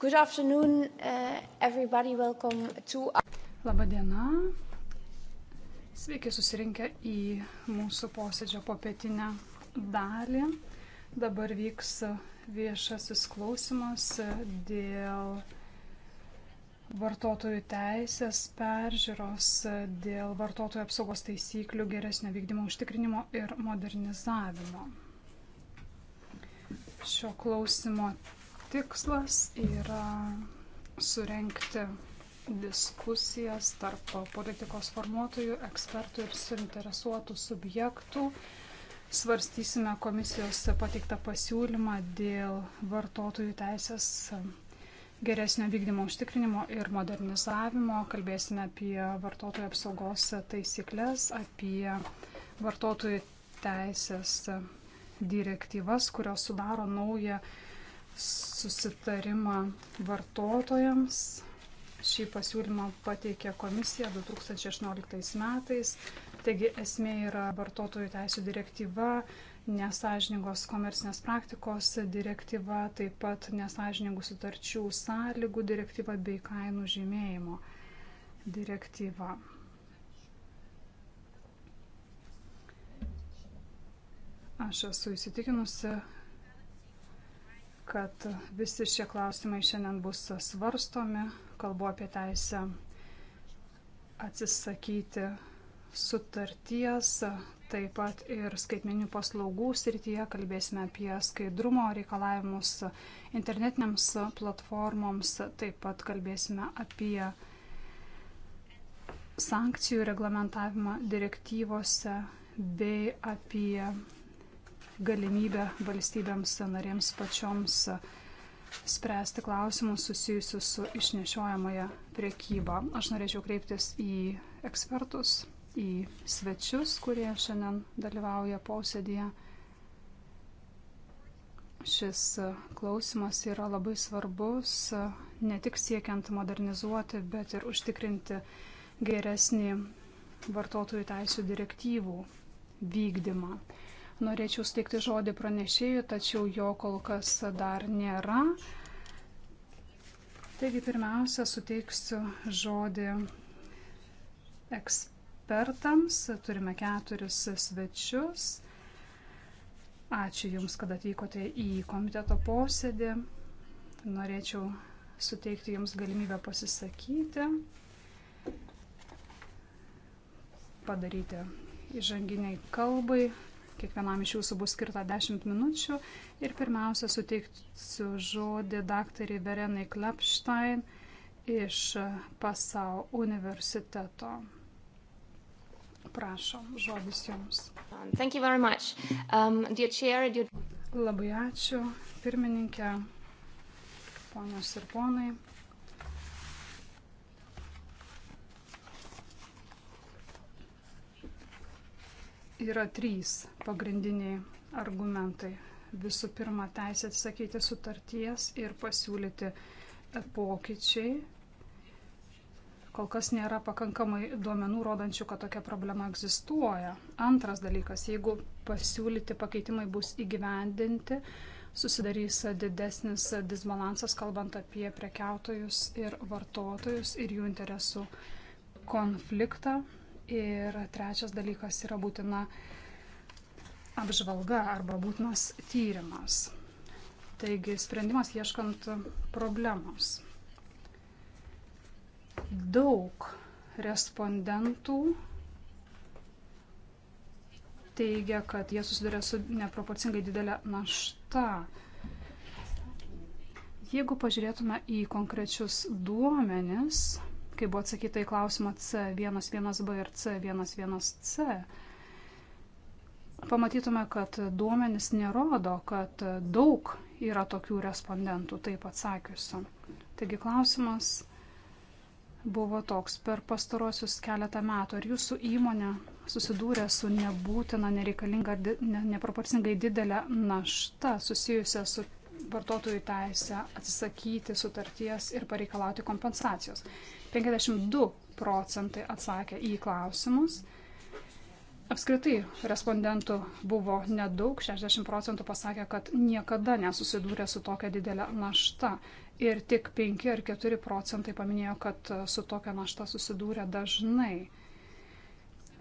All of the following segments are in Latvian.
Good afternoon, uh, everybody. Welcome to. Labą dieną. Sveiki susirinkę į mūsų posėdžio popietinę dalį. Dabar vyks viešasis klausimas dėl vartotojų teisės peržiūros, dėl vartotojų apsaugos taisyklių geresnio vykdymo užtikrinimo ir modernizavimo. Šio klausimo tikslas yra surenkti diskusijas tarp politikos formuotojų, ekspertų ir suinteresuotų subjektų. Svarstysime komisijos pateiktą pasiūlymą dėl vartotojų teisės geresnio vykdymo užtikrinimo ir modernizavimo. Kalbėsime apie vartotojų apsaugos taisyklės, apie vartotojų teisės direktyvas, kurios sudaro naują susitarimą vartotojams. Šį pasiūlymą pateikė komisija 2016 metais. Taigi esmė yra vartotojų teisų direktyva, nesažiningos komercinės praktikos direktyva, taip pat nesažiningų sutarčių sąlygų direktyva bei kainų žymėjimo direktyva. Aš esu įsitikinusi, kad visi šie klausimai šiandien bus svarstomi. Kalbu apie teisę atsisakyti sutarties, taip pat ir skaitmeninių paslaugų srityje kalbėsime apie skaidrumo reikalavimus internetiniams platformoms, taip pat kalbėsime apie sankcijų reglamentavimą direktyvose bei apie galimybę valstybėms narėms pačioms spręsti klausimus susijusius su išnešiojamąją priekybą. Aš norėčiau kreiptis į ekspertus, į svečius, kurie šiandien dalyvauja posėdėje. Šis klausimas yra labai svarbus ne tik siekiant modernizuoti, bet ir užtikrinti geresnį vartotojų teisų direktyvų vykdymą. Norėčiau steikti žodį pranešėjui, tačiau jo kol kas dar nėra. Taigi pirmiausia, suteiksiu žodį ekspertams. Turime keturis svečius. Ačiū Jums, kad atvykote į komiteto posėdį. Norėčiau suteikti Jums galimybę pasisakyti, padaryti įžanginiai kalbai Kiekvienam iš jūsų bus skirta 10 minučių ir pirmiausia suteiksiu žodį daktarį Verenai Klepštain iš Pasau universiteto. Prašom, žodis jums. Thank you very much. Um, dear chair, dear... Labai ačiū, pirmininkė, ponios ir ponai. yra trys pagrindiniai argumentai. Visų pirma, teisė atsisakyti sutarties ir pasiūlyti e, pokyčiai. Kol kas nėra pakankamai duomenų rodančių, kad tokia problema egzistuoja. Antras dalykas, jeigu pasiūlyti pakeitimai bus įgyvendinti, susidarys didesnis disbalansas, kalbant apie prekiautojus ir vartotojus ir jų interesų konfliktą. Ir trečias dalykas yra būtina apžvalga arba būtinas tyrimas. Taigi sprendimas ieškant problemos. Daug respondentų teigia, kad jie susiduria su neproporcingai didelė našta. Jeigu pažiūrėtume į konkrečius duomenis, kai buvo atsakyta į klausimą C11B ir C11C, pamatytume, kad duomenys nerodo, kad daug yra tokių respondentų taip atsakiusių. Taigi klausimas buvo toks per pastarosius keletą metų, ar jūsų įmonė susidūrė su nebūtina, nereikalinga, ne, neproporcingai didelė našta susijusia su vartotojų teisę atsisakyti sutarties ir pareikalauti kompensacijos. 52 procentai atsakė į klausimus. Apskritai, respondentų buvo nedaug, 60 procentų pasakė, kad niekada nesusidūrė su tokia didelė našta. Ir tik 5 ar 4 procentai paminėjo, kad su tokia našta susidūrė dažnai.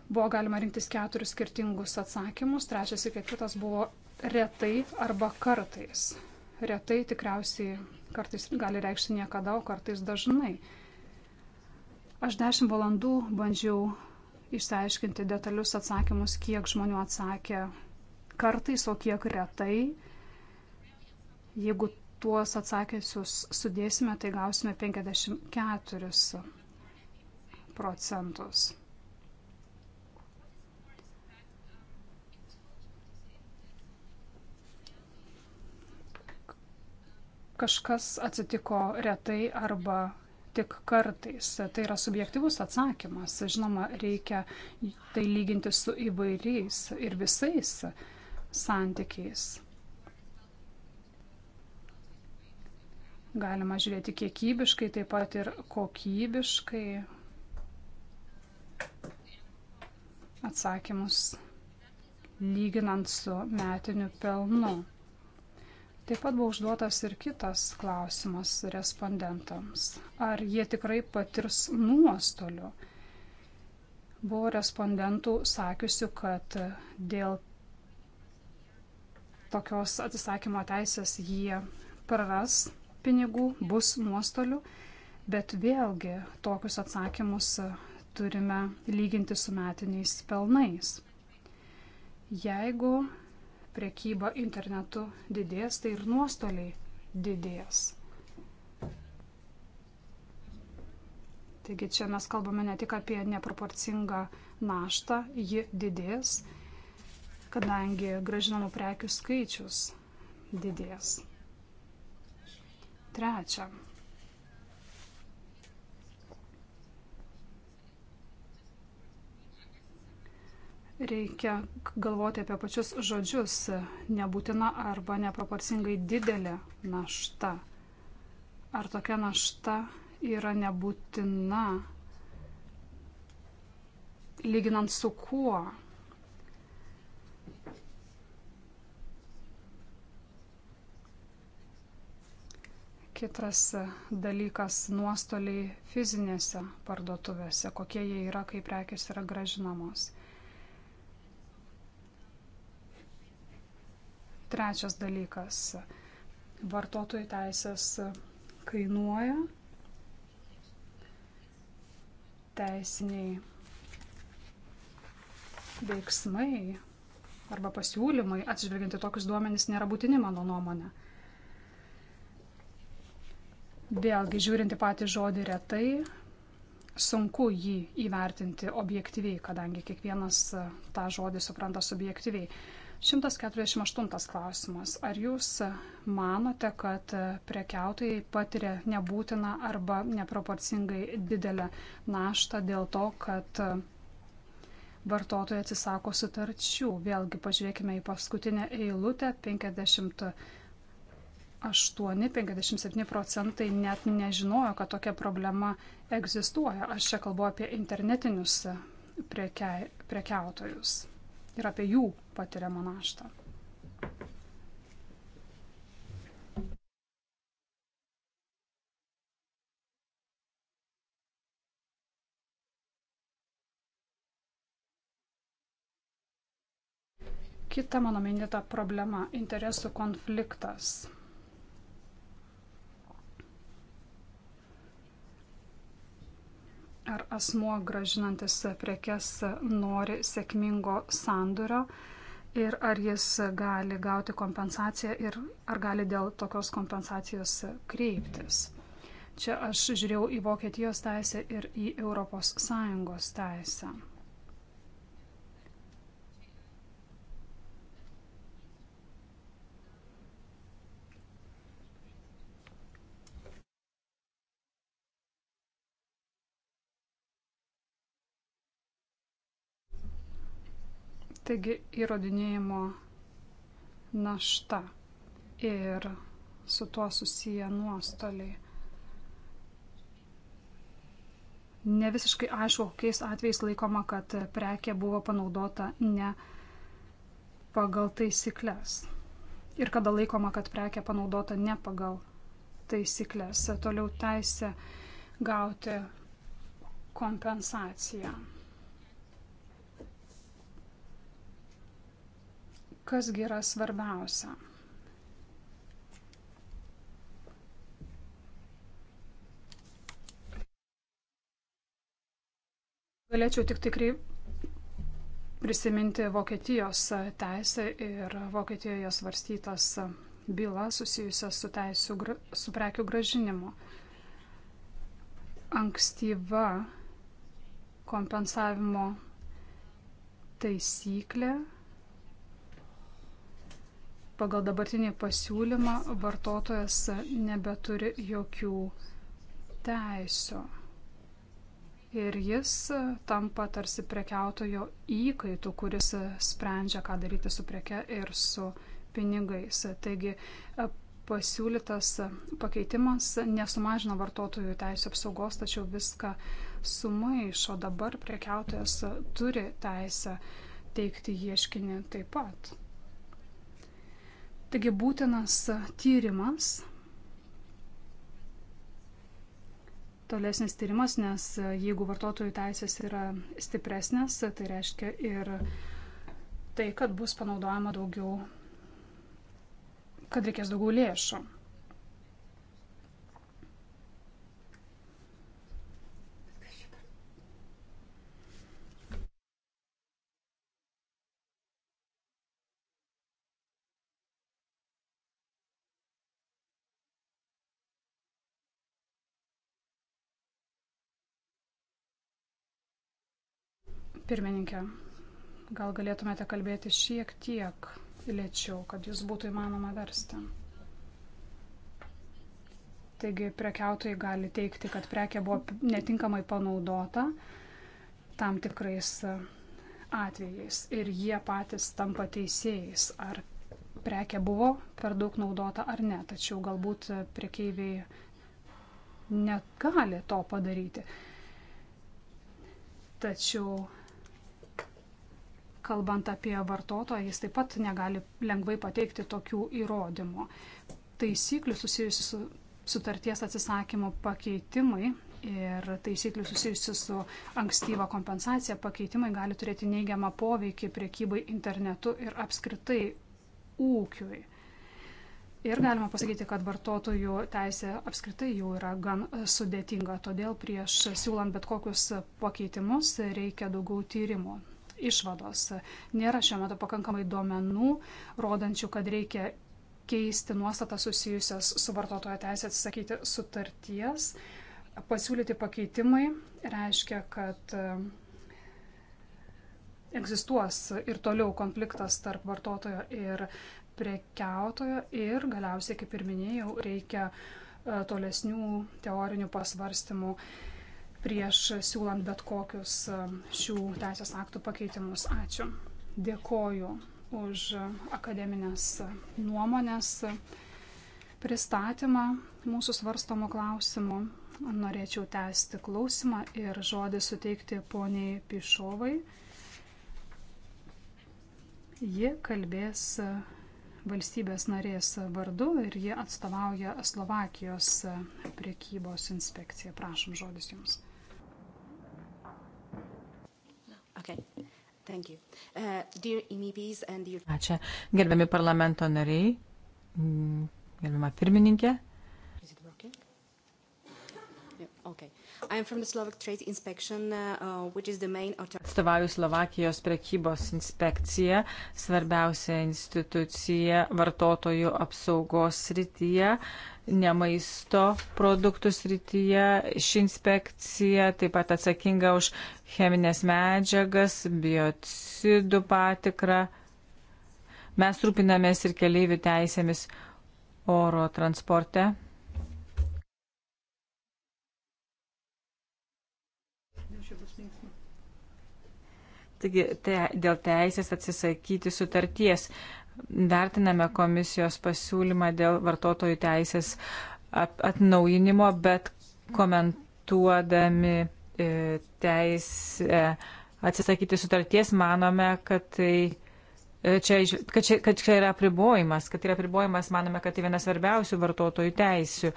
Buvo galima rinktis keturis skirtingus atsakymus, trečias ir ketvirtas buvo retai arba kartais. Retai tikriausiai kartais gali reikšti niekada, o kartais dažnai. Aš dešimt valandų bandžiau išsiaiškinti detalius atsakymus, kiek žmonių atsakė kartais, o kiek retai. Jeigu tuos atsakysius sudėsime, tai gausime 54 procentus. Kažkas atsitiko retai arba tik kartais. Tai yra subjektivus atsakymas. Žinoma, reikia tai lyginti su įvairiais ir visais santykiais. Galima žiūrėti kiekybiškai, taip pat ir kokybiškai atsakymus lyginant su metiniu pelnu. Taip pat buvo užduotas ir kitas klausimas respondentams. Ar jie tikrai patirs nuostolių? Buvo respondentų sakiusių, kad dėl tokios atsisakymo teisės jie praras pinigų, bus nuostolių, bet vėlgi tokius atsakymus turime lyginti su metiniais pelnais. Jeigu priekyba internetu didės, tai ir nuostoliai didės. Taigi čia mes kalbame ne tik apie neproporcingą naštą, ji didės, kadangi gražinamų prekių skaičius didės. Trečia. Reikia galvoti apie pačius žodžius - nebūtina arba neproporcingai didelė našta. Ar tokia našta yra nebūtina, lyginant su kuo? Kitas dalykas - nuostoliai fizinėse parduotuvėse, kokie jie yra, kai prekes yra gražinamos. Trečias dalykas. Vartotojų teisės kainuoja. Teisiniai veiksmai arba pasiūlymai atsižvelgiant į tokius duomenys nėra būtini mano nuomonė. Vėlgi, žiūrint į patį žodį retai, sunku jį įvertinti objektyviai, kadangi kiekvienas tą žodį supranta subjektyviai. 148 klausimas. Ar jūs e, manote, kad e, prekiautojai patiria nebūtiną arba neproporcingai didelę naštą dėl to, kad e, vartotojai atsisako sutarčių? Vėlgi pažiūrėkime į paskutinę eilutę 50. 8-57 procentai net nežinojo, kad tokia problema egzistuoja. Aš čia kalbu apie internetinius prekia, prekiautojus ir apie jų patiriamą naštą. Kita mano minėta problema - interesų konfliktas. Ar asmuo gražinantis prekes nori sėkmingo sandurio? ir ar jis gali gauti kompensaciją ir ar gali dėl tokios kompensacijos kreiptis. Čia aš žiūrėjau į Vokietijos teisę ir į ES teisę. Taigi įrodinėjimo našta ir su tuo susiję nuostoliai. Ne visiškai aišku, kokiais atvejais laikoma, kad prekė buvo panaudota ne pagal taisyklės. Ir kada laikoma, kad prekė panaudota ne pagal taisyklės. Toliau teisė gauti kompensaciją. kasgi yra svarbiausia. Galėčiau tik tikrai prisiminti Vokietijos teisę ir Vokietijoje svarstytas bylas susijusias su, teisų, su prekių gražinimu. Ankstyva kompensavimo taisyklė Pagal dabartinį pasiūlymą vartotojas nebeturi jokių teisų. Ir jis tampa tarsi prekiautojo įkaitų, kuris sprendžia, ką daryti su preke ir su pinigais. Taigi pasiūlytas pakeitimas nesumažina vartotojų teisų apsaugos, tačiau viską sumaišo. Dabar prekiautojas turi teisę teikti ieškinį taip pat. Taigi būtinas tyrimas, tolesnis tyrimas, nes jeigu vartotojų teisės yra stipresnės, tai reiškia ir tai, kad bus panaudojama daugiau, kad reikės daugiau lėšų. Pirmininkė, gal galėtumėte kalbėti šiek tiek lėčiau, kad jūs būtų įmanoma versti. Taigi prekiautojai gali teikti, kad prekė buvo netinkamai panaudota tam tikrais e, atvejais ir jie patys tampa teisėjais, ar prekė buvo per daug naudota ar ne. Tačiau galbūt e, prekeiviai negali to padaryti. Tačiau kalbant apie vartotoją, jis taip pat negali lengvai pateikti tokių įrodymų. Taisyklių susijusių su sutarties atsisakymo pakeitimai ir taisyklių susijusių su ankstyva kompensacija pakeitimai gali turėti neigiamą poveikį priekybai internetu ir apskritai ūkiui. Ir galima pasakyti, kad vartotojų teisė apskritai jau yra gan sudėtinga, todėl prieš siūlant bet kokius pakeitimus reikia daugiau tyrimų išvados. Nėra šiuo metu pakankamai duomenų, rodančių, kad reikia keisti nuostatą susijusias su vartotojo teisė atsisakyti sutarties. Pasiūlyti pakeitimai reiškia, kad e, egzistuos ir toliau konfliktas tarp vartotojo ir prekiautojo ir galiausiai, kaip ir minėjau, reikia e, tolesnių teorinių pasvarstymų prieš siūlant bet kokius um, šių teisės aktų pakeitimus. Ačiū. Dėkoju už akademinės nuomonės pristatymą mūsų svarstomų klausimų. Norėčiau tęsti klausimą ir žodį suteikti poniai Pišovai. Ji kalbės valstybės narės vardu ir ji atstovauja Slovakijos priekybos inspekciją. Prašom žodis jums. Okay. Thank you. Uh, dear MEPs and dear... Ačiū. Gerbiami parlamento nariai, mm, gerbiama pirmininkė. Is it working? Yeah, okay. I am from the Slovak Trade Inspection, uh, uh which is the main authority. Atstovauju Slovakijos prekybos inspekciją, svarbiausia institucija vartotojų apsaugos srityje. Uh, ne maisto produktų srityje. Ši inspekcija taip pat atsakinga už cheminės medžiagas, biocidų patikrą. Mes rūpinamės ir keleivių teisėmis oro transporte. Taigi te, dėl teisės atsisakyti sutarties vertiname komisijos pasiūlymą dėl vartotojų teisės atnaujinimo, bet komentuodami e, teisę atsisakyti sutarties, manome, kad tai. E, čia, kad, čia, kad čia yra apribojimas, kad yra apribojimas, manome, kad tai vienas svarbiausių vartotojų teisių.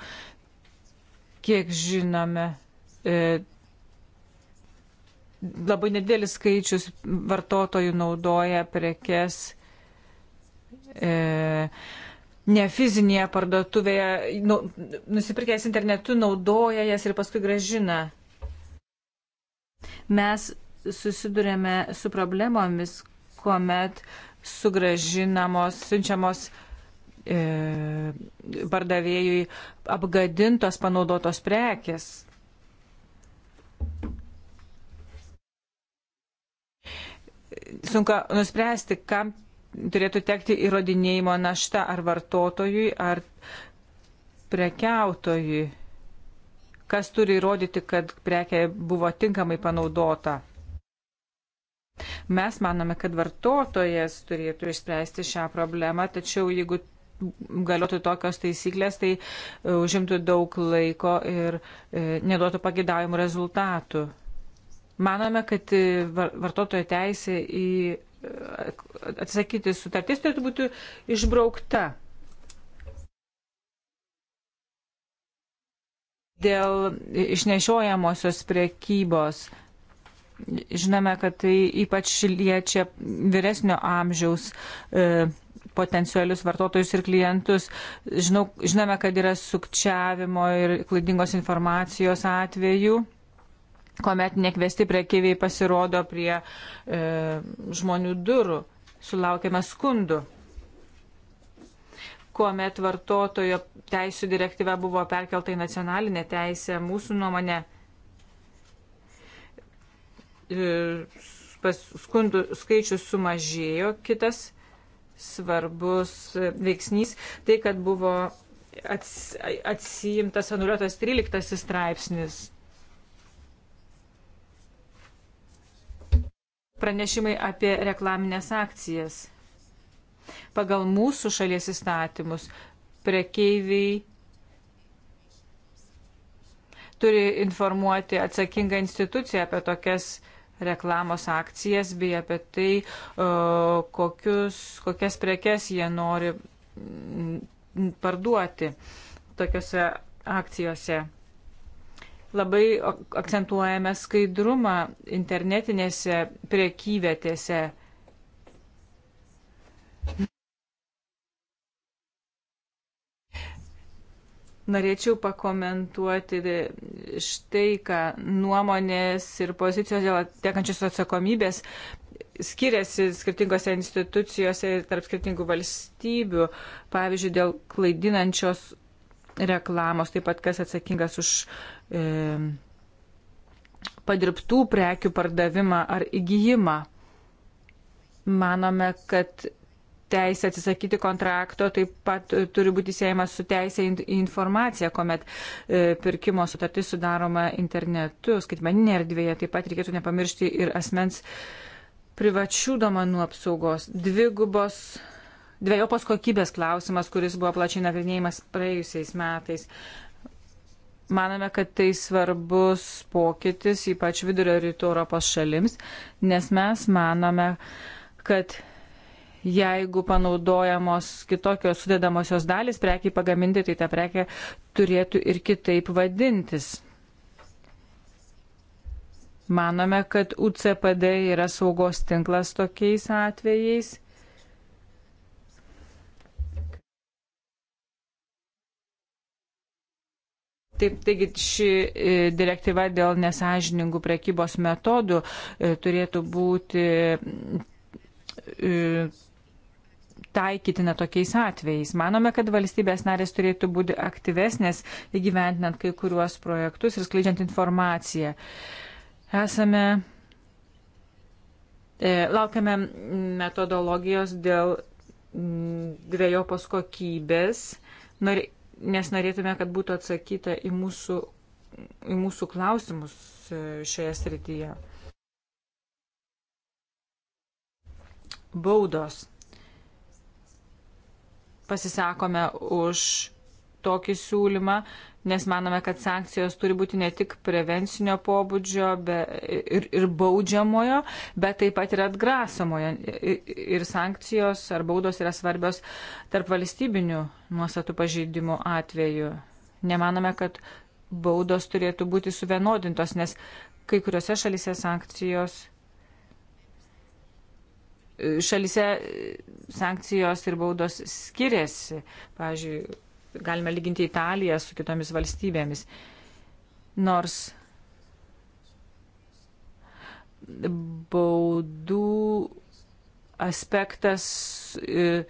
Kiek žinome, e, labai nedėlis skaičius vartotojų naudoja prekes e, ne fizinėje parduotuvėje, nu, nusipirkęs internetu, naudoja jas ir paskui gražina. Mes susidurėme su problemomis, kuomet sugražinamos, siunčiamos e, pardavėjui apgadintos panaudotos prekės. Sunku nuspręsti, kam turėtų tekti įrodinėjimo našta ar vartotojui, ar prekiautojui, kas turi įrodyti, kad prekė buvo tinkamai panaudota. Mes manome, kad vartotojas turėtų išspręsti šią problemą, tačiau jeigu galiotų tokios taisyklės, tai e, užimtų daug laiko ir e, neduotų pagidavimų rezultatų. Manome, kad e, vartotojo teisė į atsakyti sutarties turėtų būti išbraukta. Dėl išnešiojamosios priekybos žinome, kad tai ypač liečia vyresnio amžiaus e, potencialius vartotojus ir klientus. Žinau, žinome, kad yra sukčiavimo ir klaidingos informacijos atvejų kuomet nekvesti prekyviai pasirodo prie e, žmonių durų, sulaukime skundų. Kuomet vartotojo teisų direktyva buvo perkelta į nacionalinę teisę, mūsų nuomonė e, skundų skaičius sumažėjo, kitas svarbus veiksnys tai, kad buvo ats, atsijimtas anuliuotas 13 straipsnis pranešimai apie reklaminės akcijas. Pagal mūsų šalies įstatymus prekeiviai turi informuoti atsakingą instituciją apie tokias reklamos akcijas bei apie tai, kokius, kokias prekes jie nori parduoti tokiuose akcijose. Labai akcentuojame skaidrumą internetinėse priekyvietėse. Norėčiau pakomentuoti štai, ką nuomonės ir pozicijos dėl tekančios atsakomybės skiriasi skirtingose institucijose ir tarp skirtingų valstybių, pavyzdžiui, dėl klaidinančios reklamos, taip pat kas atsakingas už e, padirbtų prekių pardavimą ar įgyjimą. Manome, kad teisė atsisakyti kontrakto taip pat turi būti siejama su teisė į informaciją, kuomet e, pirkimo sutartis sudaroma internetu, skaitmeninė erdvėje. Taip pat reikėtų nepamiršti ir asmens privačių domenų apsaugos. Dvigubos dviejopos kokybės klausimas, kuris buvo plačiai nagrinėjimas praėjusiais metais. Manome, kad tai svarbus pokytis, ypač vidurio rytų Europos šalims, nes mes manome, kad jeigu panaudojamos kitokios sudėdamosios dalys prekiai pagaminti, tai ta prekė turėtų ir kitaip vadintis. Manome, kad UCPD yra saugos tinklas tokiais atvejais Taip, taigi ši e, direktyva dėl nesažiningų prekybos metodų e, turėtų būti e, taikytina tokiais atvejais. Manome, kad valstybės narės turėtų būti aktyvesnės įgyventinant kai kuriuos projektus ir skleidžiant informaciją. Esame. Laukiame metodologijos dėl dviejopos kokybės. Nori, nes norėtume, kad būtų atsakyta į mūsų, į mūsų klausimus e, šioje srityje. Baudos. Pasisakome už tokį siūlymą, nes manome, kad sankcijos turi būti ne tik prevencinio pobūdžio be, ir, ir baudžiamojo, bet taip pat ir atgrasomojo. Ir, ir sankcijos ar baudos yra svarbios tarp valstybinių nuostatų pažeidimų atveju. Nemanome, kad baudos turėtų būti suvienodintos, nes kai kuriuose šalise sankcijos. Šalise sankcijos ir baudos skiriasi. Pavyzdžiui, galime lyginti Italiją su kitomis valstybėmis. Nors baudų aspektas e,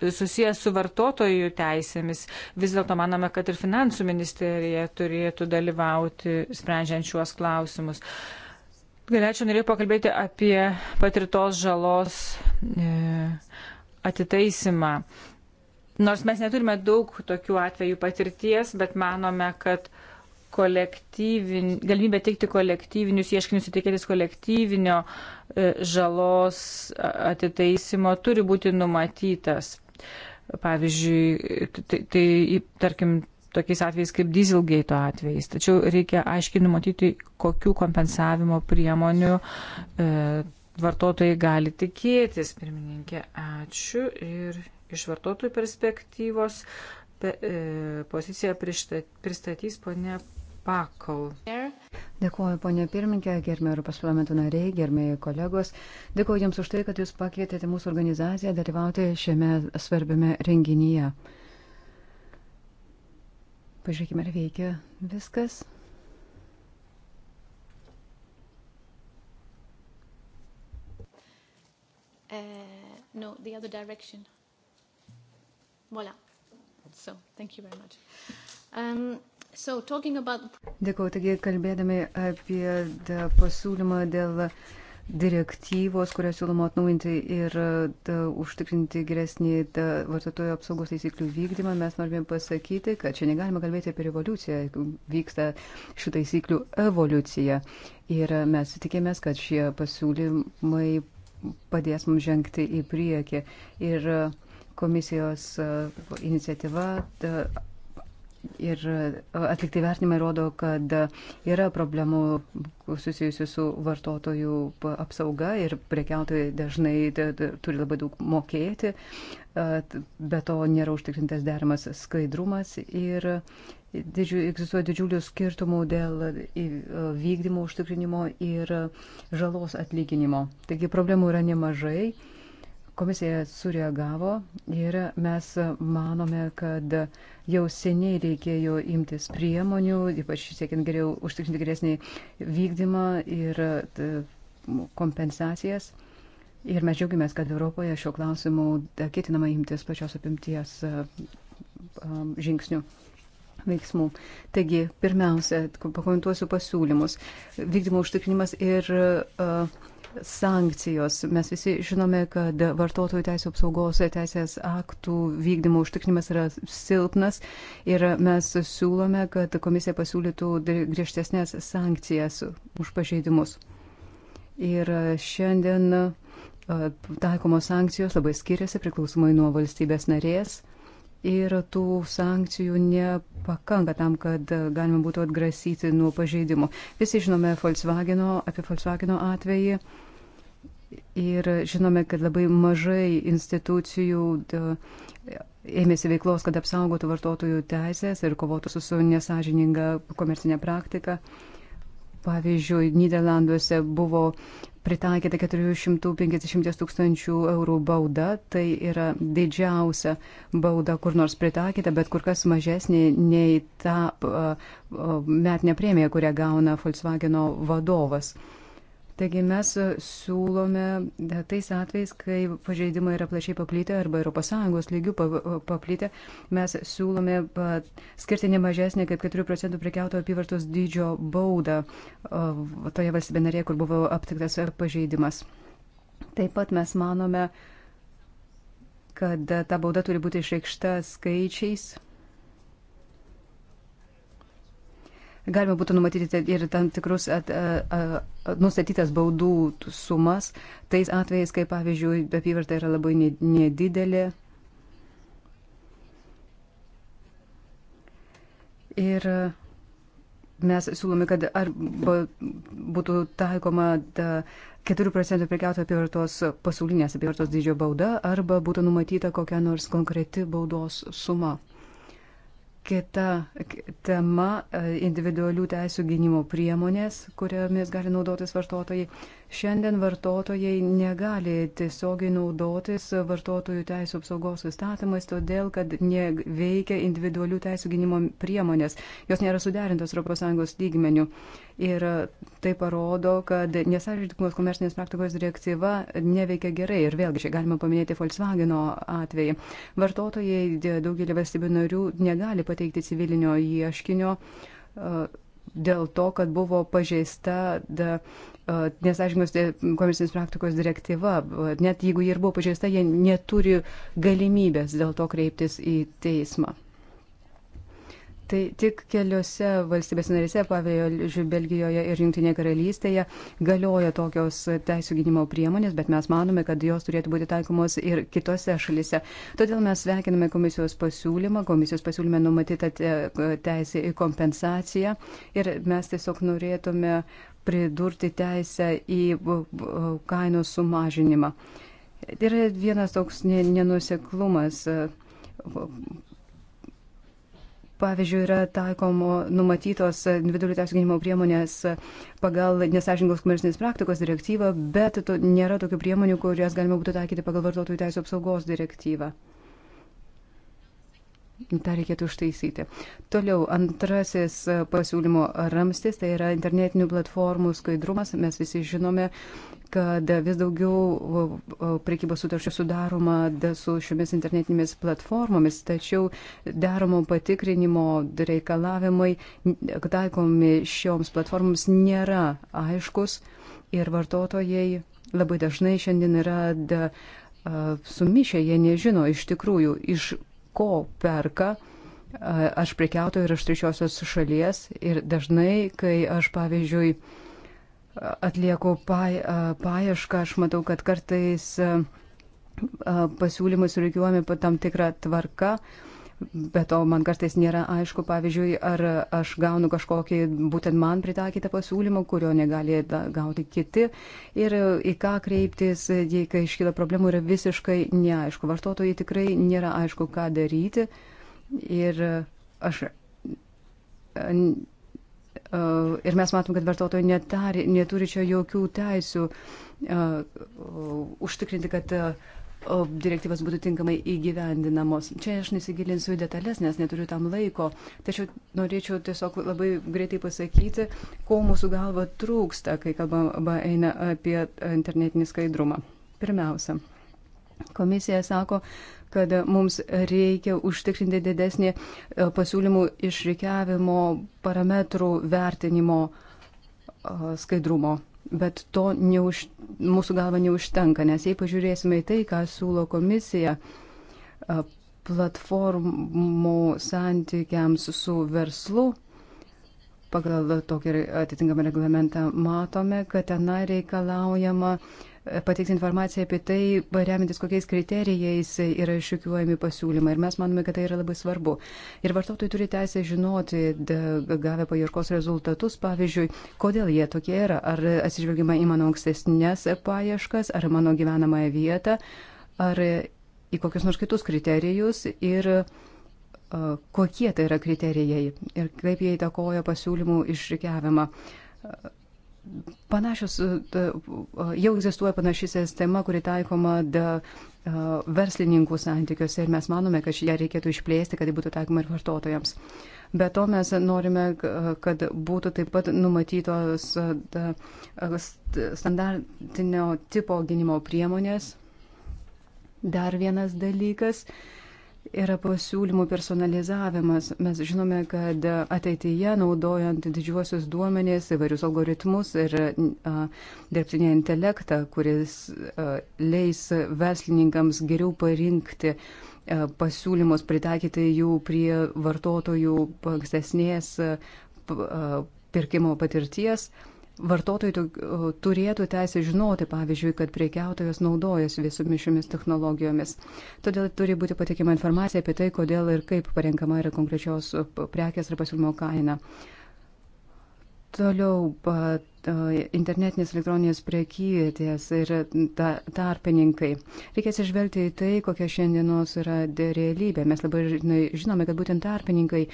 susijęs su vartotojų teisėmis. Vis dėlto manome, kad ir finansų ministerija turėtų dalyvauti sprendžiant šiuos klausimus. Galėčiau norėjau pakalbėti apie patirtos žalos e, atitaisimą. Nors mes neturime daug tokių atvejų patirties, bet manome, kad kolektyvin, galimybė teikti kolektyvinius ieškinius ir tikėtis kolektyvinio e, žalos atitaisimo turi būti numatytas. Pavyzdžiui, tai, tai tarkim, tokiais atvejais kaip dieselgate atvejais. Tačiau reikia aiškiai numatyti, kokių kompensavimo priemonių e, vartotojai gali tikėtis. Pirmininkė, ačiū ir iš vartotojų perspektyvos. Pe, e, poziciją pristatys ponė Pakal. Dėkuoju, ponė pirmininkė, gerbėjai Europos parlamento nariai, gerbėjai kolegos. Dėkuoju Jums už tai, kad Jūs pakvietėte mūsų organizaciją dalyvauti šiame svarbiame renginyje. Pažiūrėkime, ar veikia viskas. Uh, no, the other direction. Voilà. So, thank you very much. Um, so, talking about... Dėkuoju, taigi kalbėdami apie pasiūlymą dėl direktyvos, kurią siūloma atnaujinti ir da, užtikrinti geresnį da, vartotojų apsaugos taisyklių vykdymą, mes norime pasakyti, kad čia negalima kalbėti apie revoliuciją, vyksta šių taisyklių evoliucija. Ir mes tikėmės, kad šie pasiūlymai padės mums žengti į priekį. Ir uh, Komisijos e, iniciatyva ir e, atlikti vertinimai rodo, kad yra problemų susijusių su vartotojų apsauga ir prekiautojai dažnai turi labai daug mokėti, e, be to nėra užtikrintas deramas skaidrumas ir didžiu, egzistuoja didžiulių skirtumų dėl vykdymo užtikrinimo ir žalos atlyginimo. Taigi problemų yra nemažai Komisija sureagavo ir mes manome, kad jau seniai reikėjo imtis priemonių, ypač siekiant geriau užtikrinti geresnį vykdymą ir kompensacijas. Ir mes džiaugiamės, kad Europoje šio klausimu e, ketinama imtis pačios apimties e, e, žingsnių veiksmų. Taigi, pirmiausia, pakomentuosiu pasiūlymus. Vykdymo užtikrinimas ir uh, sankcijos. Mes visi žinome, kad vartotojų teisų apsaugos teisės aktų vykdymo užtikrinimas yra silpnas ir mes siūlome, kad komisija pasiūlytų griežtesnės sankcijas už pažeidimus. Ir šiandien taikomos sankcijos labai skiriasi priklausomai nuo valstybės narės ir tų sankcijų nepakanka tam, kad galima būtų atgrasyti nuo pažeidimų. Visi žinome Volkswageno, apie Volkswageno atvejį ir žinome, kad labai mažai institucijų ėmėsi veiklos, kad apsaugotų vartotojų teisės ir kovotų su, su nesažininga komercinė praktika. Pavyzdžiui, Niderlanduose buvo pritaikyta 450 tūkstančių eurų bauda, tai yra didžiausia bauda kur nors pritaikyta, bet kur kas mažesnė nei ta metinė premija, kurią gauna Volkswageno vadovas. Uh, Taigi mes e, siūlome e, tais atvejais, kai pažeidimai yra plačiai paplytę arba ES lygių paplytę, mes siūlome e, skirti ne mažesnį kaip 4 procentų prekiauto apyvartos dydžio baudą toje valstybė narėje, kur buvo aptiktas pažeidimas. Taip pat mes manome, kad ta bauda turi būti išreikšta skaičiais galima būtų numatyti ir tam tikrus at, a, a, nustatytas baudų sumas, tais atvejais, kai pavyzdžiui, apyvarta yra labai nedidelė. Ir mes siūlome, kad arba būtų taikoma 4 procentų prekiauto apyvartos pasaulinės apyvartos dydžio bauda, arba būtų numatyta kokia nors konkreti baudos suma kita tema e, - individualių teisų gynimo priemonės, kuriomis gali naudotis vartotojai. Šiandien vartotojai negali tiesiogiai naudotis vartotojų teisų apsaugos įstatymais, todėl kad neveikia individualių teisų gynimo priemonės. Jos nėra suderintos ES lygmenių. Ir tai parodo, kad nesažydikos komersinės praktikos direktyva neveikia gerai. Ir vėlgi čia galima paminėti Volkswageno atvejį. Vartotojai daugelį valstybių narių negali pateikti civilinio ieškinio dėl to, kad buvo pažeista nesažymės e, komercinės praktikos direktyva. Net jeigu jie ir buvo pažeista, jie neturi galimybės dėl to kreiptis į teismą. Tai tik keliose valstybės narėse, pavyzdžiui, Belgijoje ir Junktinėje karalystėje, galioja tokios teisų gynimo priemonės, bet mes manome, kad jos turėtų būti taikomos ir kitose šalise. Todėl mes sveikiname komisijos pasiūlymą, komisijos pasiūlyme numatyta teisė į kompensaciją ir mes tiesiog norėtume pridurti teisę į kainų sumažinimą. Yra vienas toks nenuseklumas pavyzdžiui, yra taikomo numatytos individualių teisų gynimo priemonės pagal nesažingos komercinės praktikos direktyvą, bet to, nėra tokių priemonių, kurias galima būtų taikyti pagal vartotojų teisų apsaugos direktyvą tą reikėtų užtaisyti. Toliau, antrasis e, pasiūlymo ramstis, tai yra internetinių platformų skaidrumas. Mes visi žinome, kad vis daugiau prekybos sutarčių sudaroma su šiomis internetinėmis platformomis, tačiau daromo patikrinimo reikalavimai taikomi šioms platformoms nėra aiškus ir vartotojai labai dažnai šiandien yra da, sumišę, jie nežino iš tikrųjų, iš ko perka e, aš prekiautoju ir aš trečiosios šalies ir dažnai, kai aš pavyzdžiui atlieku e, paiešką, aš matau, kad kartais e, pasiūlymai surikiuojami po tam tikrą tvarką, Bet to man kartais nėra aišku, pavyzdžiui, ar aš gaunu kažkokį būtent man pritaikytą pasiūlymą, kurio negali gauti kiti. Ir į ką kreiptis, jei kai iškyla problemų, yra visiškai neaišku. Vartotojai tikrai nėra aišku, ką daryti. Ir aš. Ir mes matom, kad vartotojai netari, neturi čia jokių teisių uh, užtikrinti, kad uh, direktyvas būtų tinkamai įgyvendinamos. Čia aš nesigilinsiu į detalės, nes neturiu tam laiko, tačiau norėčiau tiesiog labai greitai pasakyti, ko mūsų galva trūksta, kai kalbama eina apie internetinį skaidrumą. Pirmiausia, komisija sako, kad mums reikia užtikrinti didesnį pasiūlymų išreikiavimo parametrų vertinimo skaidrumo Bet to neuž, mūsų galva neužtenka, nes jei pažiūrėsime į tai, ką siūlo komisija platformų santykiams su verslu, pagal tokį atitinkamą reglamentą matome, kad tenai reikalaujama uh, pateikti informaciją apie tai, remintis kokiais kriterijais yra išiukiuojami pasiūlymai. Ir mes manome, kad tai yra labai svarbu. Ir vartotojai turi teisę žinoti, gavę paieškos rezultatus, pavyzdžiui, kodėl jie tokie yra. Ar atsižvelgiama į mano ankstesnės paieškas, ar mano gyvenamąją vietą, ar į kokius nors kitus kriterijus. Ir, kokie tai yra kriterijai ir kaip jie įtakoja pasiūlymų išrikiavimą. Panašios, e, e, jau egzistuoja panaši sistema, kuri taikoma da, e, verslininkų santykiuose ir mes manome, kad ją reikėtų išplėsti, kad ji būtų taikoma ir vartotojams. Be to mes norime, kad būtų taip pat numatytos da, standartinio tipo gynimo priemonės. Dar vienas dalykas. Uh, yra pasiūlymų personalizavimas. Mes žinome, kad ateityje, naudojant didžiuosius duomenys, įvairius algoritmus ir a, dirbtinį intelektą, kuris a, leis verslininkams geriau parinkti a, pasiūlymus, pritaikyti jų prie vartotojų ankstesnės pirkimo patirties, a, vartotojai turėtų teisę žinoti, pavyzdžiui, kad priekiautojas naudojasi visomis šiomis technologijomis. Todėl turi būti patikima informacija apie tai, kodėl ir kaip parenkama yra konkrečios prekės ar pasiūlymo kaina. Toliau pat, internetinės elektroninės priekytės ir ta, tarpininkai. Reikės išvelgti į tai, kokia šiandienos yra realybė. Mes labai žinome, kad būtent tarpininkai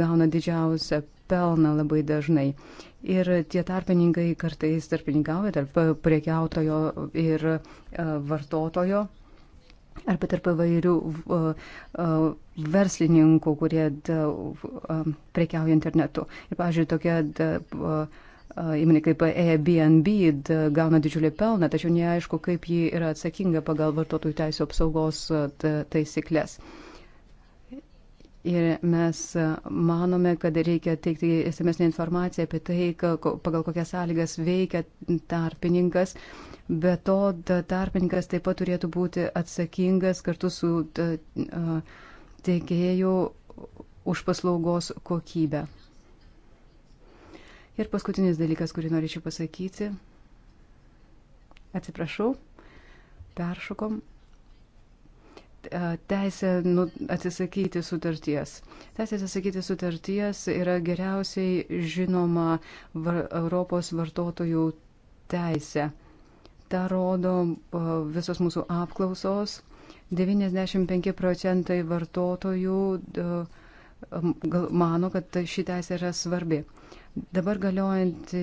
gauna didžiausią pelną labai dažnai. Ir tie tarpininkai kartais tarpininkauja tarp priekiautojo ir e, vartotojo arba tarp įvairių e, e, verslininkų, kurie prekiauja internetu. Ir, pavyzdžiui, tokia įmonė kaip Airbnb gauna didžiulį pelną, tačiau neaišku, kaip ji yra atsakinga pagal vartotojų teisų apsaugos taisyklės. Ta, Ir mes e, manome, kad reikia teikti esamesnį informaciją apie tai, pagal kokias sąlygas veikia tarpininkas. Be to, tarpininkas taip pat turėtų būti atsakingas kartu su teikėju už paslaugos kokybę. Ir paskutinis dalykas, kurį norėčiau pasakyti. Atsiprašau, peršokom teisę nu, atsisakyti sutarties. Teisė atsisakyti sutarties yra geriausiai žinoma var, Europos vartotojų teisė. Ta rodo visos mūsų apklausos. 95 procentai vartotojų mano, kad ši teisė yra svarbi. Dabar galiojanti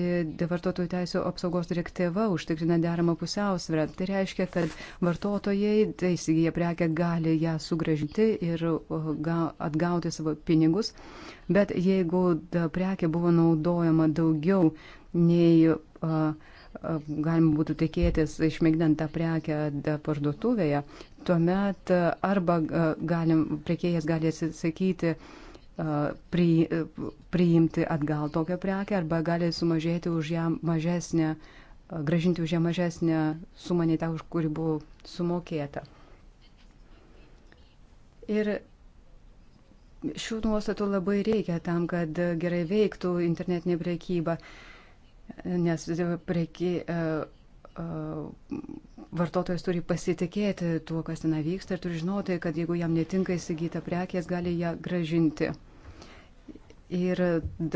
vartotojų teisų apsaugos direktyva užtikrina deramą pusiausvyrą. Tai reiškia, kad vartotojai, tai įsigiję prekę, gali ją sugražinti ir uh, atgauti savo pinigus, bet jeigu prekė buvo naudojama daugiau nei uh, uh, galima būtų tikėtis išmėgdant tą prekę parduotuvėje, tuomet arba galim, priekėjas gali atsisakyti uh, pri, priimti atgal tokią prekę arba gali sumažėti už ją mažesnę, gražinti už ją mažesnę sumą nei tą, už kuri buvo sumokėta. Ir šių nuostatų labai reikia tam, kad gerai veiktų internetinė priekyba, nes prieky, vartotojas turi pasitikėti tuo, kas ten vyksta ir turi žinoti, kad jeigu jam netinka įsigyta prekės, gali ją gražinti. Ir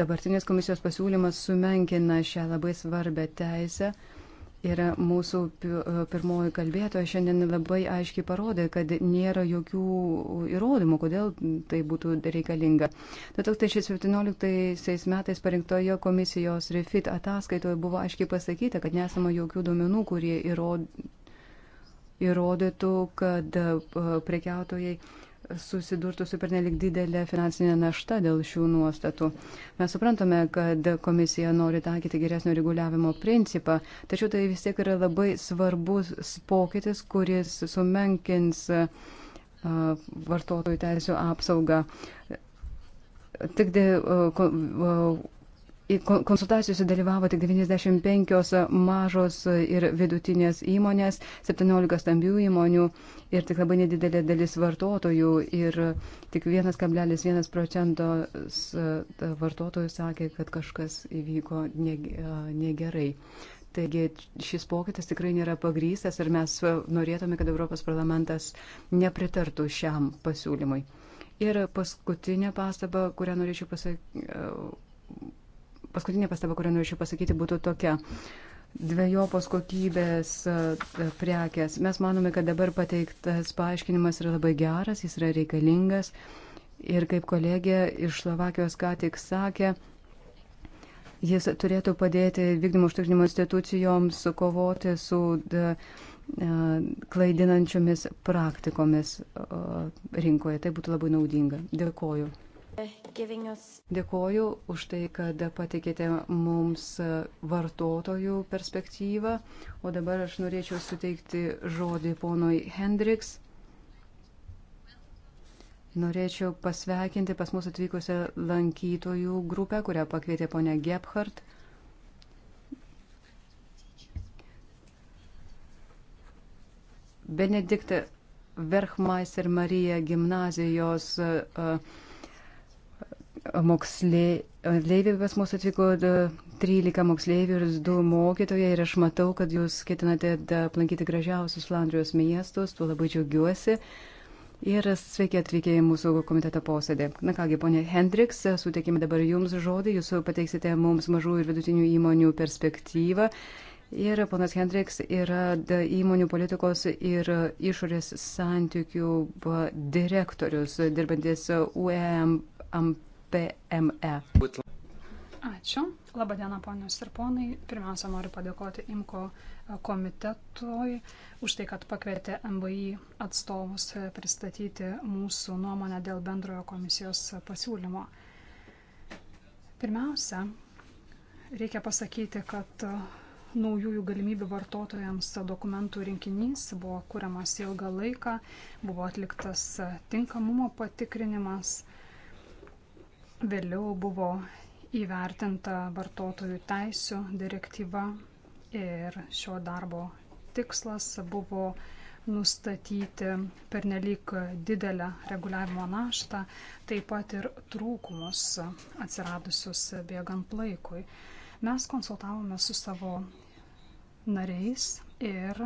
dabartinės komisijos pasiūlymas sumenkina šią labai svarbę teisę. Uh, Ir mūsų e, pirmoji kalbėtoja šiandien labai aiškiai parodė, kad nėra jokių įrodymų, kodėl tai būtų reikalinga. 2017 metais parinktoje komisijos refit ataskaitoje buvo aiškiai pasakyta, kad nesama jokių duomenų, kurie įrodytų, kad e, prekiautojai susidurtų su pernelik didelė finansinė našta dėl šių nuostatų. Mes suprantame, kad komisija nori taikyti geresnio reguliavimo principą, tačiau tai vis tiek yra labai svarbus pokytis, kuris sumenkins vartotojų teisų apsaugą. Tik dėl Konsultacijose dalyvavo tik 95 mažos ir vidutinės įmonės, 17 stambių įmonių ir tik labai nedidelė dalis vartotojų. Ir tik 1,1 procentas e, vartotojų sakė, kad kažkas įvyko e, negerai. Taigi šis pokytis tikrai nėra pagrystas ir mes norėtume, kad Europos parlamentas nepritartų šiam pasiūlymui. Ir paskutinė pastaba, kurią norėčiau pasak... E, paskutinė pastaba, kurią norėčiau pasakyti, būtų tokia. Dviejopos kokybės e, e, prekes. Mes manome, kad dabar pateiktas paaiškinimas yra labai geras, jis yra reikalingas. Ir kaip kolegė iš Slovakijos ką tik sakė, jis turėtų padėti vykdymo užtikrinimo institucijoms kovoti su da, e, klaidinančiomis praktikomis rinkoje. Tai būtų labai naudinga. Dėkoju. Dėkoju už tai, kad patikėte mums e, vartotojų perspektyvą. O dabar aš norėčiau suteikti žodį ponui Hendriks. Norėčiau pasveikinti pas mus atvykusią lankytojų grupę, kurią pakvietė ponia Gebhardt. Benediktė Verchmeister Marija gimnazijos uh, moksleiviai pas mus atvyko 13 moksleivių ir 2 mokytojai ir aš matau, kad jūs ketinate aplankyti gražiausius Flandrijos miestus, tuo labai džiaugiuosi. Ir sveiki atvykę į mūsų komiteto posėdį. Na kągi, ponė Hendriks, suteikime dabar jums žodį, jūs pateiksite mums mažų ir vidutinių įmonių perspektyvą. Ir ponas Hendriks yra įmonių politikos ir išorės santykių direktorius, dirbantis UEM PME. Ačiū. Labadiena, ponios ir ponai. Pirmiausia, noriu padėkoti IMKO komitetui už tai, kad pakvietė MVI atstovus pristatyti mūsų nuomonę dėl bendrojo komisijos pasiūlymo. Pirmiausia, reikia pasakyti, kad naujųjų galimybių vartotojams dokumentų rinkinys buvo kuriamas ilgą laiką, buvo atliktas tinkamumo patikrinimas Vėliau buvo įvertinta vartotojų teisų direktyva ir šio darbo tikslas buvo nustatyti pernelyg didelę reguliavimo naštą, taip pat ir trūkumus atsiradusius bėgant laikui. Mes konsultavome su savo nariais ir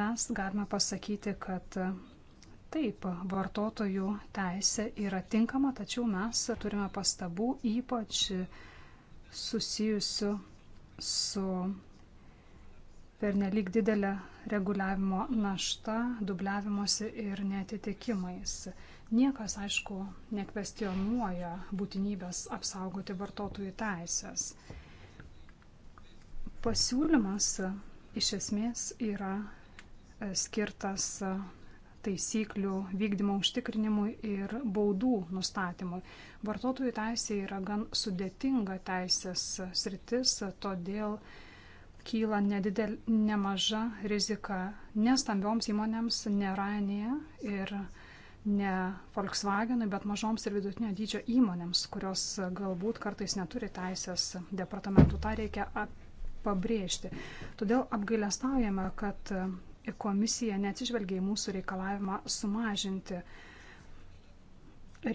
mes galime pasakyti, kad Taip, vartotojų teisė yra tinkama, tačiau mes turime pastabų ypač susijusių su pernelyg didelė reguliavimo našta, dubliavimuose ir netitikimais. Niekas, aišku, nekvestionuoja būtinybės apsaugoti vartotojų teisės. Pasiūlymas iš esmės yra skirtas taisyklių vykdymo užtikrinimui ir baudų nustatymui. Vartotojų teisė yra gan sudėtinga teisės sritis, todėl kyla nedidel, nemaža rizika nestambioms įmonėms, ne Ranija ir ne Volkswagenui, bet mažoms ir vidutinio dydžio įmonėms, kurios galbūt kartais neturi teisės departamentų. Ta reikia pabrėžti. Todėl apgailestaujame, kad komisija neatsižvelgia į mūsų reikalavimą sumažinti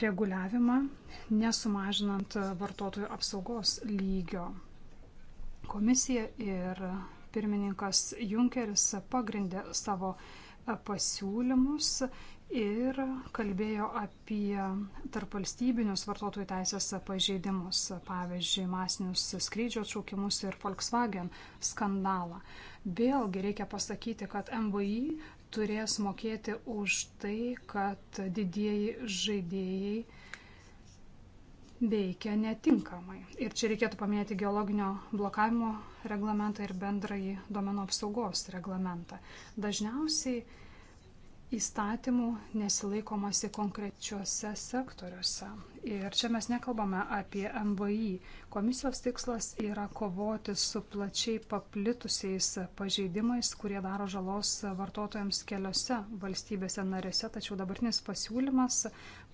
reguliavimą, nesumažinant vartotojų apsaugos lygio. Komisija ir pirmininkas Junkeris pagrindė savo pasiūlymus ir kalbėjo apie tarpvalstybinius vartotojų teisės pažeidimus, pavyzdžiui, masinius skrydžio atšaukimus ir Volkswagen skandalą. Vėlgi reikia pasakyti, kad MVI turės mokėti už tai, kad didieji žaidėjai veikia netinkamai. Ir čia reikėtų paminėti geologinio blokavimo reglamentą ir bendrąjį domenų apsaugos reglamentą. Dažniausiai įstatymų nesilaikomasi konkrečiuose sektoriuose. Ir čia mes nekalbame apie MVI. Komisijos tikslas yra kovoti su plačiai paplitusiais pažeidimais, kurie daro žalos vartotojams keliose valstybėse narėse, tačiau dabartinis pasiūlymas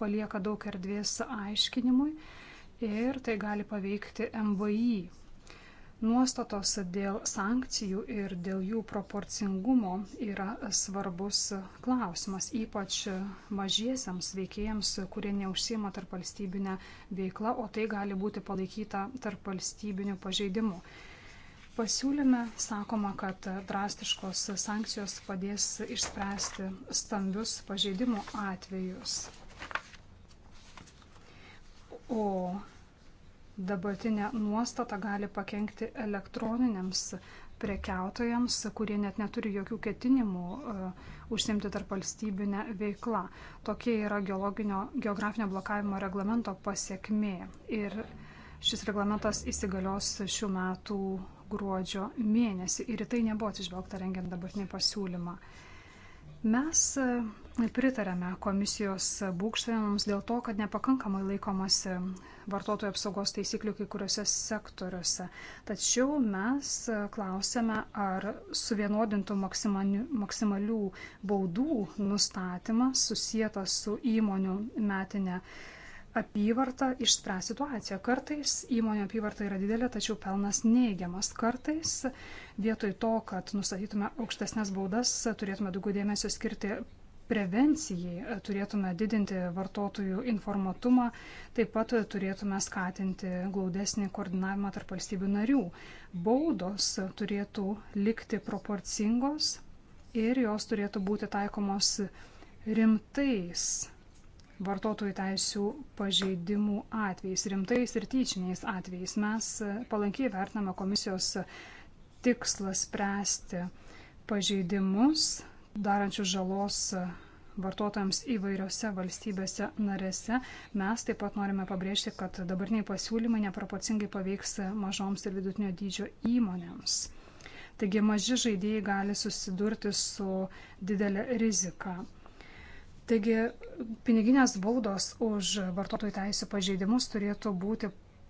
palieka daug erdvės aiškinimui ir tai gali paveikti MVI Nuostatos dėl sankcijų ir dėl jų proporcingumo yra svarbus klausimas, ypač mažiesiams veikėjams, kurie neužsima tarp valstybinę veiklą, o tai gali būti palaikyta tarp valstybinių pažeidimų. Pasiūlyme sakoma, kad drastiškos sankcijos padės išspręsti stambius pažeidimų atvejus. O dabartinė nuostata gali pakengti elektroniniams prekiautojams, kurie net neturi jokių ketinimų uh, e, užsimti tarp valstybinę veiklą. Tokie yra geografinio blokavimo reglamento pasiekmė. Ir šis reglamentas įsigalios šių metų gruodžio mėnesį. Ir į tai nebuvo atsižvelgta rengiant dabartinį pasiūlymą. Uh, Mes e, pritarėme komisijos būkštavimams dėl to, kad nepakankamai laikomasi vartotojų apsaugos taisyklių kai kuriuose sektoriuose. Tačiau mes e, klausėme, ar suvienodintų maksimalių baudų nustatymas susijęs su įmonių metinė apyvarta išspręs situaciją. Kartais įmonė apyvarta yra didelė, tačiau pelnas neigiamas. Kartais vietoj to, kad nustatytume aukštesnės baudas, turėtume daugiau dėmesio skirti prevencijai, turėtume didinti vartotojų informatumą, taip pat turėtume skatinti glaudesnį koordinavimą tarp valstybių narių. Baudos turėtų likti proporcingos ir jos turėtų būti taikomos rimtais vartotojų teisų pažeidimų atvejais, rimtais ir tyčiniais atvejais. Mes e, palankiai vertiname komisijos tikslą spręsti pažeidimus, darančius žalos e, vartotojams įvairiose valstybėse narėse. Mes taip pat norime pabrėžti, kad dabartiniai pasiūlymai neproporcingai paveiks mažoms ir vidutinio dydžio įmonėms. Taigi maži žaidėjai gali susidurti su didelė rizika. Taigi piniginės baudos už vartotojų teisų pažeidimus turėtų būti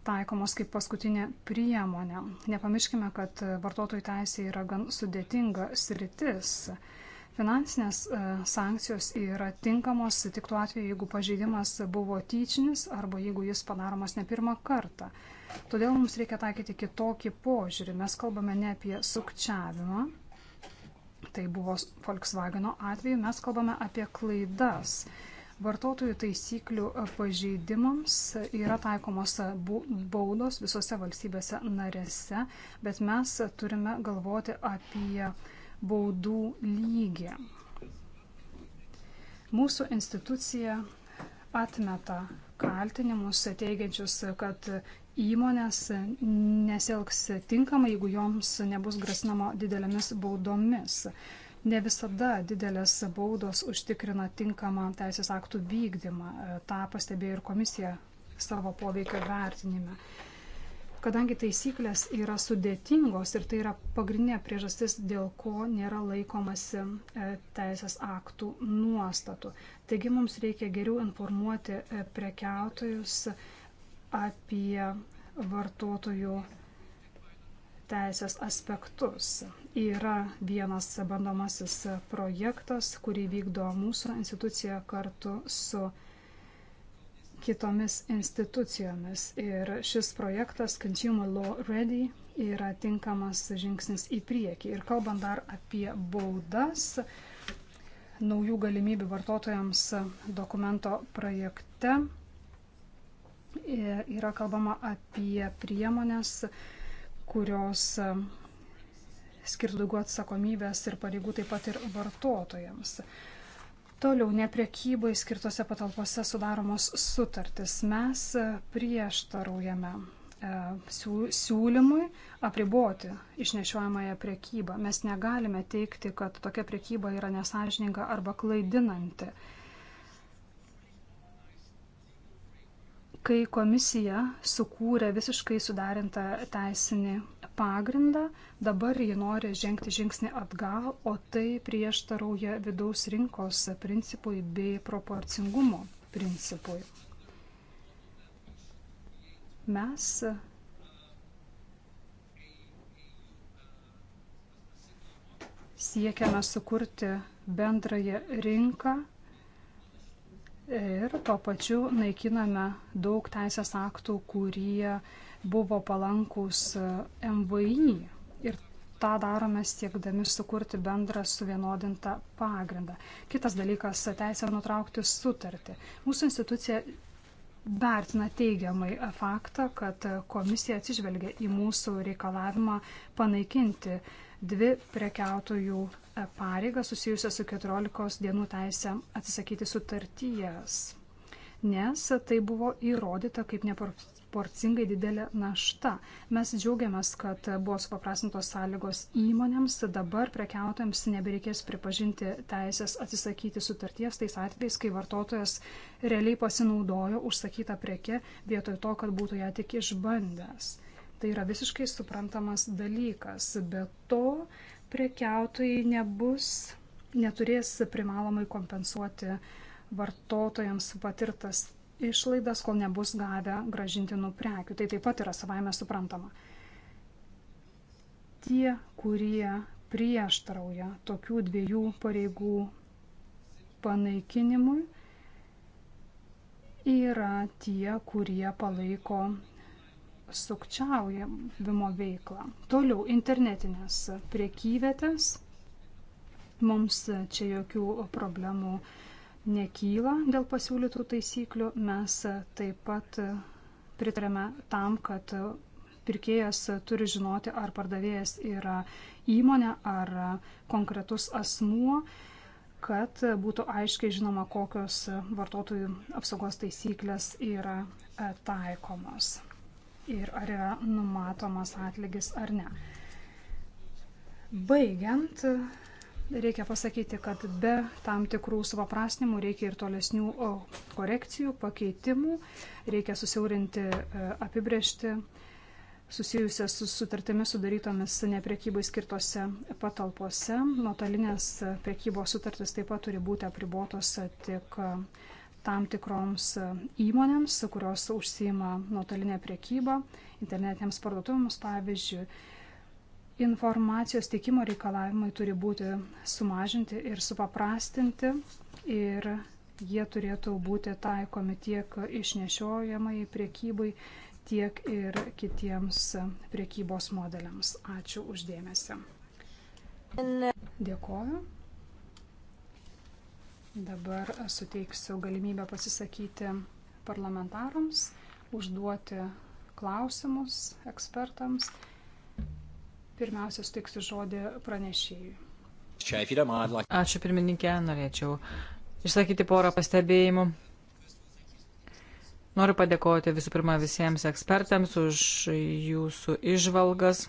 taikomos kaip paskutinė priemonė. Nepamirškime, kad vartotojų teisė yra gan sudėtinga sritis. Finansinės e, sankcijos yra tinkamos tik tuo atveju, jeigu pažeidimas buvo tyčinis arba jeigu jis padaromas ne pirmą kartą. Todėl mums reikia taikyti kitokį požiūrį. Mes kalbame ne apie sukčiavimą, tai buvo Volkswageno atveju, mes kalbame apie klaidas. Vartotojų taisyklių pažeidimams yra taikomos baudos visose valstybėse narėse, bet mes turime galvoti apie baudų lygį. Mūsų institucija atmeta kaltinimus teigiančius, kad įmonės nesielgs tinkamai, jeigu joms nebus grasinama didelėmis baudomis. Ne visada didelės baudos užtikrina tinkamą teisės aktų vykdymą. Ta pastebėjo ir komisija savo poveikio vertinime. Kadangi taisyklės yra sudėtingos ir tai yra pagrindinė priežastis, dėl ko nėra laikomasi e, teisės aktų nuostatų. Taigi mums reikia geriau informuoti e, prekiautojus apie vartotojų teisės aspektus. Yra vienas bandomasis projektas, kurį vykdo mūsų institucija kartu su kitomis institucijomis. Ir šis projektas Consumer Law Ready yra tinkamas žingsnis į priekį. Ir kalbant dar apie baudas, naujų galimybių vartotojams dokumento projekte yra kalbama apie priemonės, kurios skirtų daugiau atsakomybės ir pareigų taip pat ir vartotojams. Toliau nepriekybai skirtose patalpose sudaromos sutartis. Mes e, prieštaraujame e, siūlymui apriboti išnešiojamąją priekybą. Mes negalime teikti, kad tokia priekyba yra nesažininga arba klaidinanti. Kai komisija sukūrė visiškai sudarintą teisinį pagrindą, dabar ji nori žengti žingsnį atgal, o tai prieštarauja vidaus rinkos principui bei proporcingumo principui. Mes siekiame sukurti bendrąją rinką ir tuo pačiu naikiname daug teisės aktų, kurie buvo palankūs e, MVI ir tą darome siekdami sukurti bendrą suvienodintą pagrindą. Kitas dalykas - teisė nutraukti sutartį. Mūsų institucija vertina teigiamai faktą, kad komisija atsižvelgia į mūsų reikalavimą panaikinti dvi prekiautojų e, pareigas susijusią su 14 dienų teisę atsisakyti sutarties, nes tai buvo įrodyta kaip nepro neproporcingai didelė našta. Mes džiaugiamės, kad buvo supaprastintos sąlygos įmonėms, dabar prekiautojams nebereikės pripažinti teisės atsisakyti sutarties tais atvejais, kai vartotojas realiai pasinaudojo užsakytą prekę vietoj to, kad būtų ją tik išbandęs. Tai yra visiškai suprantamas dalykas. Be to, prekiautojai nebus, neturės primalomai kompensuoti vartotojams patirtas išlaidas, kol nebus gavę gražintinų prekių. Tai taip pat yra savaime suprantama. Tie, kurie prieštrauja tokių dviejų pareigų panaikinimui, yra tie, kurie palaiko sukčiaujimo veiklą. Toliau internetinės priekyvietės. Mums čia jokių problemų nėra nekyla dėl pasiūlytų taisyklių. Mes taip pat pritarėme tam, kad pirkėjas turi žinoti, ar pardavėjas yra įmonė ar konkretus asmuo, kad būtų aiškiai žinoma, kokios vartotojų apsaugos taisyklės yra taikomos ir ar yra numatomas atlygis ar ne. Baigiant, Reikia pasakyti, kad be tam tikrų supaprastinimų reikia ir tolesnių korekcijų, pakeitimų, reikia susiaurinti e, apibriežti susijusias su sutartimis sudarytomis nepriekybai skirtose patalpose. Nuotolinės priekybos sutartys taip pat turi būti apribotos tik e, tam tikroms e, įmonėms, kurios užsima nuotolinę priekybą, internetinėms parduotuvėms, pavyzdžiui. Informacijos teikimo reikalavimai turi būti sumažinti ir supaprastinti ir jie turėtų būti taikomi tiek išnešiojamai priekybai, tiek ir kitiems priekybos modeliams. Ačiū uždėmesi. Dėkoju. Dabar suteiksiu galimybę pasisakyti parlamentarams, užduoti klausimus ekspertams Pirmiausia, sutiksiu žodį pranešėjui. Ačiū pirmininkė, norėčiau išsakyti porą pastebėjimų. Noriu padėkoti visų pirma visiems ekspertams už jūsų išvalgas.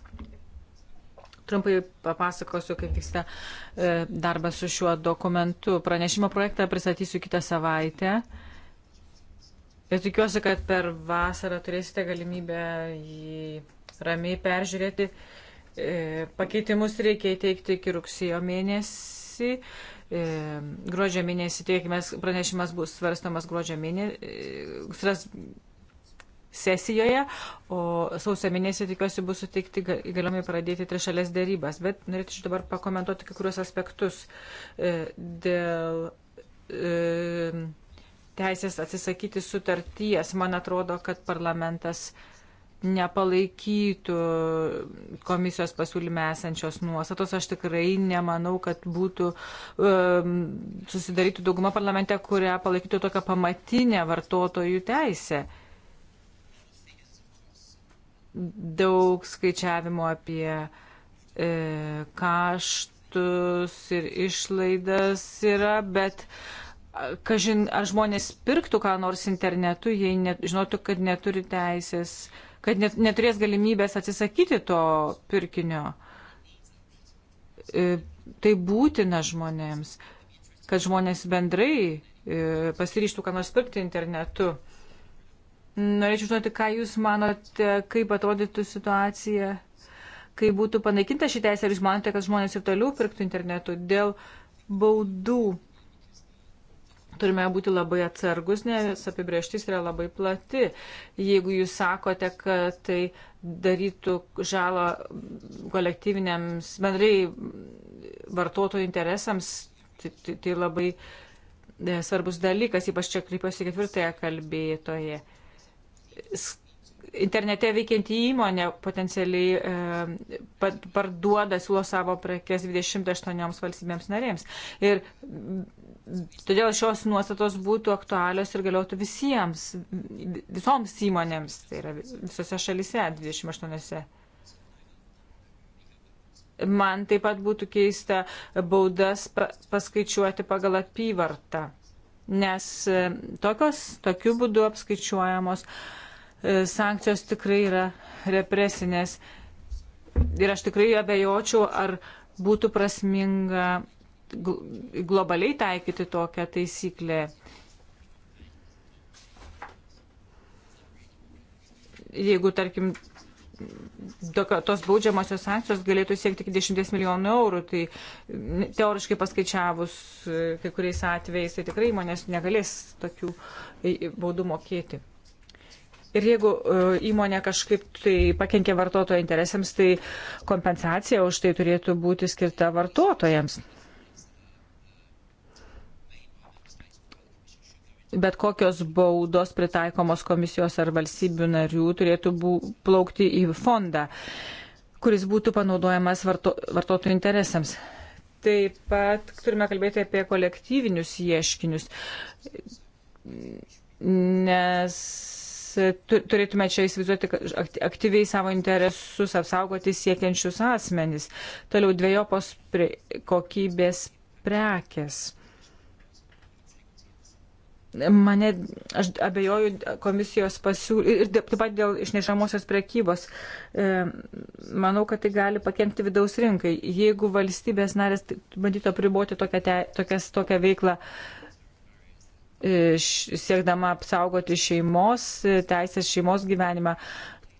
Trumpai papasakosiu, kaip vyksta e, darbas su šiuo dokumentu. Pranešimo projektą pristatysiu kitą savaitę. Ir tikiuosi, kad per vasarą turėsite galimybę jį ramiai peržiūrėti. Uh, E, pakeitimus reikia įteikti iki rugsėjo mėnesį. E, gruodžio mėnesį, tiekime, pranešimas bus svarstamas gruodžio mėnesį e, sesijoje, o sausio mėnesį tikiuosi bus suteikti įgaliojimai pradėti trišalės dėrybas. Bet norėčiau dabar pakomentuoti kai kuriuos aspektus dėl teisės atsisakyti sutarties. Man atrodo, kad parlamentas nepalaikytų komisijos pasiūlyme esančios nuostatos. Aš tikrai nemanau, kad būtų um, susidarytų dauguma parlamente, kurią palaikytų tokią pamatinę vartotojų teisę. Daug skaičiavimo apie e, kaštus ir išlaidas yra, bet kažin, ar žmonės pirktų ką nors internetu, jei net, žinotų, kad neturi teisės kad net, neturės galimybės atsisakyti to pirkinio. E, tai būtina žmonėms, kad žmonės bendrai e, pasiryštų, ką nors pirkti internetu. Norėčiau žinoti, ką Jūs manote, kaip atrodytų situacija, kai būtų panaikinta ši teisė, ar Jūs manote, kad žmonės ir toliau pirktų internetu dėl baudų turime būti labai atsargus, nes apibrieštis yra labai plati. Jeigu jūs sakote, kad tai darytų žalą kolektyviniams, bendrai vartotojų interesams, tai, tai, tai labai e, svarbus dalykas, ypač čia kreipiuosi ketvirtąją kalbėtoje. Internete veikianti įmonė potencialiai e, parduoda, siūlo savo prekes 28 valstybėms narėms. Ir Todėl šios nuostatos būtų aktualios ir galiotų visiems, visoms įmonėms, tai yra visose šalise, 28. Man taip pat būtų keista baudas paskaičiuoti pagal apyvartą, nes e, tokios, tokiu būdu apskaičiuojamos e, sankcijos tikrai yra represinės ir aš tikrai abejočiau, ar būtų prasminga globaliai taikyti tokią taisyklę. Jeigu, tarkim, tos baudžiamosios sankcijos galėtų siekti iki 10 milijonų eurų, tai teoriškai paskaičiavus e, kai kuriais atvejais, tai tikrai įmonės negalės tokių e, e, baudų mokėti. Ir jeigu įmonė kažkaip tai pakenkia vartotojo interesams, tai kompensacija už tai turėtų būti skirta vartotojams. bet kokios baudos pritaikomos komisijos ar valstybių narių turėtų bū, plaukti į fondą, kuris būtų panaudojamas varto, vartotojų interesams. Taip pat turime kalbėti apie kolektyvinius ieškinius, nes turėtume čia įsivizuoti aktyviai savo interesus apsaugoti siekiančius asmenys. Toliau dviejopos kokybės prekės Mane, aš abejoju komisijos pasiūlymų ir taip pat dėl išnešamosios prekybos. E, manau, kad tai gali pakengti vidaus rinkai. Jeigu valstybės narės bandytų apriboti tokią, te, tokias, tokią veiklą, e, siekdama apsaugoti šeimos, e, teisės šeimos gyvenimą,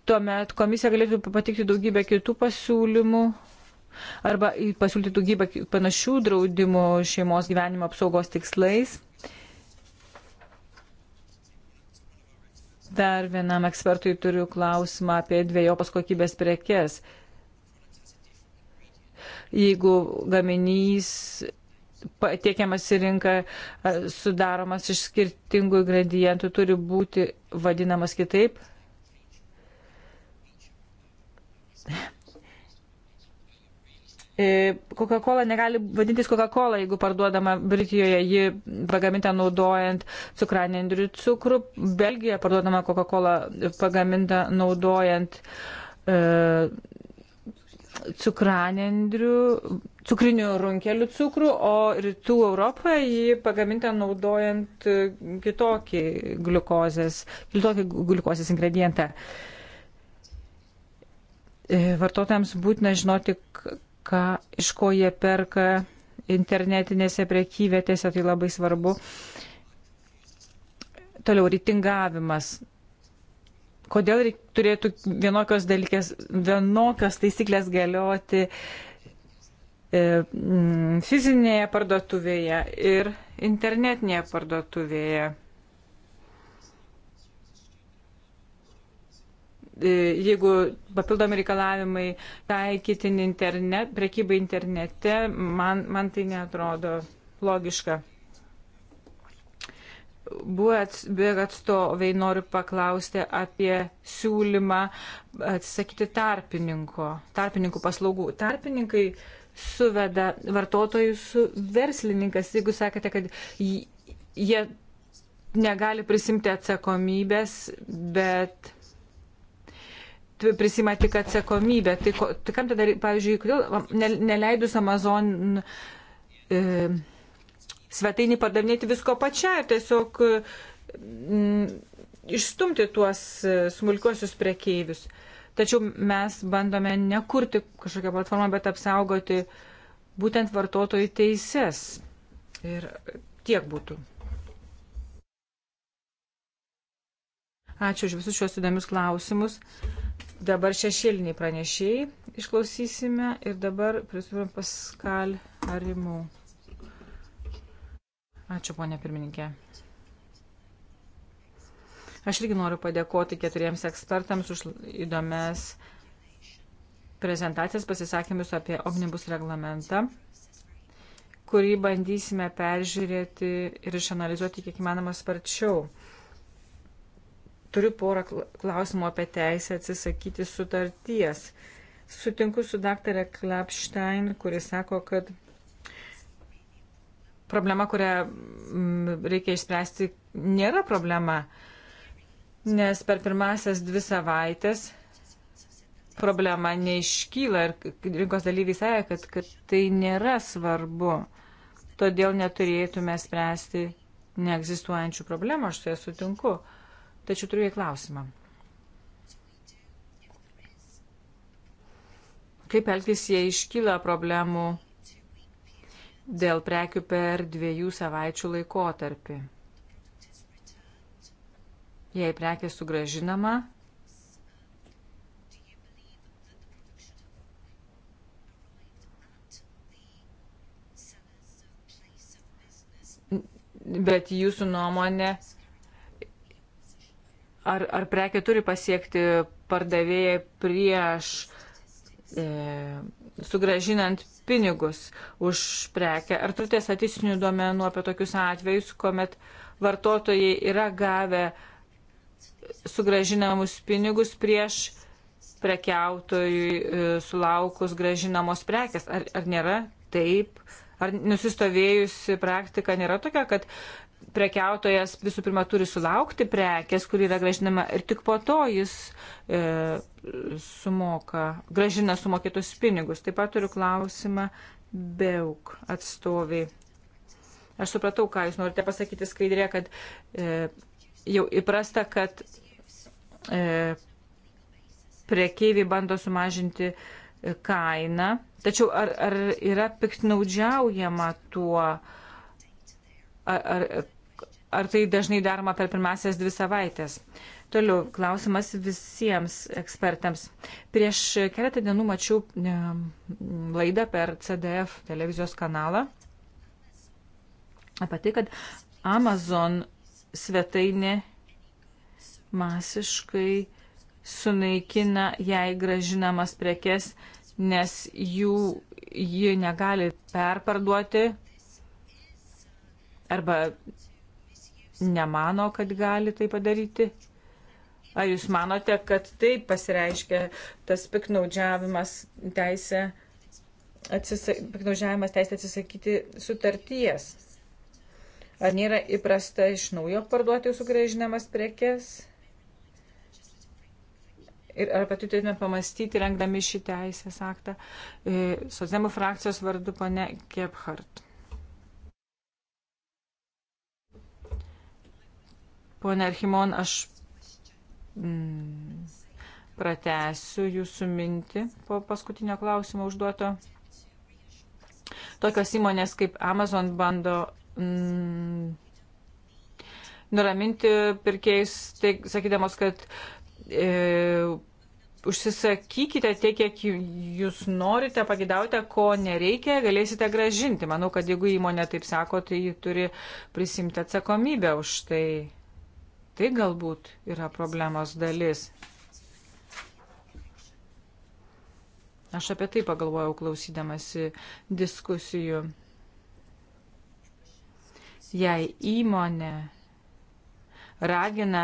tuomet komisija galėtų patikti daugybę kitų pasiūlymų arba pasiūlyti daugybę panašių draudimų šeimos gyvenimo apsaugos tikslais Dar vienam ekspertui turiu klausimą apie dviejopos kokybės prekes. Jeigu gaminys patiekiamas į rinką, sudaromas iš skirtingų ingredientų, turi būti vadinamas kitaip. E, Coca-Cola negali vadintis Coca-Cola, jeigu parduodama Britijoje, ji pagaminta naudojant cukranendrių cukrų, Belgijoje parduodama Coca-Cola pagaminta naudojant e, cukranendrių, cukrinių runkelių cukrų, o rytų Europoje jį pagaminta naudojant e, kitokį gliukozės, kitokį gliukozės ingredientą. E, vartotojams būtina žinoti, ką, iš ko jie perka internetinėse priekyvietėse, tai labai svarbu. Toliau reitingavimas. Kodėl reik, turėtų vienokios, dalykės, vienokios taisyklės galioti e, m, fizinėje parduotuvėje ir internetinėje parduotuvėje? E, jeigu papildomi reikalavimai taikytini internet, prekybai internete, man, man tai netrodo logiška. Buvę atstovai noriu paklausti apie siūlymą atsisakyti tarpininko, tarpininkų paslaugų. Tarpininkai suveda vartotojus su verslininkas, jeigu sakėte, kad jie negali prisimti atsakomybės, bet prisima tik atsakomybę. Tai, ko, tai kam tada, pavyzdžiui, kodėl ne, neleidus Amazon e, svetainį pardavinėti visko pačiai, tiesiog m, mm, išstumti tuos e, smulkiuosius prekeivius. Tačiau mes bandome nekurti kažkokią platformą, bet apsaugoti būtent vartotojų teises. Ir tiek būtų. Ačiū už visus šios įdomius klausimus. Dabar šešėliniai pranešėjai išklausysime ir dabar prisūrėm Paskal Arimų. Ačiū, ponė pirmininkė. Aš irgi noriu padėkoti keturiems ekspertams už įdomias prezentacijas pasisakymus apie omnibus reglamentą, kurį bandysime peržiūrėti ir išanalizuoti kiek įmanoma sparčiau. Turiu porą klausimų apie teisę atsisakyti sutarties. Sutinku su daktarė Klapštain, kuris sako, kad problema, kurią mm, reikia išspręsti, nėra problema, nes per pirmasias dvi savaitės problema neiškyla ir rinkos dalyviai sąja, kad, kad tai nėra svarbu. Todėl neturėtume spręsti neegzistuojančių problemų, aš su ja sutinku. Uh, Tačiau turiu į klausimą. Kaip elgtis, jei iškyla problemų dėl prekių per dviejų savaičių laikotarpį? Jei prekė sugražinama, bet jūsų nuomonė ar, ar prekė turi pasiekti pardavėjai prieš e, sugražinant pinigus už prekę. Ar turite statistinių duomenų apie tokius atvejus, kuomet vartotojai yra gavę sugražinamus pinigus prieš prekiautojui e, sulaukus gražinamos prekes? Ar, ar nėra taip? Ar nusistovėjusi praktika nėra tokia, kad prekiautojas visų pirma turi sulaukti prekės, kuri yra gražinama ir tik po to jis e, sumoka, gražina sumokėtus pinigus. Taip pat turiu klausimą Beuk atstoviai. Aš supratau, ką jūs norite pasakyti skaidrė, kad e, jau įprasta, kad e, priekeiviai bando sumažinti e, kainą. Tačiau ar, ar yra piktnaudžiaujama tuo? E, ar, ar, ar tai dažnai daroma per pirmasias dvi savaitės. Toliau klausimas visiems ekspertams. Prieš keletą dienų mačiau e, laidą per CDF televizijos kanalą apie tai, kad Amazon svetainė masiškai sunaikina jai gražinamas prekes, nes jų ji negali perparduoti arba nemano, kad gali tai padaryti? Ar jūs manote, kad taip pasireiškia tas piknaudžiavimas teisė, atsisa, piknaudžiavimas teisė atsisakyti sutarties? Ar nėra įprasta iš naujo parduoti jūsų gražinamas prekes? Ir ar pati turėtume pamastyti, rengdami šį teisės aktą, e, socialdemokratų frakcijos vardu pone Kephart. Pone Archimon, aš mm, pratęsiu jūsų mintį po paskutinio klausimo užduoto. Tokios įmonės kaip Amazon bando mm, nuraminti pirkėjus, tai, sakydamos, kad e, užsisakykite tiek, kiek jūs norite, pagidaute, ko nereikia, galėsite gražinti. Manau, kad jeigu įmonė taip sako, tai ji turi prisimti atsakomybę už tai tai galbūt yra problemos dalis. Aš apie tai pagalvojau klausydamasi diskusijų. Jei įmonė ragina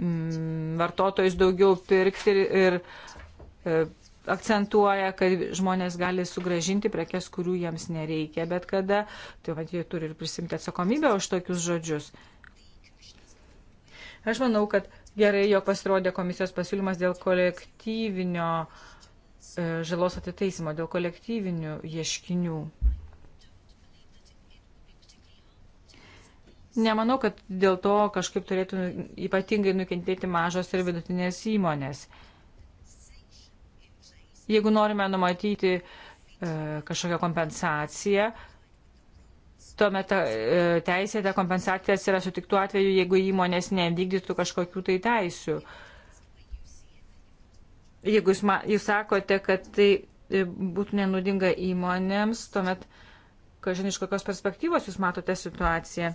mm, vartotojus daugiau pirkti ir, ir e, akcentuoja, kad žmonės gali sugražinti prekes, kurių jiems nereikia, bet kada, tai vat jie turi ir prisimti atsakomybę už tokius žodžius. Aš manau, kad gerai, jog pasirodė komisijos pasiūlymas dėl kolektyvinio e, žalos atitaisimo, dėl kolektyvinių ieškinių. Nemanau, kad dėl to kažkaip turėtų ypatingai nukentėti mažos ir vidutinės įmonės. Jeigu norime numatyti e, kažkokią kompensaciją, e, tuomet e, teisėta kompensacija atsirastų tik tuo atveju, jeigu įmonės nevykdytų kažkokių tai teisių. Jeigu jūs, ma, jūs sakote, kad tai e, būtų nenudinga įmonėms, tuomet, kažin iš kokios perspektyvos jūs matote situaciją.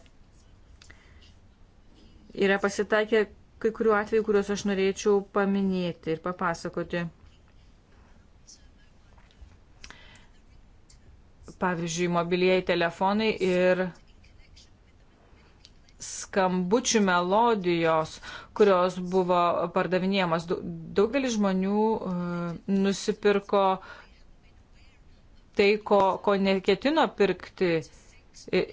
Yra pasitaikę kai kuriuo atveju, kuriuos aš norėčiau paminėti ir papasakoti. pavyzdžiui, mobilieji telefonai ir skambučių melodijos, kurios buvo pardavinėjamas. Daugelis žmonių e, nusipirko tai, ko, ko neketino pirkti. E,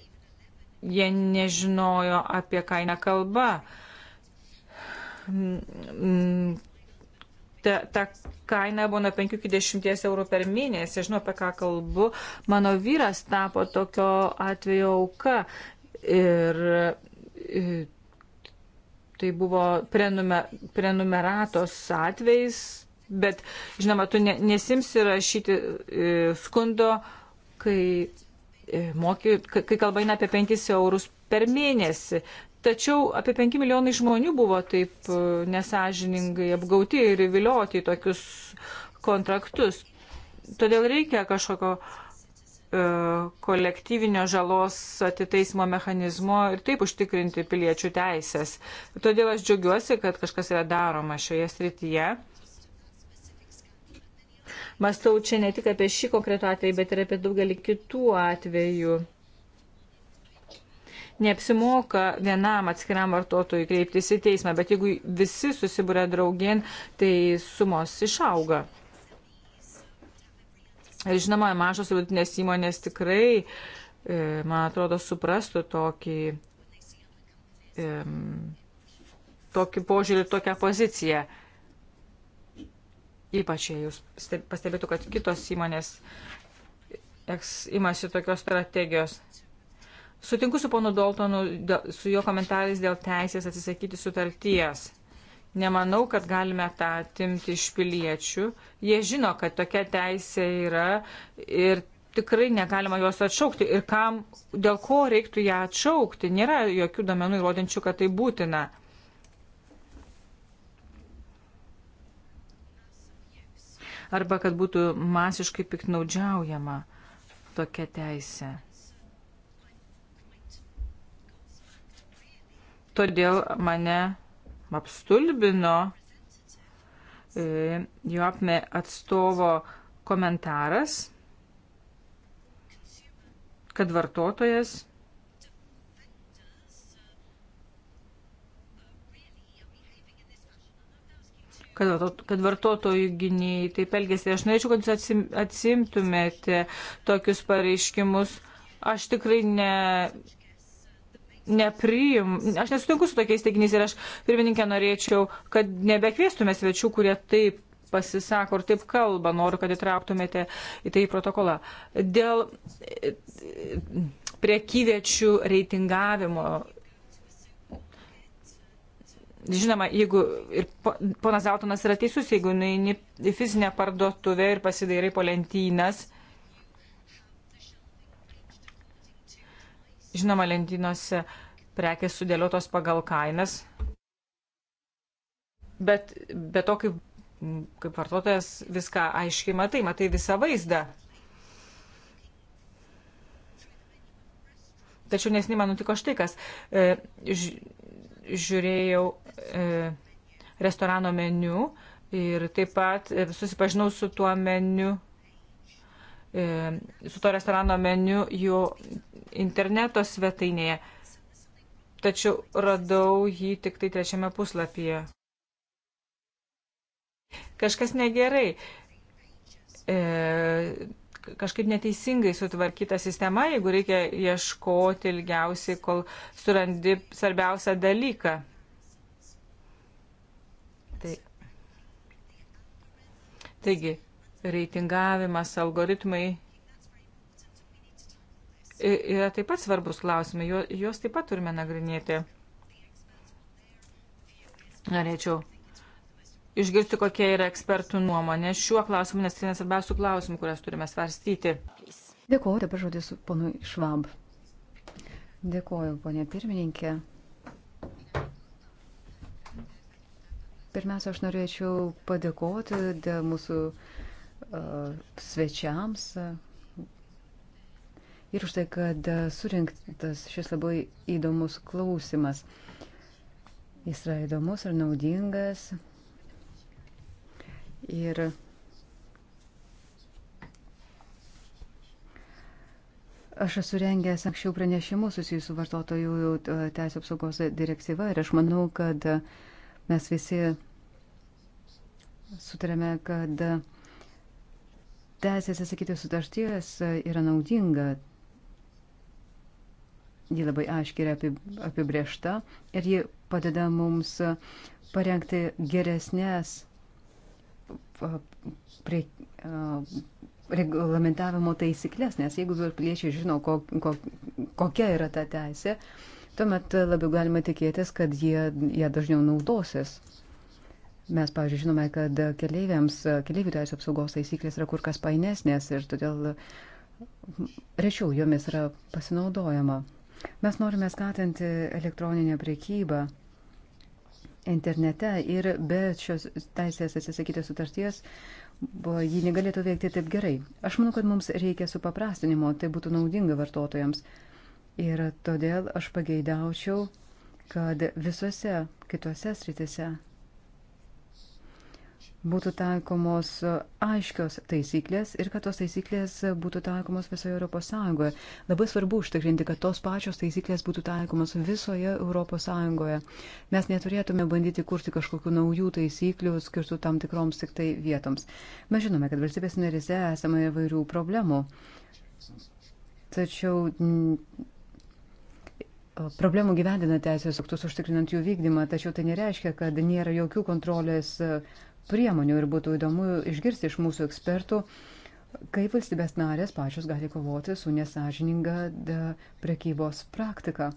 jie nežinojo, apie ką eina kalba ta, ta kaina būna 5-10 eurų per mėnesį. Žinau, apie ką kalbu. Mano vyras tapo tokio atveju auka. Ir, ir tai buvo prenumer, prenumeratos atvejs, bet, žinoma, tu ne, nesimsi rašyti e, skundo, kai, e, moki, kai, kai kalba eina apie 5 eurus per mėnesį. Tačiau apie 5 milijonai žmonių buvo taip e, nesažiningai apgauti ir įvilioti į tokius kontraktus. Todėl reikia kažkokio e, kolektyvinio žalos atitaismo mechanizmo ir taip užtikrinti piliečių teisės. Todėl aš džiaugiuosi, kad kažkas yra daroma šioje srityje. Mastau čia ne tik apie šį konkretų atvejį, bet ir apie daugelį kitų atvejų neapsimoka vienam atskiram vartotojui kreiptis į teismą, bet jeigu visi susibūrė draugien, tai sumos išauga. Ir žinoma, mažos vidutinės įmonės tikrai, e, man atrodo, suprastų tokį, e, tokį požiūrį, tokią poziciją. Ypač jei jūs pastebėtų, kad kitos įmonės imasi tokios strategijos. Sutinku su ponu Daltonu, su jo komentarais dėl teisės atsisakyti sutarties. Nemanau, kad galime tą atimti iš piliečių. Jie žino, kad tokia teisė yra ir tikrai negalima juos atšaukti. Ir kam, dėl ko reiktų ją atšaukti, nėra jokių domenų įrodinčių, kad tai būtina. Arba kad būtų masiškai piknaudžiaujama tokia teisė. Todėl mane apstulbino e, jo apme atstovo komentaras, kad vartotojas kad, kad vartotojų gynėjai taip elgėsi. Aš norėčiau, kad jūs atsimtumėte tokius pareiškimus. Aš tikrai ne, nepriim. Aš nesutinku su tokiais teiginiais ir aš pirmininkė norėčiau, kad nebekviestume svečių, kurie taip pasisako ir taip kalba, noriu, kad įtrauktumėte į tai protokolą. Dėl e, priekyviečių reitingavimo. Žinoma, jeigu ir ponas Autonas yra teisus, jeigu eini į fizinę parduotuvę ir pasidairai po lentynas, Žinoma, lentynose prekės sudėliotos pagal kainas, bet be to, kaip, kaip vartotojas viską aiškiai matai, matai visą vaizdą. Tačiau nesnį man nutiko štai kas. E, ž, žiūrėjau e, restorano meniu ir taip pat e, susipažinau su tuo meniu E, su to restorano meniu jų interneto svetainėje, tačiau radau jį tik tai trečiame puslapyje. Kažkas negerai. E, kažkaip neteisingai sutvarkyta sistema, jeigu reikia ieškoti ilgiausiai, kol surandi svarbiausią dalyką. Tai. Taigi, reitingavimas, algoritmai yra taip pat svarbus klausimai, juos taip pat turime nagrinėti. Norėčiau išgirsti, kokia yra ekspertų nuomonė šiuo klausimu, nes tai nesvarbiausių klausimų, kurias turime svarstyti. Dėkuoju, dabar žodis ponui Švab. Dėkuoju, ponė pirmininkė. Pirmiausia, aš norėčiau padėkoti mūsų uh, Uh, svečiams uh, ir už tai, kad uh, surinktas šis labai įdomus klausimas. Jis yra įdomus ir naudingas. Ir Aš esu rengęs anksčiau pranešimus susijusių vartotojų teisų apsaugos direktyva ir aš manau, kad mes visi sutarėme, kad teisės atsakyti sutarties e, yra naudinga. Ji labai aiškiai yra apibriešta ir ji padeda mums parengti geresnės prie, reglamentavimo taisyklės, nes jeigu piliečiai žino, ko, ko, kokia yra ta teisė, tuomet labiau galima tikėtis, kad jie ją dažniau naudosis. Mes, pavyzdžiui, žinome, kad keleiviams, keleivių teisų apsaugos taisyklės yra kur kas painesnės ir todėl rečiau jomis yra pasinaudojama. Mes norime skatinti elektroninę priekybą internete ir be šios teisės atsisakyti sutarties ji negalėtų veikti taip gerai. Aš manau, kad mums reikia supaprastinimo, tai būtų naudinga vartotojams. Ir todėl aš pageidaučiau, kad visose kitose sritise būtų taikomos e, aiškios taisyklės ir kad tos taisyklės e, būtų taikomos visoje Europos Sąjungoje. Labai svarbu užtikrinti, kad tos pačios taisyklės būtų taikomos visoje Europos Sąjungoje. Mes neturėtume bandyti kurti kažkokių naujų taisyklių skirtų tam tikroms tik tai vietoms. Mes žinome, kad valstybės narise esame įvairių problemų. Tačiau mm, e, problemų gyvendina teisės aktus užtikrinant jų vykdymą, tačiau tai nereiškia, kad nėra jokių kontrolės uh, priemonių ir būtų įdomu išgirsti iš mūsų ekspertų, kaip valstybės narės pačios gali kovoti su nesažininga prekybos praktika.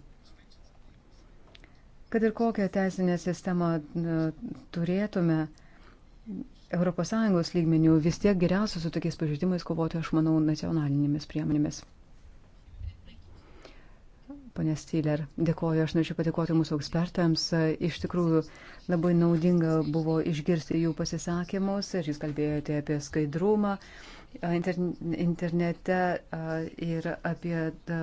Kad ir kokią teisinę sistemą turėtume ES lygmenių, vis tiek geriausia su tokiais pažeidimais kovoti, aš manau, nacionalinėmis priemonėmis ponė Styler. Dėkoju, aš norėčiau padėkoti mūsų ekspertams. Iš tikrųjų, labai naudinga buvo išgirsti jų pasisakymus ir jūs kalbėjote apie skaidrumą internete ir apie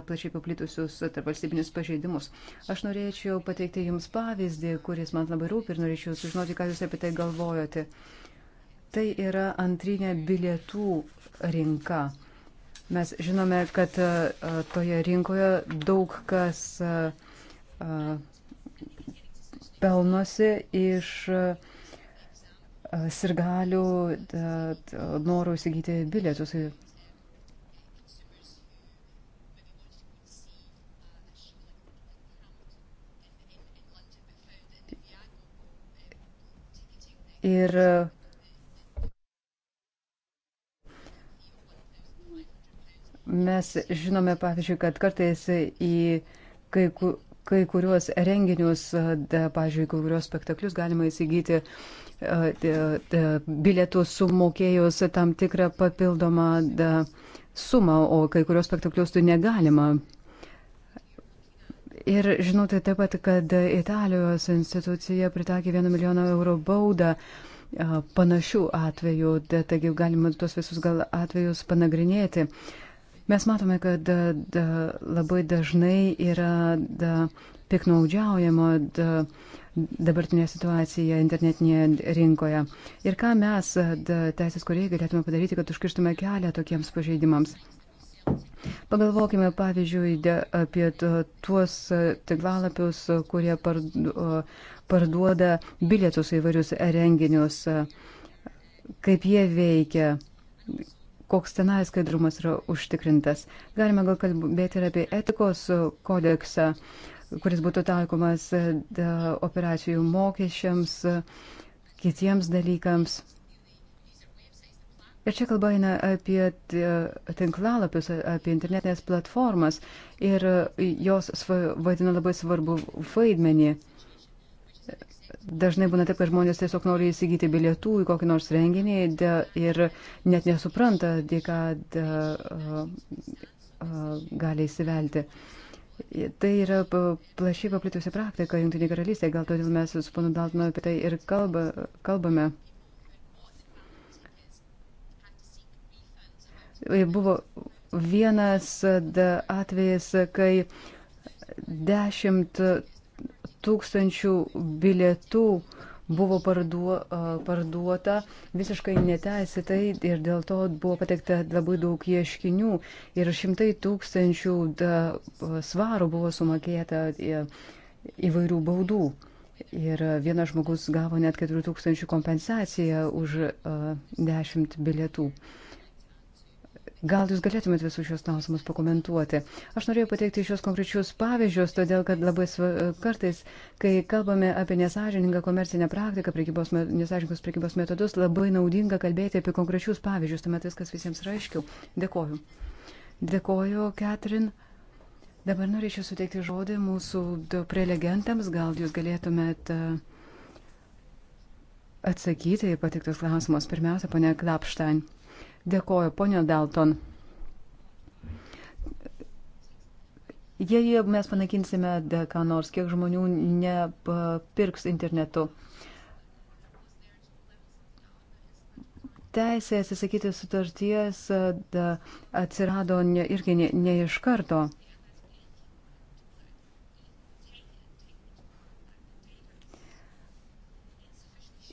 plačiai paplitusius tarpvalstybinius pažeidimus. Aš norėčiau pateikti Jums pavyzdį, kuris man labai rūpi ir norėčiau sužinoti, ką Jūs apie tai galvojate. Tai yra antrinė bilietų rinka. Mes žinome, kad e, toje rinkoje daug kas e, e, pelnosi iš sirgalių norų įsigyti bilietus Ir Mes žinome, pavyzdžiui, kad kartais į kai, kai kuriuos renginius, da, pavyzdžiui, kai kuriuos spektaklius galima įsigyti bilietus sumokėjus tam tikrą papildomą da, sumą, o kai kurios spektaklius tu negalima. Ir žinote tai taip pat, kad Italijos institucija pritakė 1 milijoną eurų baudą panašių atvejų, taigi galima tuos visus gal atvejus panagrinėti. Uh, Mes matome, kad da, e, da, labai dažnai yra da, piknaudžiaujama da, dabartinė situacija internetinėje rinkoje. Ir ką mes, e, da, teisės kuriai, galėtume padaryti, kad užkirstume kelią tokiems pažeidimams. Pagalvokime, pavyzdžiui, de, apie tuos e, tinklalapius, kurie parduoda bilietus į varius renginius, kaip jie veikia, koks tenai skaidrumas yra užtikrintas. Galima gal kalbėti ir apie etikos kodeksą, kuris būtų taikomas e, operacijų mokesčiams, kitiems dalykams. Ir čia kalba eina apie e, tinklalapius, apie internetinės platformas ir jos vadina labai svarbu vaidmenį. Dažnai būna taip, kad žmonės tiesiog nori įsigyti bilietų į kokį nors renginį de, ir net nesupranta, dėl ką de, uh, uh, gali įsivelti. Tai yra plašiai paplitusi praktika Junktinė karalystė, gal todėl mes su panu Daltonu apie tai ir kalba, kalbame. Buvo vienas atvejis, kai dešimt tūkstančių bilietų buvo parduo, parduota visiškai neteisėtai ir dėl to buvo patekta labai daug ieškinių ir šimtai tūkstančių da, svarų buvo sumokėta e, įvairių baudų. Ir vienas žmogus gavo net 4000 kompensaciją už uh, 10 bilietų. Uh, Gal jūs galėtumėt visus šios klausimus pakomentuoti? Aš norėjau pateikti šios konkrečius pavyzdžius, todėl kad labai kartais, kai kalbame apie nesažiningą komercinę praktiką, prekybos, nesažiningus prekybos metodus, labai naudinga kalbėti apie konkrečius pavyzdžius, tuomet viskas visiems yra aiškiau. Dėkoju. Dėkoju, Katrin. Dabar norėčiau suteikti žodį mūsų prelegentams. Gal jūs galėtumėt e, atsakyti į patiktus klausimus. Pirmiausia, ponia Klapštain. Dėkoju, ponio Dalton. Jei mes panaikinsime ką nors, kiek žmonių nepirks internetu. Teisė atsisakyti sutarties e, atsirado ne, irgi ne, ne iš karto.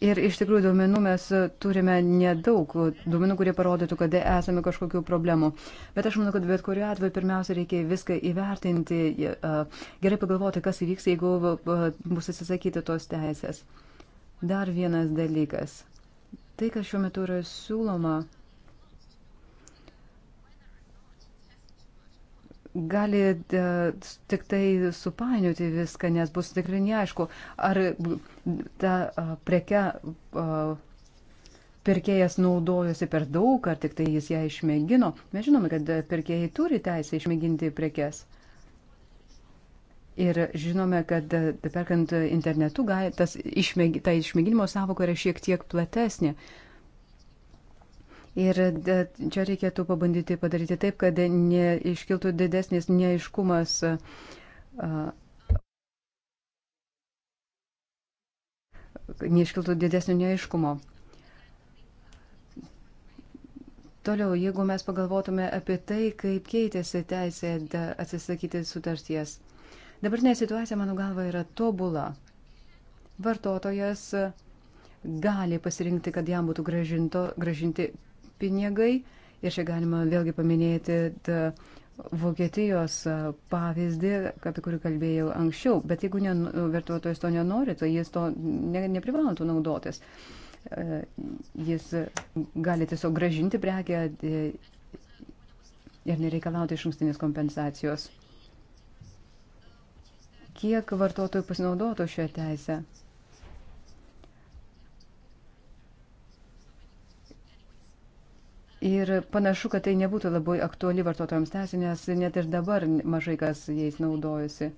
Ir iš tikrųjų duomenų mes e, turime nedaug, duomenų, kurie parodytų, kad esame kažkokių problemų. Bet aš manau, kad bet kuriuo atveju pirmiausia reikia viską įvertinti, e, e, gerai pagalvoti, kas įvyks, jeigu bus atsisakyti tos teisės. Dar vienas dalykas. Tai, kas šiuo metu yra siūloma, gali e, tik tai supainioti viską, nes bus tikrai neaišku, ar ta e, preke e, pirkėjas naudojosi per daug, ar tik tai jis ją išmėgino. Mes žinome, kad pirkėjai turi teisę išmėginti prekes. Ir žinome, kad perkant internetu, tas išmėg, ta išmėginimo savoka yra šiek tiek platesnė. Uh, Ir čia reikėtų pabandyti padaryti taip, kad neiškiltų didesnis neaiškumas. Neiškiltų didesnio neaiškumo. Toliau, jeigu mes pagalvotume apie tai, kaip keitėsi teisė atsisakyti sutarties. Dabartinė situacija, mano galva, yra tobula. Vartotojas gali pasirinkti, kad jam būtų gražinto, gražinti pinigai. Ir čia galima vėlgi paminėti Vokietijos pavyzdį, apie kurį kalbėjau anksčiau. Bet jeigu ne, vartotojas to nenori, tai jis to ne, neprivalo to naudotis. Jis gali tiesiog gražinti prekę e, ir nereikalauti iš ankstinės kompensacijos. Kiek vartotojų pasinaudotų šią teisę? Ir panašu, kad tai nebūtų labai aktuali vartotojams teisė, nes net ir dabar mažai kas jais naudojasi.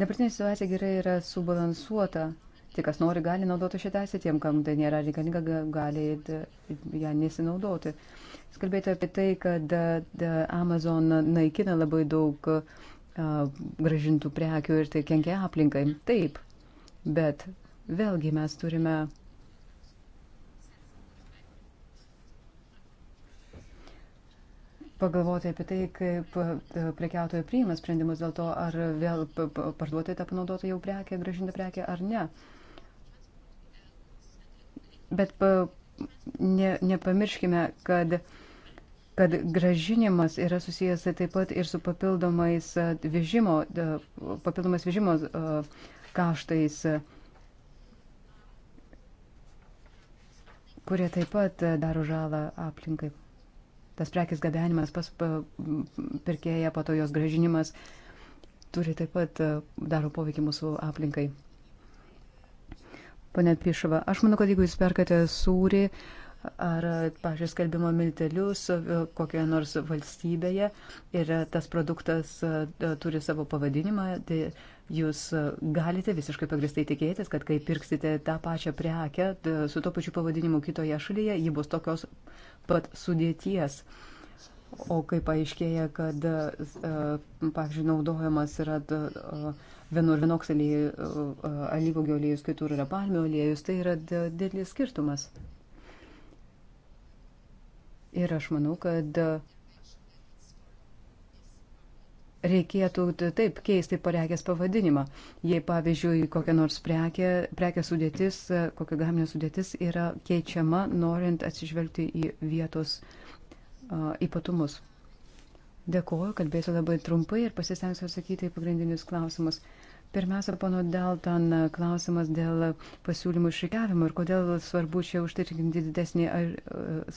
Dabartinė situacija gerai yra subalansuota. Tie, kas nori, gali naudoti šią teisę, tiem, kam tai nėra reikalinga, gali ją nesinaudoti. Jūs kalbėjote apie tai, kad Amazon naikina labai daug gražintų prekių ir tai kenkia aplinkai. Taip, bet vėlgi mes turime pagalvoti apie tai, kaip e, prekiautojai priima sprendimus dėl to, ar vėl parduoti tą panaudotą jau prekę, gražinti prekę ar ne. Bet pa, ne, nepamirškime, kad, kad gražinimas yra susijęs taip pat ir su papildomais e, vežimo, e, papildomais vežimo kaštais, kurie taip pat daro žalą aplinkai tas prekės gabenimas pas pirkėją, po to jos gražinimas turi taip pat e, daro poveikį mūsų aplinkai. Pane Pišava, aš manau, kad jeigu jūs perkate sūrį ar, pažiūrėjau, skalbimo miltelius e, kokioje nors valstybėje ir tas produktas e, turi savo pavadinimą, tai jūs e, galite visiškai pagristai tikėtis, kad kai pirksite tą pačią prekę su to pačiu pavadinimu kitoje šalyje, ji bus tokios pat sudėties. O kai paaiškėja, kad, e, e, pavyzdžiui, naudojamas yra vienur vienoks alyvogio aliejus, kitur yra palmių aliejus, tai yra didelis skirtumas. Ir aš manau, kad reikėtų taip keisti prekės pavadinimą. Jei, pavyzdžiui, kokia nors prekė, prekė sudėtis, kokio gaminio sudėtis yra keičiama, norint atsižvelgti į vietos a, ypatumus. Dėkuoju, kalbėsiu labai trumpai ir pasistengsiu atsakyti į pagrindinius klausimus. Pirmiausia, pono Deltan klausimas dėl pasiūlymų išrikiavimo ir kodėl svarbu čia užtikrinti didesnį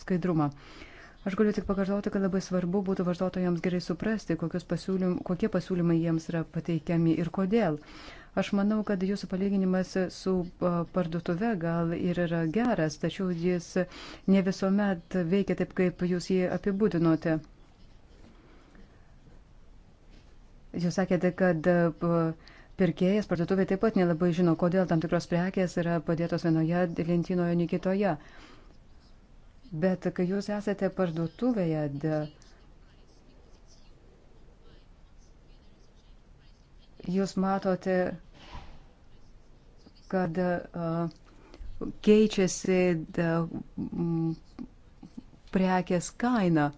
skaidrumą. Uh, Aš galiu tik pakartoti, kad labai svarbu būtų vartotojams gerai suprasti, pasiūlym, kokie pasiūlymai jiems yra pateikiami ir kodėl. Aš manau, kad jūsų palyginimas su parduotuve gal ir yra geras, tačiau jis ne visuomet veikia taip, kaip jūs jį apibūdinote. Jūs sakėte, kad pirkėjas parduotuvė taip pat nelabai žino, kodėl tam tikros prekės yra padėtos vienoje lentynoje, ne kitoje. Bet kai jūs esate parduotuvėje, de, jūs matote, kad uh, keičiasi de, m, prekės kaina.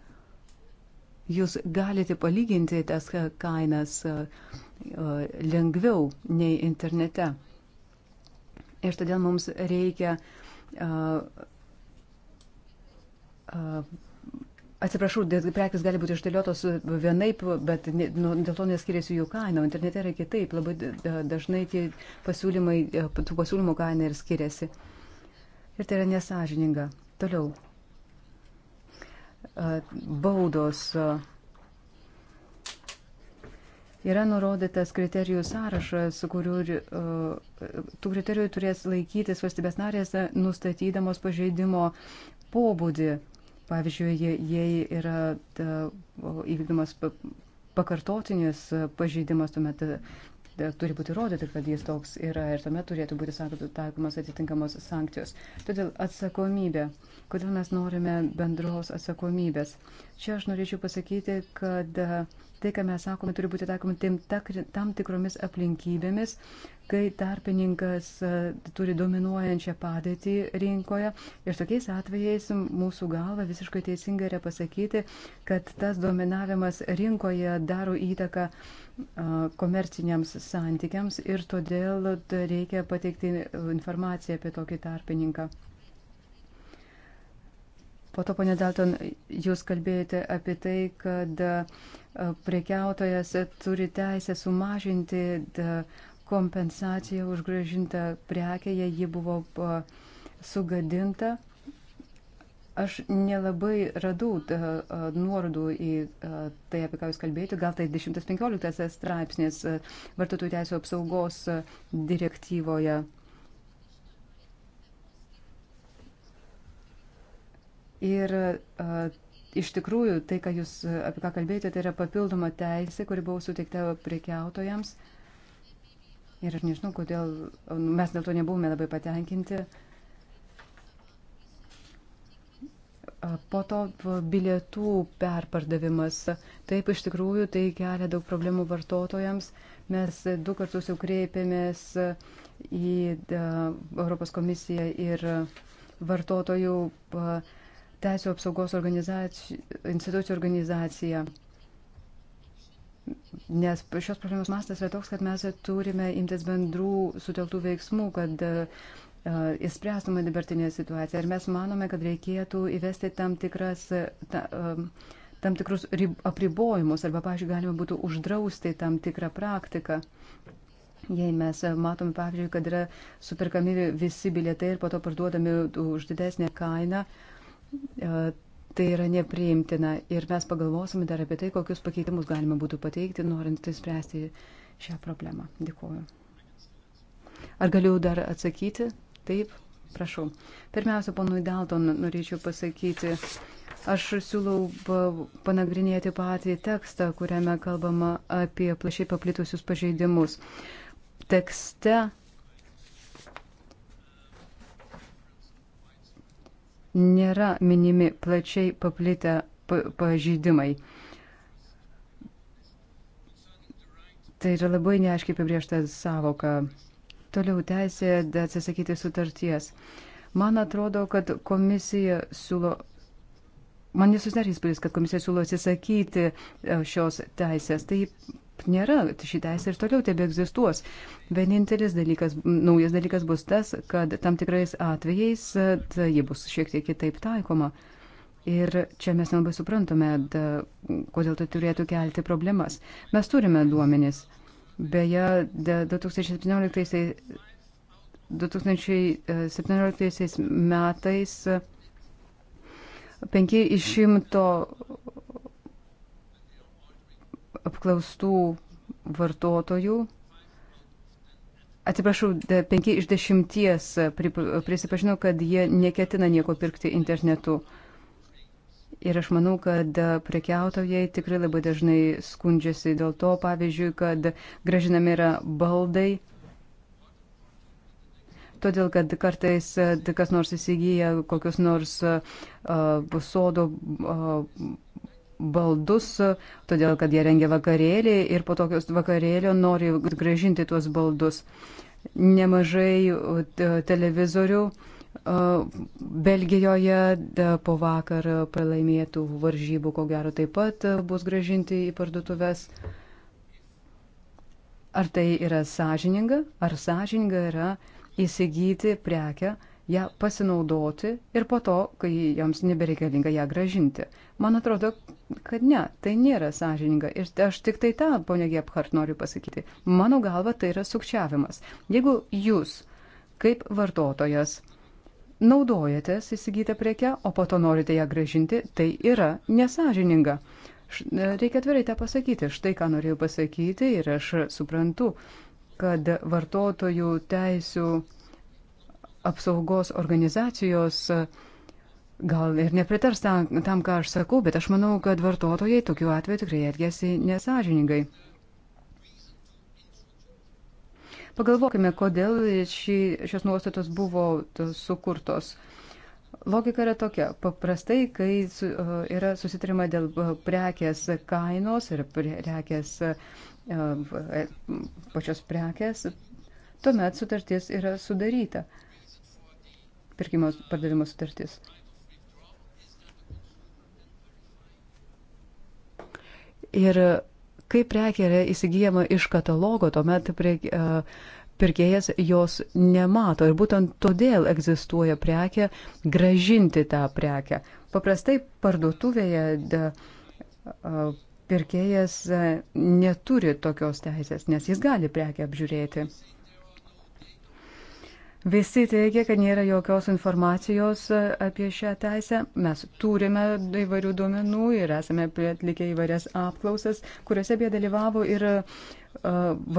Jūs galite palyginti tas kainas uh, uh, lengviau nei internete. Ir todėl mums reikia uh, Atsiprašau, prekes gali būti išdėliotos vienaip, bet nu, dėl to neskiriasi jų kaina. Internete yra kitaip. Labai dažnai tie pasiūlymai, e, tų pasiūlymų kaina ir skiriasi. Ir tai yra nesažininga. Toliau. Baudos. Yra nurodytas kriterijų sąrašas, kurių e, tų kriterijų turės laikytis valstybės narės, nustatydamos pažeidimo pobūdį. Pavyzdžiui, jei yra įvykdomas pakartotinis pažeidimas, tuomet e, e, turi būti įrodyti, kad jis toks yra ir tuomet turėtų būti taikomas atitinkamos sankcijos. Todėl atsakomybė. Kodėl mes norime bendros atsakomybės? Čia aš norėčiau pasakyti, kad e, tai, ką mes sakome, turi būti taikoma tam tikromis aplinkybėmis, kai tarpininkas e, turi dominuojančią padėtį rinkoje. Ir tokiais atvejais mūsų galva visiškai teisinga yra pasakyti, kad tas dominavimas rinkoje daro įtaką e, komerciniams santykiams ir todėl reikia pateikti informaciją apie tokį tarpininką. Po to, ponė Dalton, jūs kalbėjote apie tai, kad e, prekiautojas turi teisę sumažinti kompensaciją už gražintą prekę, jei ji buvo e, sugadinta. Aš nelabai radau e, nuorodų į tai, apie ką jūs kalbėjote, gal tai 115 straipsnis vartotojų teisų apsaugos direktyvoje. Ir uh, iš tikrųjų tai, ką jūs apie ką kalbėjote, tai yra papildoma teisė, kuri buvo suteikta prekiautojams. Ir aš nežinau, kodėl nu, mes dėl to nebuvome labai patenkinti. Po to bilietų perpardavimas. Taip, iš tikrųjų, tai kelia daug problemų vartotojams. Mes du kartus jau kreipėmės į Europos komisiją ir vartotojų uh, teisų apsaugos organizacijų, institucijų organizacija. Nes šios problemos mastas yra toks, kad mes turime imtis bendrų suteltų veiksmų, kad įspręstume e, dabartinę situaciją. Ir mes manome, kad reikėtų įvesti tam, tikras, ta, e, tam tikrus rib, apribojimus arba, pažiūrėjau, galima būtų uždrausti tam tikrą praktiką. Jei mes matome, pavyzdžiui, kad yra superkami visi bilietai ir po to parduodami už didesnę kainą, uh, E, tai yra nepriimtina ir mes pagalvosime dar apie tai, kokius pakeitimus galima būtų pateikti, norint spręsti šią problemą. Dėkuoju. Ar galiu dar atsakyti? Taip, prašau. Pirmiausia, ponui Dalton norėčiau pasakyti, Aš siūlau panagrinėti patį tekstą, kuriame kalbama apie plašiai paplitusius pažeidimus. Tekste nėra minimi plačiai paplitę pažydimai. Tai yra labai neaiškiai apibriešta savoka. Toliau teisė atsisakyti sutarties. Man atrodo, kad komisija siūlo. Man nesusidarys įspūdis, kad komisija siūlo atsisakyti e, šios teisės. Tai taip nėra. Ši teisė ir toliau tebe egzistuos. Vienintelis dalykas, naujas dalykas bus tas, kad tam tikrais atvejais e, tai ji bus šiek tiek kitaip taikoma. Ir čia mes nelabai suprantame, da, kodėl tai turėtų kelti problemas. Mes turime duomenis. Beje, da, 2017, 2017 metais 5 e, iš 100 apklaustų vartotojų Atsiprašau, penki iš dešimties prisipažino, kad jie neketina nieko pirkti internetu. Ir aš manau, kad prekiautojai tikrai labai dažnai skundžiasi dėl to, pavyzdžiui, kad gražinami yra baldai, todėl kad kartais e, kas nors įsigyja kokius nors uh, sodo uh, baldus, e, todėl kad jie rengia vakarėlį ir po tokios vakarėlio nori gražinti tuos baldus. Nemažai e, televizorių e, Belgijoje po vakar pralaimėtų varžybų, ko gero, taip pat bus gražinti į parduotuvės. Ar tai yra sąžininga? Ar sąžininga yra įsigyti prekę, ją pasinaudoti ir po to, kai joms nebereikalinga ją gražinti? Man atrodo, kad ne, tai nėra sąžininga. Ir aš tik tai tą, ponia Gephardt, noriu pasakyti. Mano galva, tai yra sukčiavimas. Jeigu jūs, kaip vartotojas, naudojatės įsigytą prekę, o po to norite ją gražinti, tai yra nesažininga. Reikia atvirai tą pasakyti. Štai ką norėjau pasakyti ir aš suprantu, kad vartotojų teisų apsaugos organizacijos uh, gal ir nepritars tam, tam, ką aš sakau, bet aš manau, kad vartotojai tokiu atveju tikrai elgesi nesažiningai. Pagalvokime, kodėl ši, šios nuostatos buvo sukurtos. Logika yra tokia. Paprastai, kai su, e, yra susitarima dėl e, prekės kainos ir prekės, e, pačios prekės, tuomet sutartis yra sudaryta pirkimo pardavimo sutartis. Ir kai prekė yra įsigijama iš katalogo, tuomet prie, e, pirkėjas jos nemato. Ir būtent todėl egzistuoja prekė gražinti tą prekę. Paprastai parduotuvėje de, e, pirkėjas e, neturi tokios teisės, nes jis gali prekę apžiūrėti. Visi teigia, kad nėra jokios informacijos e, apie šią teisę. Mes turime įvairių duomenų ir esame atlikę įvairias apklausas, kuriuose beje dalyvavo ir e,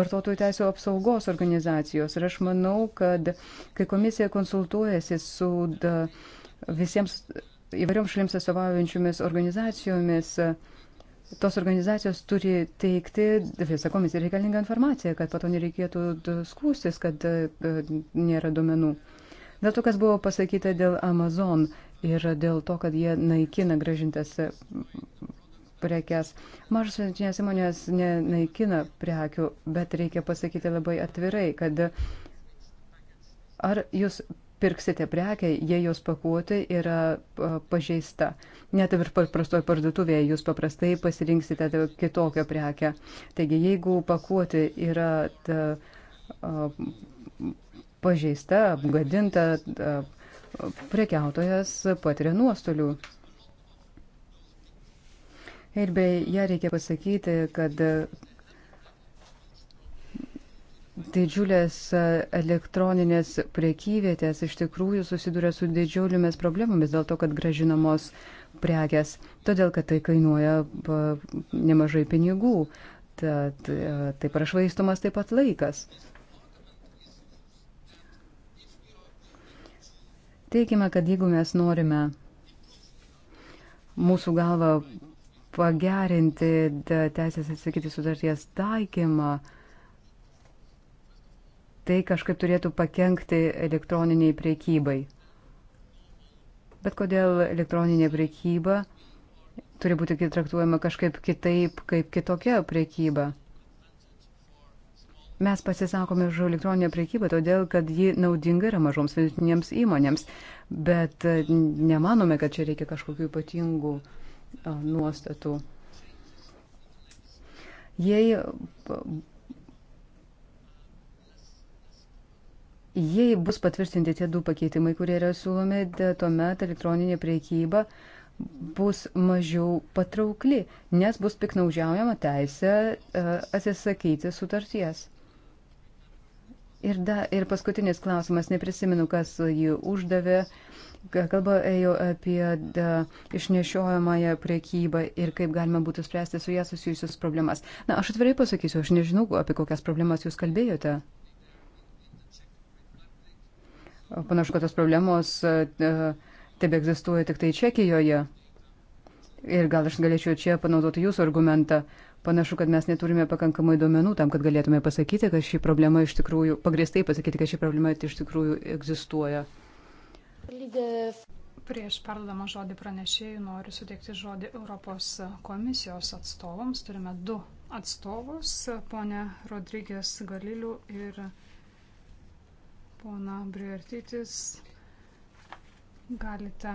vartotojų teisų apsaugos organizacijos. Ir aš manau, kad kai komisija konsultuojasi su e, visiems įvairioms šalims atstovaujančiomis organizacijomis, uh, tos organizacijos turi teikti visą komisiją reikalingą informaciją, kad pato nereikėtų skūstis, kad e, nėra duomenų. Dėl to, kas buvo pasakyta dėl Amazon ir dėl to, kad jie naikina gražintas e, prekes. Mažos vidutinės įmonės nenaikina prekių, bet reikia pasakyti labai atvirai, kad ar jūs pirksite prekę, jei jos pakuotė yra pažeista. Net ir paprastoje parduotuvėje jūs paprastai pasirinksite kitokią prekę. Taigi, jeigu pakuotė yra ta, a, pažeista, apgadinta, a, prekiautojas patiria nuostolių. Ir beje, ją reikia pasakyti, kad didžiulės e, elektroninės priekyvietės iš tikrųjų susiduria su didžiulėmis problemomis dėl to, kad gražinamos prekes, todėl kad tai kainuoja e, nemažai pinigų, tad, e, taip prašvaistomas taip pat laikas. Teikime, kad jeigu mes norime mūsų galva pagerinti teisės atsakyti sutarties taikymą, uh, tai kažkaip turėtų pakengti elektroniniai priekybai. Bet kodėl elektroninė priekyba turi būti traktuojama kažkaip kitaip, kaip kitokia priekyba? Mes pasisakome už elektroninę priekybą todėl, kad ji naudinga yra mažoms vidutinėms įmonėms, bet e, nemanome, kad čia reikia kažkokių ypatingų nuostatų. Jei Jei bus patvirtinti tie du pakeitimai, kurie yra siūlomi, tuomet elektroninė priekyba bus mažiau patraukli, nes bus piknaudžiaujama teisė e, atsisakyti sutarties. Ir, da, ir paskutinis klausimas, neprisimenu, kas jį uždavė. Kalba ėjo apie da, išnešiojamąją priekybą ir kaip galima būtų spręsti su ją susijusius problemas. Na, aš atvirai pasakysiu, aš nežinau, apie kokias problemas jūs kalbėjote. Panašu, kad tos problemos e, e, tebe egzistuoja tik tai Čekijoje. Ir gal aš galėčiau čia panaudoti jūsų argumentą. Panašu, kad mes neturime pakankamai duomenų tam, kad galėtume pasakyti, kad ši problema iš tikrųjų, pagrėstai pasakyti, kad ši problema iš tikrųjų egzistuoja. Prieš perdodama žodį pranešėjų noriu suteikti žodį Europos komisijos atstovams. Turime du atstovus, ponę Rodrygės Galilių ir pona Briartytis, galite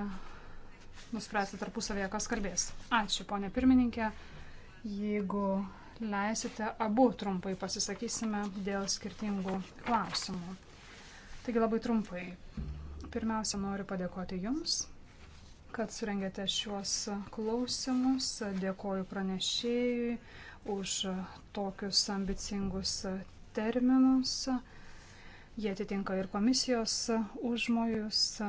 nuspręsti tarpusavėje, kas kalbės. Ačiū, ponė pirmininkė. Jeigu leisite, abu trumpai pasisakysime dėl skirtingų klausimų. Taigi labai trumpai. Pirmiausia, noriu padėkoti Jums, kad surengėte šiuos klausimus. Dėkoju pranešėjui už tokius ambicingus terminus. Jie atitinka ir komisijos užmojus.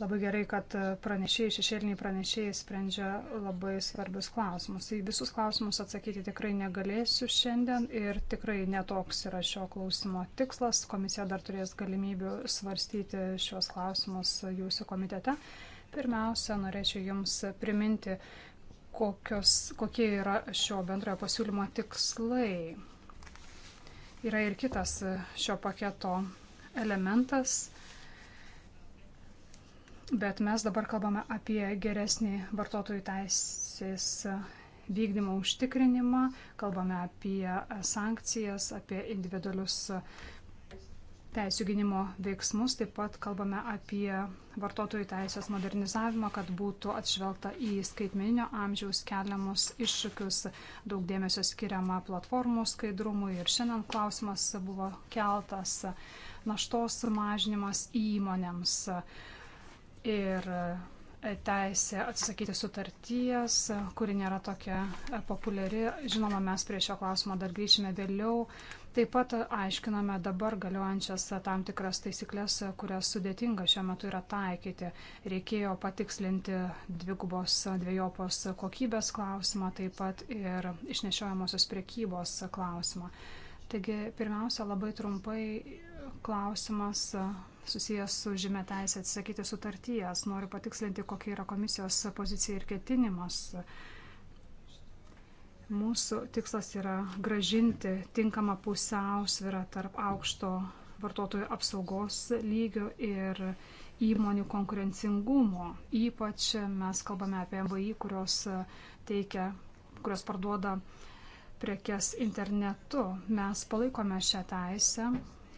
Labai gerai, kad pranešėjai, šešėliniai pranešėjai sprendžia labai svarbius klausimus. Į visus klausimus atsakyti tikrai negalėsiu šiandien ir tikrai netoks yra šio klausimo tikslas. Komisija dar turės galimybių svarstyti šios klausimus jūsų komitete. Pirmiausia, norėčiau Jums priminti, kokios, kokie yra šio bendrojo pasiūlymo tikslai Yra ir kitas e, šio paketo elementas, bet mes dabar kalbame apie geresnį vartotojų teisės vykdymo užtikrinimą, kalbame apie sankcijas, apie individualius teisų gynimo veiksmus, taip pat kalbame apie vartotojų teisės modernizavimą, kad būtų atšvelgta į skaitmeninio amžiaus keliamus iššūkius, daug dėmesio skiriama platformų skaidrumui ir šiandien klausimas buvo keltas naštos mažinimas įmonėms ir teisė atsisakyti sutarties, kuri nėra tokia populiari. Žinoma, mes prie šio klausimo dar grįšime vėliau. Taip pat aiškiname dabar galiojančias tam tikras taisyklės, kurias sudėtinga šiuo metu yra taikyti. Reikėjo patikslinti dvigubos dviejopos kokybės klausimą, taip pat ir išnešiojamosios priekybos klausimą. Taigi, pirmiausia, labai trumpai klausimas e, susijęs su žymė teisė atsisakyti sutarties. Noriu patikslinti, kokia yra komisijos pozicija ir ketinimas. Mūsų tikslas yra gražinti tinkamą pusiausvyrą tarp aukšto vartotojų apsaugos lygio ir įmonių konkurencingumo. Ypač mes kalbame apie MVI, kurios teikia, kurios parduoda prekes internetu. Mes palaikome šią teisę,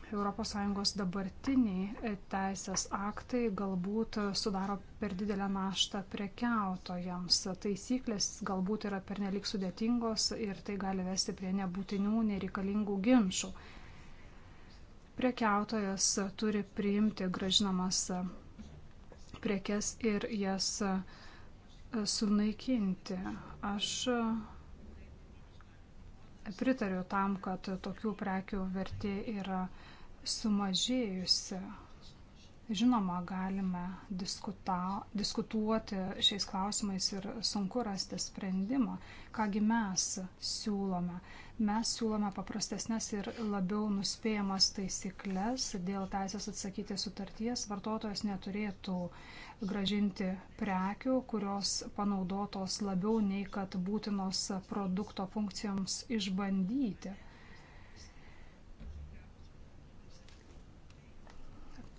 ES dabartiniai e, teisės aktai galbūt e, sudaro per didelę naštą prekiautojams. Taisyklės galbūt yra pernelik sudėtingos ir tai gali vesti prie nebūtinių, nereikalingų ginčių. Prekiautojas turi priimti gražinamas e, prekes ir jas sunaikinti. Aš pritariu tam, kad tokių prekių vertė yra sumažėjusi. Žinoma, galime diskuta, diskutuoti šiais klausimais ir sunku rasti sprendimą. Kągi mes siūlome? Mes siūlome paprastesnės ir labiau nuspėjamas taisyklės dėl teisės atsakyti sutarties. Vartotojas neturėtų gražinti prekių, kurios panaudotos labiau nei kad būtinos produkto funkcijoms išbandyti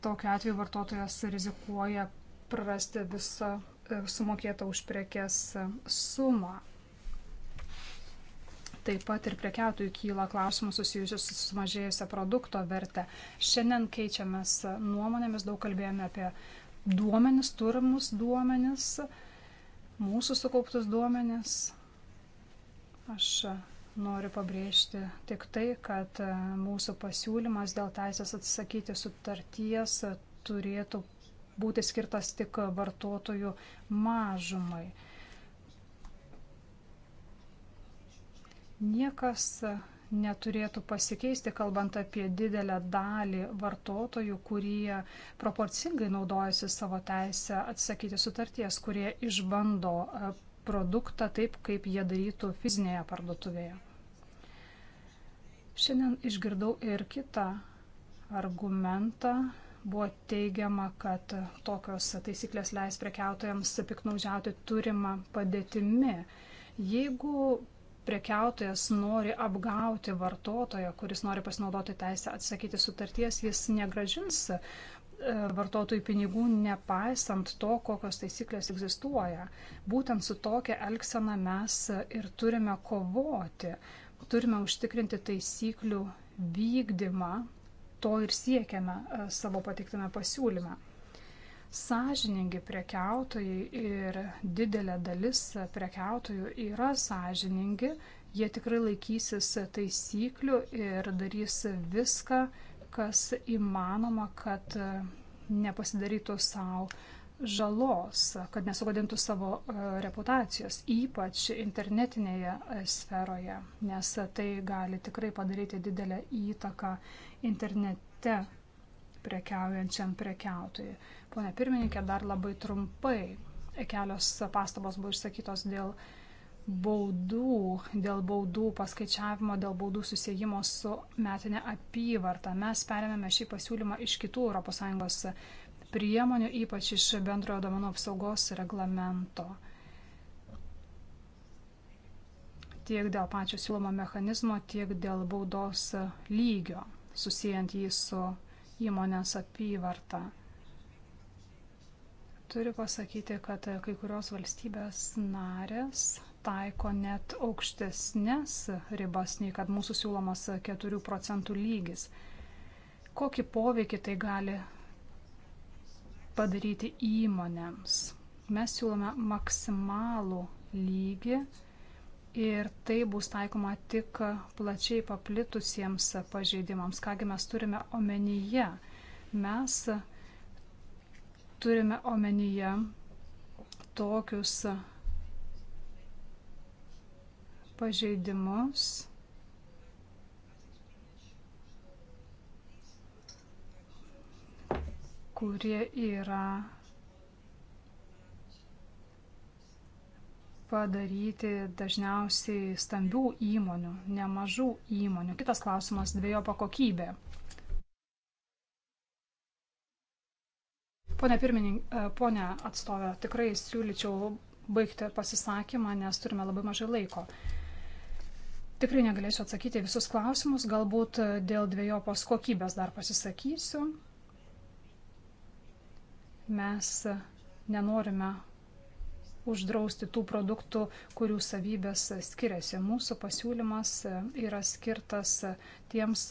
Tokiu atveju vartotojas rizikuoja prarasti visą e, sumokėtą už prekes e, sumą. Taip pat ir prekiautojų kyla klausimų susijusius su sumažėjusią produkto vertę. Šiandien keičiamės e, nuomonėmis, daug kalbėjome apie duomenis, turimus duomenis, mūsų sukauptus duomenis. Aš Noriu pabrėžti tik tai, kad e, mūsų pasiūlymas dėl teisės atsisakyti sutarties turėtų būti skirtas tik vartotojų mažumai. Niekas neturėtų pasikeisti, kalbant apie didelę dalį vartotojų, kurie proporcingai naudojasi savo teisę atsisakyti sutarties, kurie išbando e, produktą taip, kaip jie darytų fizinėje parduotuvėje. Šiandien išgirdau ir kitą argumentą. Buvo teigiama, kad tokios taisyklės leis prekiautojams piknaudžiauti turimą padėtimi. Jeigu prekiautojas nori apgauti vartotoją, kuris nori pasinaudoti teisę atsakyti sutarties, jis negražins e, vartotojų pinigų, nepaisant to, kokios taisyklės egzistuoja. Būtent su tokia elgsena mes ir turime kovoti. Turime užtikrinti taisyklių vykdymą, to ir siekiame e, savo pateiktame pasiūlyme. Sažiningi prekiautojai ir didelė dalis prekiautojų yra sažiningi, jie tikrai laikysis taisyklių ir darys viską, kas įmanoma, kad e, nepasidarytų savo žalos, kad nesugadintų savo e, reputacijos, ypač internetinėje e, sferoje, nes tai gali tikrai padaryti didelę įtaką internete prekiaujančiam prekiautojui. Pone pirmininkė, dar labai trumpai kelios pastabos buvo išsakytos dėl baudų, dėl baudų paskaičiavimo, dėl baudų susijimo su metinė apyvarta. Mes perėmėme šį pasiūlymą iš kitų ES priemonių, ypač iš bendrojo domenų apsaugos reglamento. Tiek dėl pačio siūlomo mechanizmo, tiek dėl baudos lygio, susijęs jį su įmonės apyvarta. Turiu pasakyti, kad kai kurios valstybės narės taiko net aukštesnės ribas nei kad mūsų siūlomas 4 procentų lygis. Kokį poveikį tai gali padaryti įmonėms. Mes siūlome maksimalų lygį ir tai bus taikoma tik plačiai paplitusiems pažeidimams. Kągi mes turime omenyje? Mes turime omenyje tokius pažeidimus kurie yra padaryti dažniausiai stambių įmonių, nemažų įmonių. Kitas klausimas - dviejopa kokybė. Pone pirmininkė, e, pone atstovė, tikrai siūlyčiau baigti pasisakymą, nes turime labai mažai laiko. Tikrai negalėsiu atsakyti visus klausimus, galbūt dėl dviejopos kokybės dar pasisakysiu. Mes e, nenorime uždrausti tų produktų, kurių savybės skiriasi. Mūsų pasiūlymas e, yra skirtas e, tiems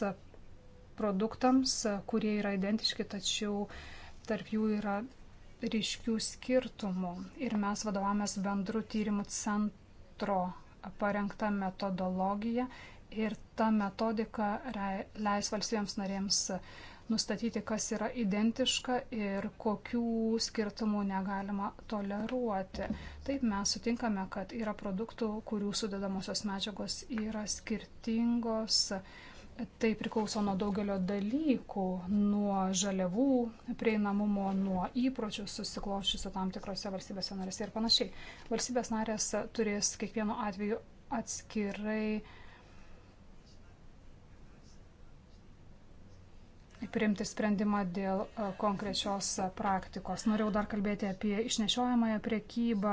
produktams, kurie yra identiški, tačiau tarp jų yra ryškių skirtumų. Ir mes vadovavomės bendrų tyrimų centro parengta metodologija ir ta metodika leis valstybėms narėms nustatyti, kas yra identiška ir kokių skirtumų negalima toleruoti. Taip mes sutinkame, kad yra produktų, kurių sudedamosios medžiagos yra skirtingos. Tai priklauso nuo daugelio dalykų, nuo žaliavų prieinamumo, nuo įpročių susikloščiusių tam tikrose valstybėse narėse ir panašiai. Valstybės narės turės kiekvienu atveju atskirai uh, priimti sprendimą dėl e, konkrečios e, praktikos. Norėjau dar kalbėti apie išnešiojamąją priekybą,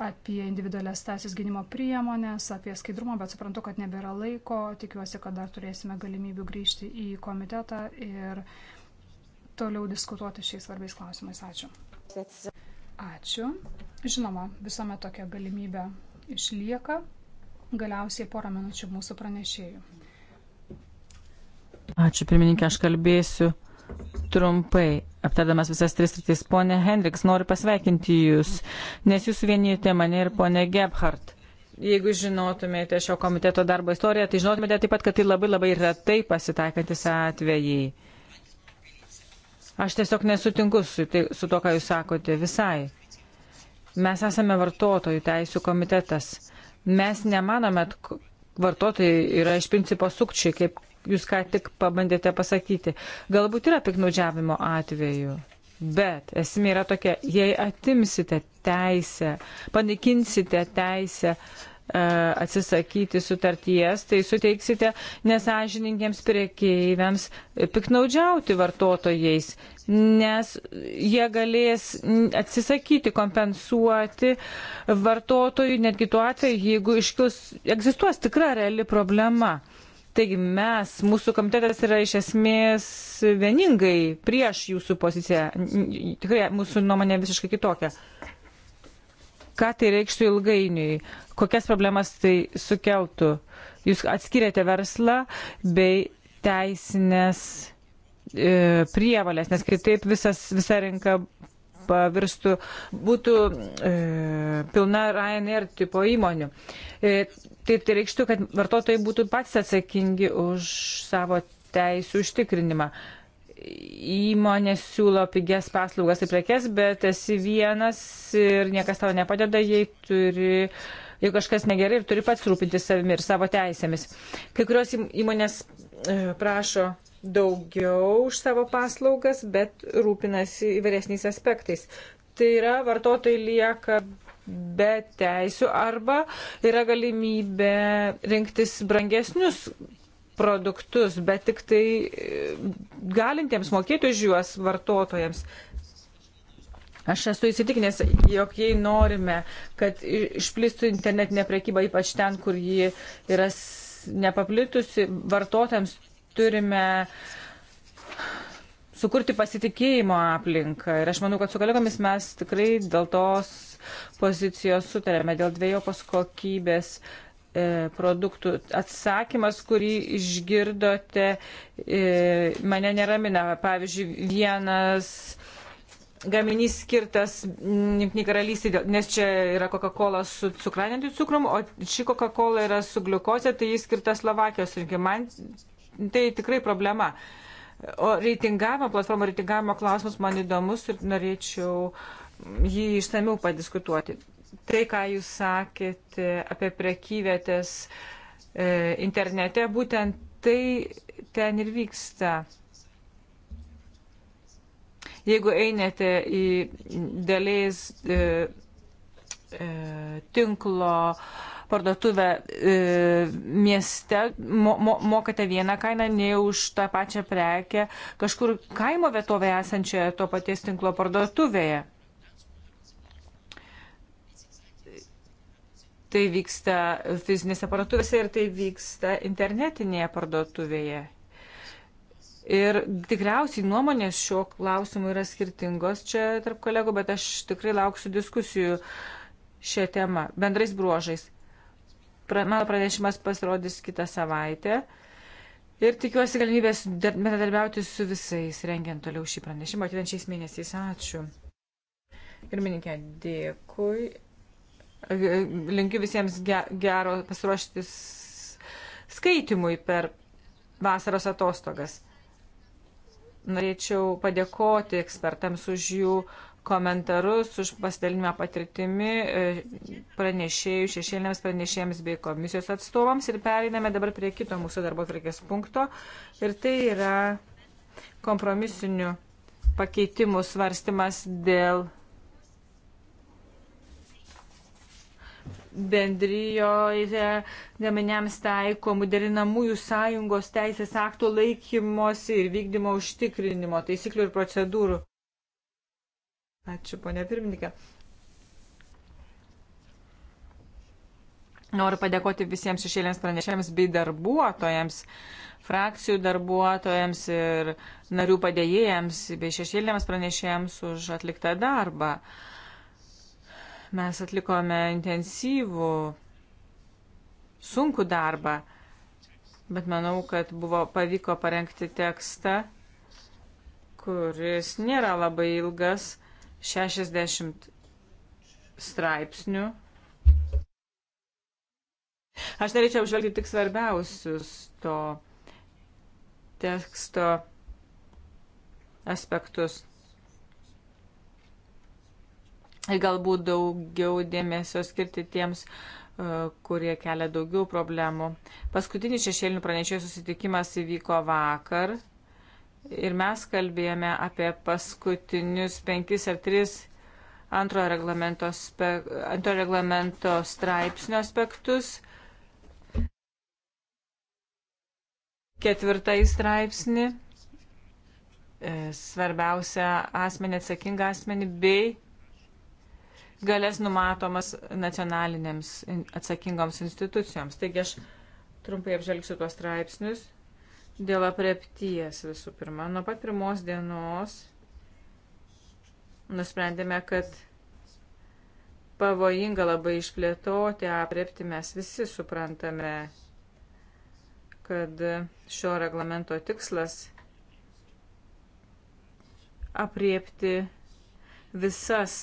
apie individualias teisės gynimo priemonės, apie skaidrumą, bet suprantu, kad nebėra laiko. Tikiuosi, kad dar turėsime galimybių grįžti į komitetą ir toliau diskutuoti šiais svarbiais klausimais. Ačiū. Ačiū. Žinoma, visuomet tokia galimybė išlieka. Galiausiai porą minučių mūsų pranešėjų. Ačiū pirmininkė, aš kalbėsiu trumpai, aptardamas visas tris rytis. Pone Hendriks, noriu pasveikinti Jūs, nes Jūs vienijate mane ir pone Gebhardt. Jeigu žinotumėte šio komiteto darbo istoriją, tai žinotumėte taip pat, kad tai labai labai retai pasitaikantis atvejai. Aš tiesiog nesutinku su, tai, su to, ką Jūs sakote, visai. Mes esame vartotojų teisų komitetas. Mes nemanome, vartotojai yra iš principo sukčiai, kaip jūs ką tik pabandėte pasakyti. Galbūt yra piknaudžiavimo atveju, bet esmė yra tokia, jei atimsite teisę, panikinsite teisę e, atsisakyti sutarties, tai suteiksite nesažininkiems priekeiviams piknaudžiauti vartotojais, nes jie galės atsisakyti, kompensuoti vartotojų netgi tuo atveju, jeigu iškils, egzistuos tikra reali problema. Taigi mes, mūsų komitetas yra iš esmės vieningai prieš jūsų poziciją. Tikrai mūsų nuomonė visiškai kitokia. Ką tai reikštų ilgainiui? Kokias problemas tai sukeltų? Jūs atskiriate verslą bei teisinės e, prievalės, nes kitaip visas, visa rinka pavirstų, būtų e, pilna Ryanair tipo įmonių. E, tai, tai reikštų, kad vartotojai būtų patys atsakingi už savo teisų užtikrinimą. Įmonės siūlo pigias paslaugas ir prekes, bet esi vienas ir niekas tau nepadeda, jei turi. E, jeigu kažkas negerai ir turi pats rūpintis savimi ir savo teisėmis. Kai kurios įmonės e, prašo daugiau už savo paslaugas, bet rūpinasi įvairesniais aspektais. Tai yra, vartotojai lieka be teisių arba yra galimybė rinktis brangesnius produktus, bet tik tai e, galintiems mokėti už juos vartotojams. Aš esu įsitikinęs, jog jei norime, kad išplistų internetinė prekyba, ypač ten, kur ji yra nepaplitusi, vartotojams turime sukurti pasitikėjimo aplinką. Ir aš manau, kad su kolegomis mes tikrai dėl tos pozicijos sutarėme, dėl dviejopos kokybės e, produktų. Atsakymas, kurį išgirdote, e, mane neramina. Pavyzdžiui, vienas gaminys skirtas Junktinį karalystį, nes čia yra Coca-Cola su cukranendriu cukrum, o ši Coca-Cola yra su gliukozė, tai jis skirtas Slovakijos rinkimui. Man tai tikrai problema. O reitingavimo, platformų reitingavimo klausimas man įdomus ir norėčiau jį išsamiau padiskutuoti. Tai, ką jūs sakėte apie prekyvietės e, internete, būtent tai ten ir vyksta. Jeigu einate į dėlės e, e, tinklo parduotuvę e, mieste, mo, mo, mokate vieną kainą, nei už tą pačią prekę kažkur kaimo vietovėje esančioje to paties tinklo parduotuvėje. Tai vyksta fizinėse parduotuvėse ir tai vyksta internetinėje parduotuvėje. Ir tikriausiai nuomonės šio klausimu yra skirtingos čia tarp kolegų, bet aš tikrai lauksiu diskusijų šią temą bendrais bruožais. Pra, mano pranešimas pasirodys kitą savaitę ir tikiuosi galimybės bendradarbiauti su visais, rengiant toliau šį pranešimą atvenčiais mėnesiais. Ačiū. Pirmininkė, dėkui. Linkiu visiems gero pasiruoštis skaitimui per vasaros atostogas. Norėčiau padėkoti ekspertams už jų komentarus, už pasidalinimą patirtimi e, pranešėjų, šešėliniams pranešėjams bei komisijos atstovams. Ir periname dabar prie kito mūsų darbo tvarkės punkto. Ir tai yra kompromisinių pakeitimų svarstymas dėl bendrijoje gaminiams taiko modernamųjų sąjungos teisės aktų laikymosi ir vykdymo užtikrinimo taisyklių ir procedūrų. Ačiū, ponia pirmininkė. Noriu padėkoti visiems šešėlėms pranešėjams bei darbuotojams, frakcijų darbuotojams ir narių padėjėjams bei šešėlėms pranešėjams už atliktą darbą. Uh, Mes atlikome intensyvų, sunkų darbą, bet manau, kad buvo, pavyko parengti tekstą, kuris nėra labai ilgas, 60 straipsnių. Aš norėčiau apžvelgti tik svarbiausius to teksto aspektus galbūt daugiau dėmesio skirti tiems, e, kurie kelia daugiau problemų. Paskutinis šešėlinių pranešėjų susitikimas įvyko vakar ir mes kalbėjome apie paskutinius penkis ar tris antrojo reglamento, spe, antrojo reglamento straipsnio aspektus. Ketvirtai straipsnį, e, svarbiausia asmenį atsakingą asmenį bei galės numatomas nacionalinėms atsakingoms institucijoms. Taigi aš trumpai apžvelgsiu tuos straipsnius dėl aprepties visų pirma. Nuo pat pirmos dienos nusprendėme, kad pavojinga labai išplėtoti aprepti, mes visi suprantame, kad šio reglamento tikslas apriepti visas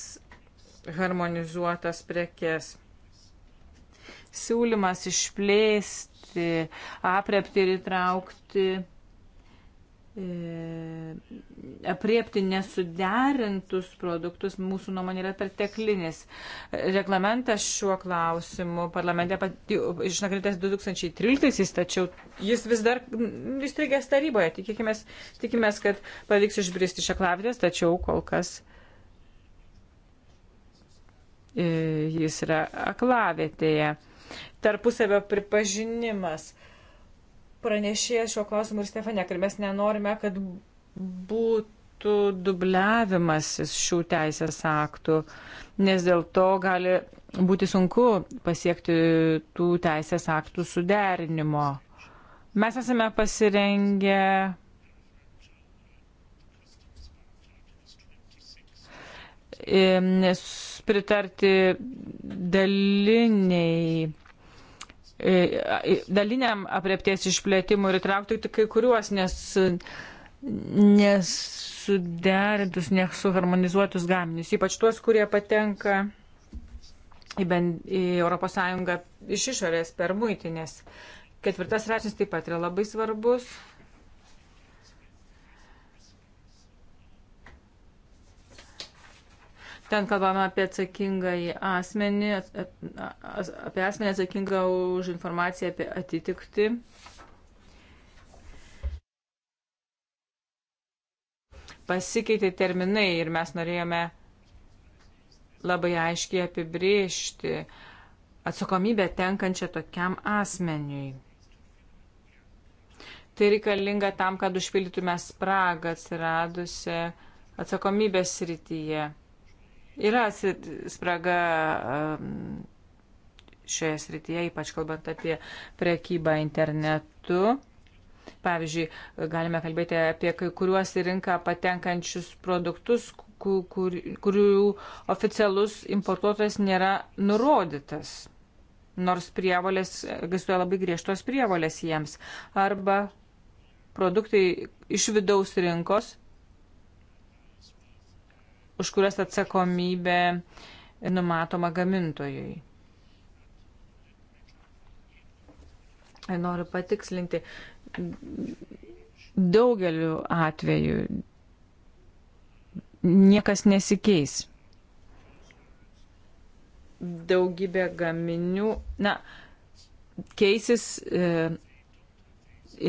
harmonizuotas prekes. Siūlymas išplėsti, aprepti ir įtraukti, e, apriepti nesuderintus produktus mūsų nuomonė yra perteklinis. Reglamentas šiuo klausimu parlamente išnagrinėtas 2013-aisiais, tačiau jis vis dar įstrigęs taryboje. Tikimės, tikimės kad pavyks išbristi šią klavitę, tačiau kol kas E, jis yra aklavietėje. Tarpusavio pripažinimas. Pranešėjęs šio klausimu ir Stefanė, kad mes nenorime, kad būtų dubliavimasis šių teisės aktų, nes dėl to gali būti sunku pasiekti tų teisės aktų suderinimo. Mes esame pasirengę e, nes pritarti daliniai e, daliniam apriepties išplėtimui ir traukti tik kai kuriuos nes, nesuderintus, nesuharmonizuotus gaminius, ypač tuos, kurie patenka į, ben, į ES iš išorės per muitinės. Ketvirtas rašys taip pat yra labai svarbus. Ten kalbama apie atsakingą į asmenį, apie asmenį atsakingą už informaciją apie atitikti. Pasikeitė terminai ir mes norėjome labai aiškiai apibriežti atsakomybę tenkančią tokiam asmeniui. Tai reikalinga tam, kad užpildytume spragą atsiradusią atsakomybės rytyje ir spragą um, šioje srityje, ypač kalbant apie prekybą internetu. Pavyzdžiui, galime kalbėti apie kai kuriuos į rinką patenkančius produktus, kur, kur, kurių oficialus importuotojas nėra nurodytas, nors prievolės, egzistuoja labai griežtos prievolės jiems. Arba produktai iš vidaus rinkos už kurias atsakomybė numatoma gamintojui. Noriu patikslinti, daugeliu atveju niekas nesikeis. Daugybė gaminių, na, keisis e,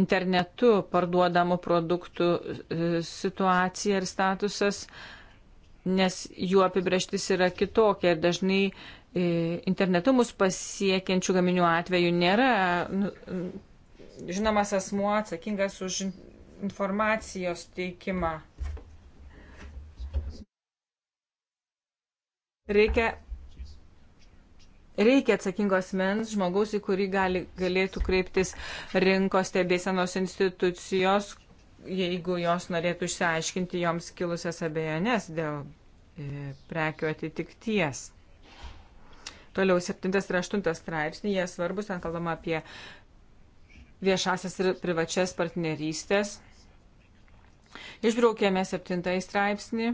internetu parduodamų produktų e, situacija ir statusas. E, nes jų apibrieštis yra kitokia ir dažnai e, internetu mus pasiekiančių gaminių atveju nėra nu, žinomas asmuo atsakingas už informacijos teikimą. Reikia, reikia atsakingos mens, žmogaus, į kurį gali, galėtų kreiptis rinkos stebėsenos institucijos, jeigu jos norėtų išsiaiškinti joms kilusias abejonės dėl e, prekių atitikties. Toliau 7 ir 8 straipsniai, jie svarbus, ten kalbama apie viešasias ir privačias partnerystės. Išbraukėme 7 straipsnį,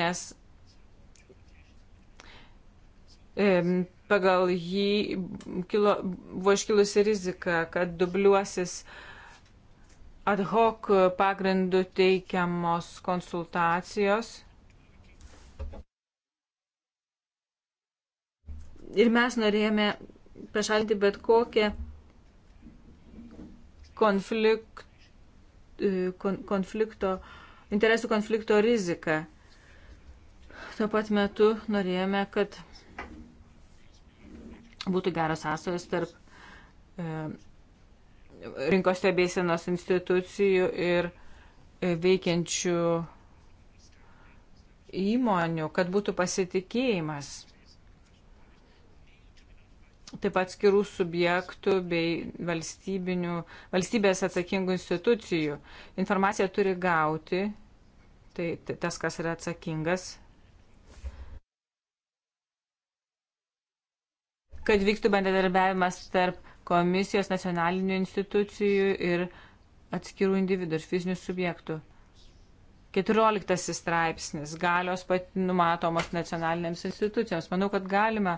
nes pagal jį kilo, buvo iškilusi rizika, kad dubliuosis ad hoc pagrindų teikiamos konsultacijos. Ir mes norėjome pašalinti bet kokią konflikt, kon, konflikto, interesų konflikto riziką. Tuo pat metu norėjome, kad būtų geros sąsajos tarp ehm, rinkos stebėsienos institucijų ir e, veikiančių įmonių, kad būtų pasitikėjimas. Taip pat skirų subjektų bei valstybės atsakingų institucijų. Informaciją turi gauti tai tas, kas yra atsakingas kad vyktų bendradarbiavimas tarp komisijos nacionalinių institucijų ir atskirų individų ir fizinių subjektų. 14 straipsnis - galios pat numatomos nacionalinėms institucijoms. Manau, kad galima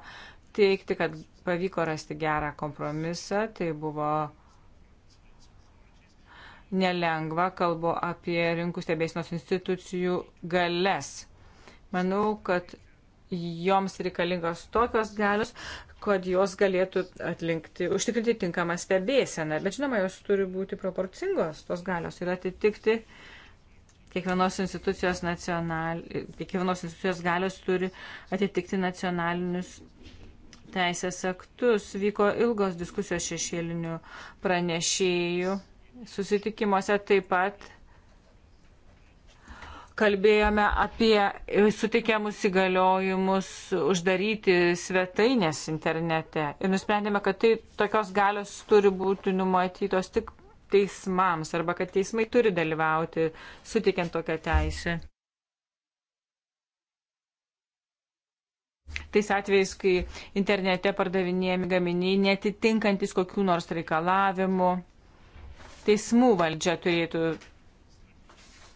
teikti, kad pavyko rasti gerą kompromisą. Tai buvo nelengva, kalbu apie rinkų stebėsinos institucijų galės. Manau, kad joms reikalingos tokios galios, kad jos galėtų atlinkti, užtikrinti tinkamą stebėseną. Bet žinoma, jos turi būti proporcingos, tos galios ir atitikti kiekvienos institucijos, nacional, kiekvienos institucijos galios turi atitikti nacionalinius teisės aktus. Vyko ilgos diskusijos šešėlinių pranešėjų susitikimuose taip pat kalbėjome apie e, sutikiamus įgaliojimus uždaryti svetainės internete ir nusprendėme, kad tai tokios galios turi būti numatytos tik teismams arba kad teismai turi dalyvauti sutikiant tokią teisę. Tais atvejais, kai internete pardavinėjami gaminiai netitinkantis kokių nors reikalavimų, teismų valdžia turėtų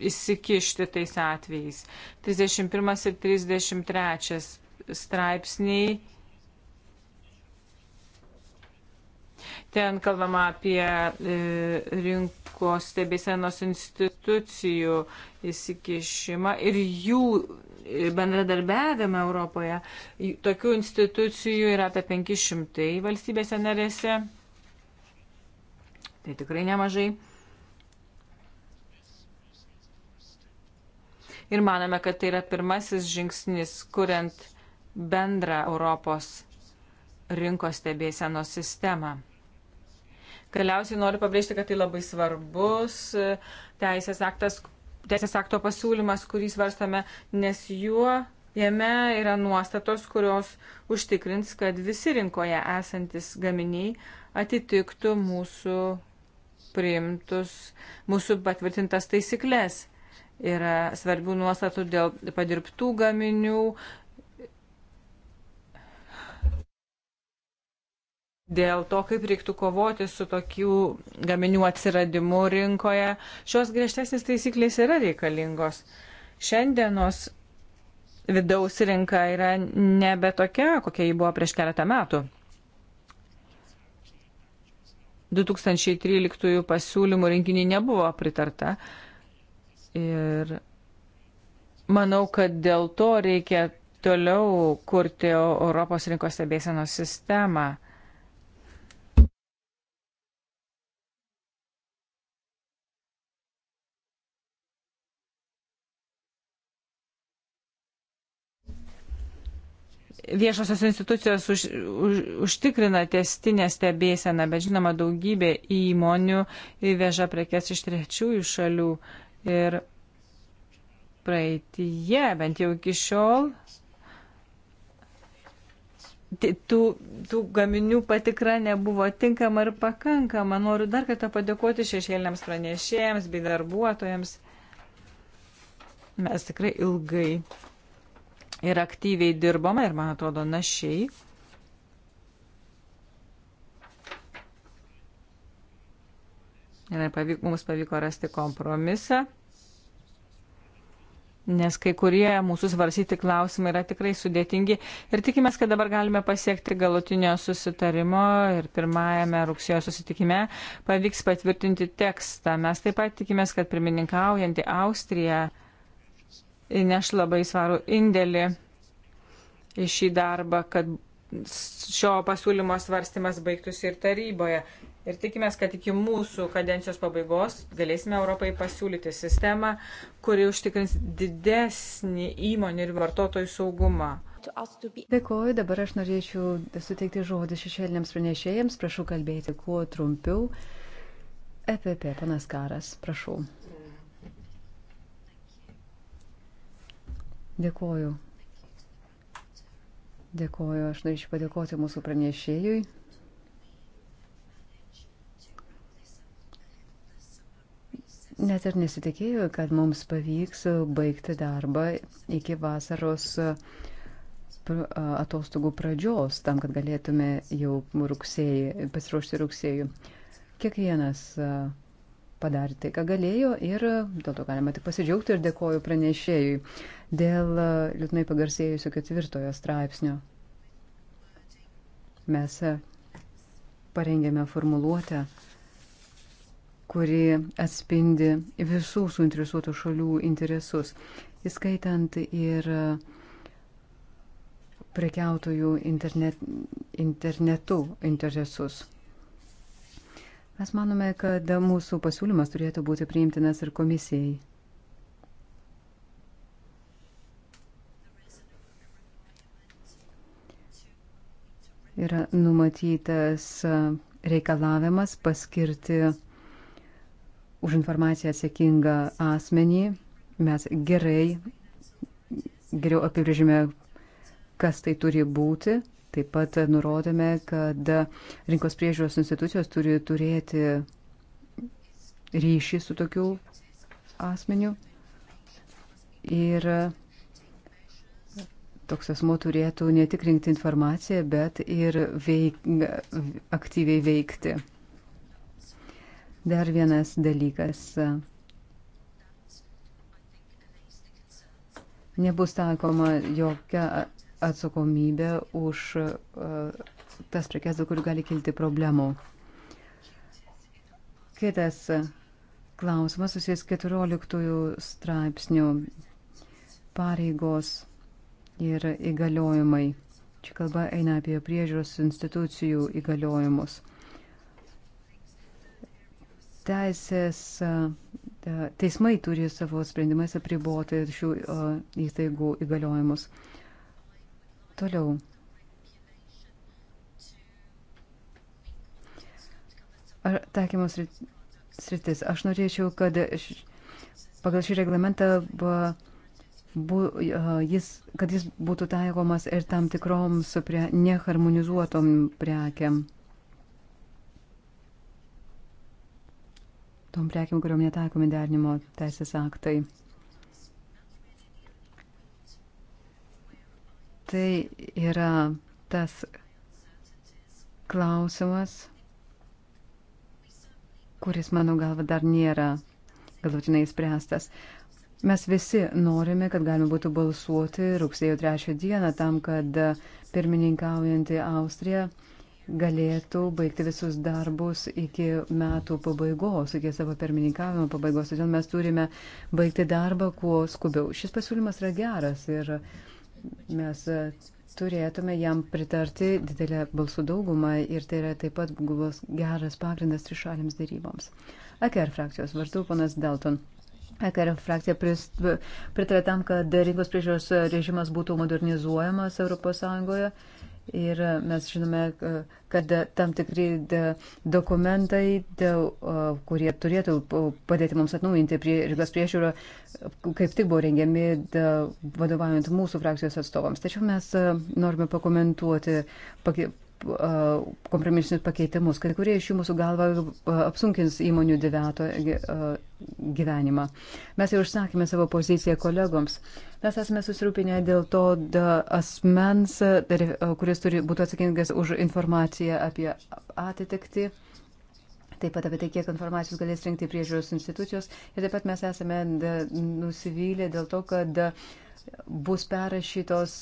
įsikišti tais atvejais. 31 ir 33 straipsniai. Ten kalbama apie e, rinkos stebėsenos institucijų įsikišimą ir jų e, bendradarbiavimą Europoje. Tokių institucijų yra apie 500 valstybėse narėse. Tai tikrai nemažai. ir manome, kad tai yra pirmasis žingsnis, kuriant bendrą Europos rinkos stebėsenos sistemą. Galiausiai noriu pabrėžti, kad tai labai svarbus e, teisės, aktas, teisės akto pasiūlymas, kurį svarstame, nes juo jame yra nuostatos, kurios užtikrins, kad visi rinkoje esantis gaminiai atitiktų mūsų priimtus, mūsų patvirtintas taisyklės yra svarbių nuostatų dėl padirbtų gaminių, dėl to, kaip reiktų kovoti su tokių gaminių atsiradimu rinkoje. Šios griežtesnės taisyklės yra reikalingos. Šiandienos vidaus rinka yra nebe tokia, kokia ji buvo prieš keletą metų. 2013 pasiūlymų rinkinį nebuvo pritarta Ir manau, kad dėl to reikia toliau kurti Europos rinkos stebėsenos sistemą. viešosios institucijos už, už, užtikrina testinę stebėseną, bet žinoma, daugybė įmonių įveža prekes iš trečiųjų šalių Ir praeitie, bent jau iki šiol, tų, tų gaminių patikra nebuvo tinkama ir pakankama. Noriu dar kartą padėkoti šešėliniams pranešėjams bei darbuotojams. Mes tikrai ilgai ir aktyviai dirbome ir, man atrodo, našiai. Ir pavyko, mums pavyko rasti kompromisą, nes kai kurie mūsų svarsyti klausimai yra tikrai sudėtingi ir tikimės, kad dabar galime pasiekti galutinio susitarimo ir pirmajame rugsėjo susitikime pavyks patvirtinti tekstą. Mes taip pat tikimės, kad pirmininkaujantį Austriją įneš labai svarų indėlį į šį darbą, kad šio pasiūlymo svarstymas baigtųsi ir taryboje. Ir tikimės, kad iki mūsų kadencijos pabaigos galėsime Europai pasiūlyti sistemą, kuri užtikrins didesnį įmonių ir vartotojų saugumą. Dėkuoju, dabar aš norėčiau suteikti žodį šešėliniams pranešėjams, prašau kalbėti kuo trumpiau. EPP, panas Karas, prašau. Dėkuoju. Dėkuoju, aš norėčiau padėkoti mūsų pranešėjui. net ir nesitikėjo, kad mums pavyks uh, baigti darbą iki vasaros uh, uh, atostogų pradžios, tam, kad galėtume jau rugsėjai, pasiruošti rugsėjų. Kiekvienas padarė tai, ką galėjo ir dėl to galima tik pasidžiaugti ir dėkoju pranešėjui dėl liūdnai pagarsėjusio ketvirtojo straipsnio. Mes parengėme formuluotę kuri atspindi visų suinteresuotų šalių interesus, įskaitant ir prekiautojų internet, internetu interesus. Mes manome, kad mūsų pasiūlymas turėtų būti priimtinas ir komisijai. Yra numatytas reikalavimas paskirti už informaciją atsakingą asmenį. Mes gerai, geriau apibrėžime, kas tai turi būti. Taip pat nurodėme, kad rinkos priežiūros institucijos turi turėti ryšį su tokiu asmeniu. Ir toks asmo turėtų ne tik rinkti informaciją, bet ir veik, aktyviai veikti. Dar vienas dalykas. Nebus taikoma jokia atsakomybė už uh, tas prekes, dėl kurių gali kilti problemų. Kitas klausimas susijęs 14 straipsnių pareigos ir įgaliojimai. Čia kalba eina apie priežiūros institucijų įgaliojimus teisės teismai turi savo sprendimais apriboti šių įstaigų įgaliojimus. Toliau. Ar taikymos sritis? Aš norėčiau, kad pagal šį reglamentą bu, jis, kad jis būtų taikomas ir tam tikroms prie, neharmonizuotom prekiam. tom prekiam, kuriuom netaikomi derinimo teisės aktai. Tai yra tas klausimas, kuris, mano galva, dar nėra galutinai spręstas. Mes visi norime, kad galima būtų balsuoti rugsėjo 3 dieną tam, kad pirmininkaujanti Austrija uh, galėtų baigti visus darbus iki metų pabaigos, iki savo pirmininkavimo pabaigos. Todėl mes turime baigti darbą kuo skubiau. Šis pasiūlymas yra geras ir mes turėtume jam pritarti didelę balsų daugumą ir tai yra taip pat bus geras pagrindas trišalėms daryboms. AKR frakcijos vardu ponas Dalton. AKR frakcija pritarė tam, kad rinkos priežiūros režimas būtų modernizuojamas ES Ir e, mes žinome, e, kad tam tikri dokumentai, kurie turėtų padėti mums atnaujinti prie Rygos priežiūrą, kaip tik buvo rengiami vadovaujant mūsų frakcijos atstovams. Tačiau mes e, norime pakomentuoti Uh, kompromisinius pakeitimus, kai kurie iš jų mūsų galva uh, apsunkins įmonių deviato uh, gyvenimą. Mes jau užsakėme savo poziciją kolegoms. Mes esame susirūpinę dėl to da, asmens, dar, kuris turi būti atsakingas už informaciją apie atitikti. Taip pat apie tai, kiek informacijos galės rinkti priežiūros institucijos. Ir taip pat mes esame da, nusivylę dėl to, kad da, bus perrašytos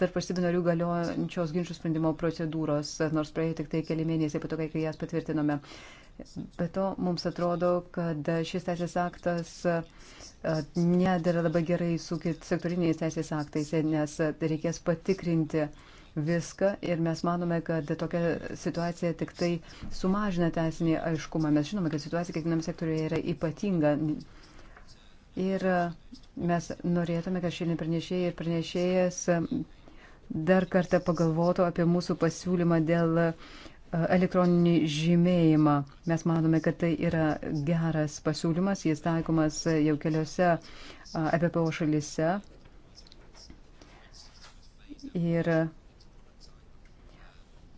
tarp valstybių narių galiojančios ginčių sprendimo procedūros, nors praėjo tik tai keli mėnesiai po to, kai jas patvirtinome. Be to, mums atrodo, kad šis teisės aktas nedėra labai gerai su sektoriniais teisės aktais, nes reikės patikrinti viską ir mes manome, kad tokia situacija tik tai sumažina teisinį aiškumą. Mes žinome, kad situacija kiekvienam sektoriuje yra ypatinga Ir e, mes norėtume, kad šiandien pranešėjai ir pranešėjas e, dar kartą pagalvotų apie mūsų pasiūlymą dėl e, elektroninį žymėjimą. Mes manome, kad tai yra geras pasiūlymas, jis taikomas jau keliose APPO šalise. Ir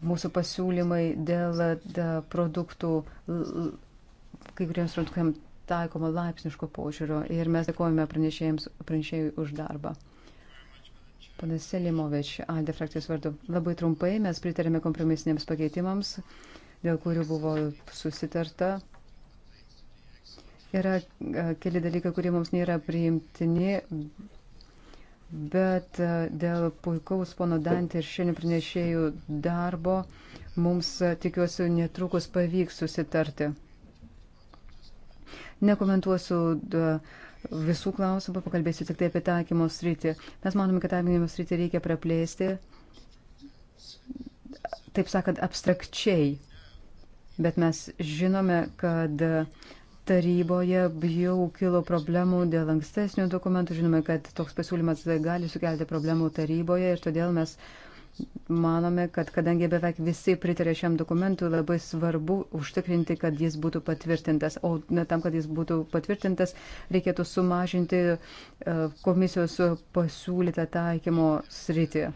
mūsų pasiūlymai dėl produktų, kai kuriems produktams taikoma laipsniško požiūrio ir mes dėkojame pranešėjai už darbą. Panas Selimovič, Alde frakcijos vardu. Labai trumpai mes pritarėme kompromisiniams pakeitimams, dėl kurių buvo susitarta. Yra e, keli dalykai, kurie mums nėra priimtini, bet e, dėl puikaus pono Dantį ir šiandien pranešėjų darbo mums, e, tikiuosi, netrukus pavyks susitarti. Nekomentuosiu visų klausimų, pakalbėsiu tik tai apie taikymo sritį. Mes manome, kad taikymo sritį reikia praplėsti, taip sakant, abstrakčiai. Bet mes žinome, kad taryboje jau kilo problemų dėl ankstesnių dokumentų. Žinome, kad toks pasiūlymas gali sukelti problemų taryboje ir todėl mes Manome, kad kadangi beveik visi pritarė šiam dokumentui, labai svarbu užtikrinti, kad jis būtų patvirtintas. O ne, tam, kad jis būtų patvirtintas, reikėtų sumažinti e, komisijos pasiūlytą taikymo sritį.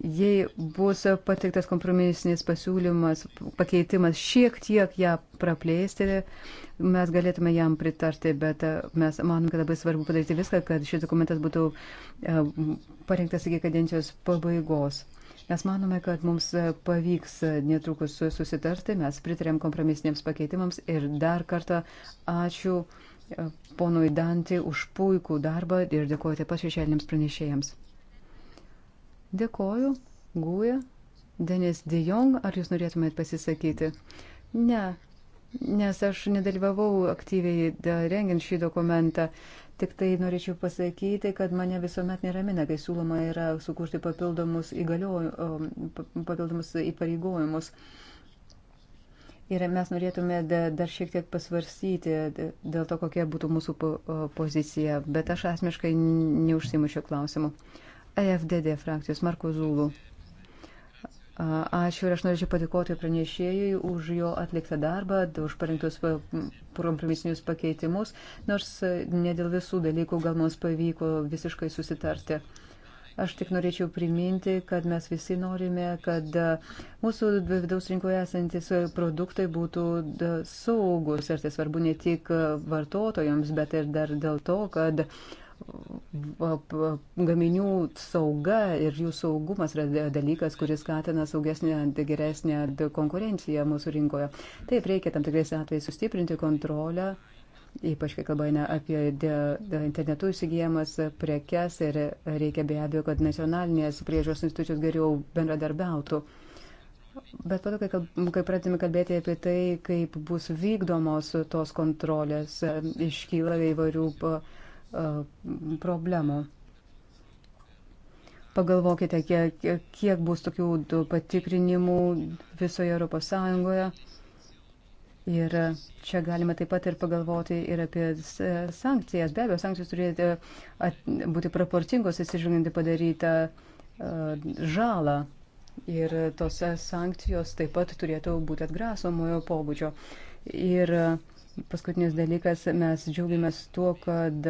Jei bus pateiktas kompromisinis pasiūlymas, pakeitimas šiek tiek ją praplėsti, mes galėtume jam pritarti, bet mes manome, kad labai svarbu padaryti viską, kad šis dokumentas būtų e, parengtas iki kadencijos pabaigos. Mes manome, kad mums pavyks netrukus susitarti, mes pritarėm kompromisiniams pakeitimams ir dar kartą ačiū e, ponui Dantį už puikų darbą ir dėkuoju taip pat šešėliniams pranešėjams. Dėkoju, Guja. Denis Dijong, ar jūs norėtumėt pasisakyti? Ne, nes aš nedalyvavau aktyviai rengiant šį dokumentą. Tik tai norėčiau pasakyti, kad mane visuomet neramina, kai siūloma yra sukurti papildomus, papildomus įpareigojimus. Ir mes norėtume dar šiek tiek pasvarstyti dėl to, kokia būtų mūsų pozicija, bet aš asmeniškai neužsimu šio klausimu. Uh, EFDD frakcijos Marko Zulų. Ačiū ir aš norėčiau padėkoti pranešėjui už jo atliktą darbą, už parinktus kompromisinius pakeitimus, nors ne dėl visų dalykų gal mums pavyko visiškai susitarti. Aš tik norėčiau priminti, kad mes visi norime, kad mūsų vidaus rinkoje esantis produktai būtų saugus ir tai svarbu ne tik vartotojams, bet ir dar dėl to, kad uh, gaminių sauga ir jų saugumas yra dalykas, kuris skatina saugesnę, geresnę konkurenciją mūsų rinkoje. Taip reikia tam tikrais atvejais sustiprinti kontrolę, ypač kai kalba eina apie de, de internetu įsigijamas prekes ir reikia be abejo, kad nacionalinės priežiūros institucijos geriau bendradarbiautų. Bet po to, kai, kai pradėtume kalbėti apie tai, kaip bus vykdomos tos kontrolės, iškyla įvairių. Pa, E, problemų. Pagalvokite, kiek, kiek bus tokių patikrinimų visoje Europos Sąjungoje. Ir čia galima taip pat ir pagalvoti ir apie sankcijas. Be abejo, sankcijos turėtų e, būti proporcingos atsižvelgiant į padarytą e, žalą. Ir tos sankcijos taip pat turėtų būti atgrasomojo pobūdžio. Ir uh, Paskutinis dalykas, mes džiaugiamės tuo, kad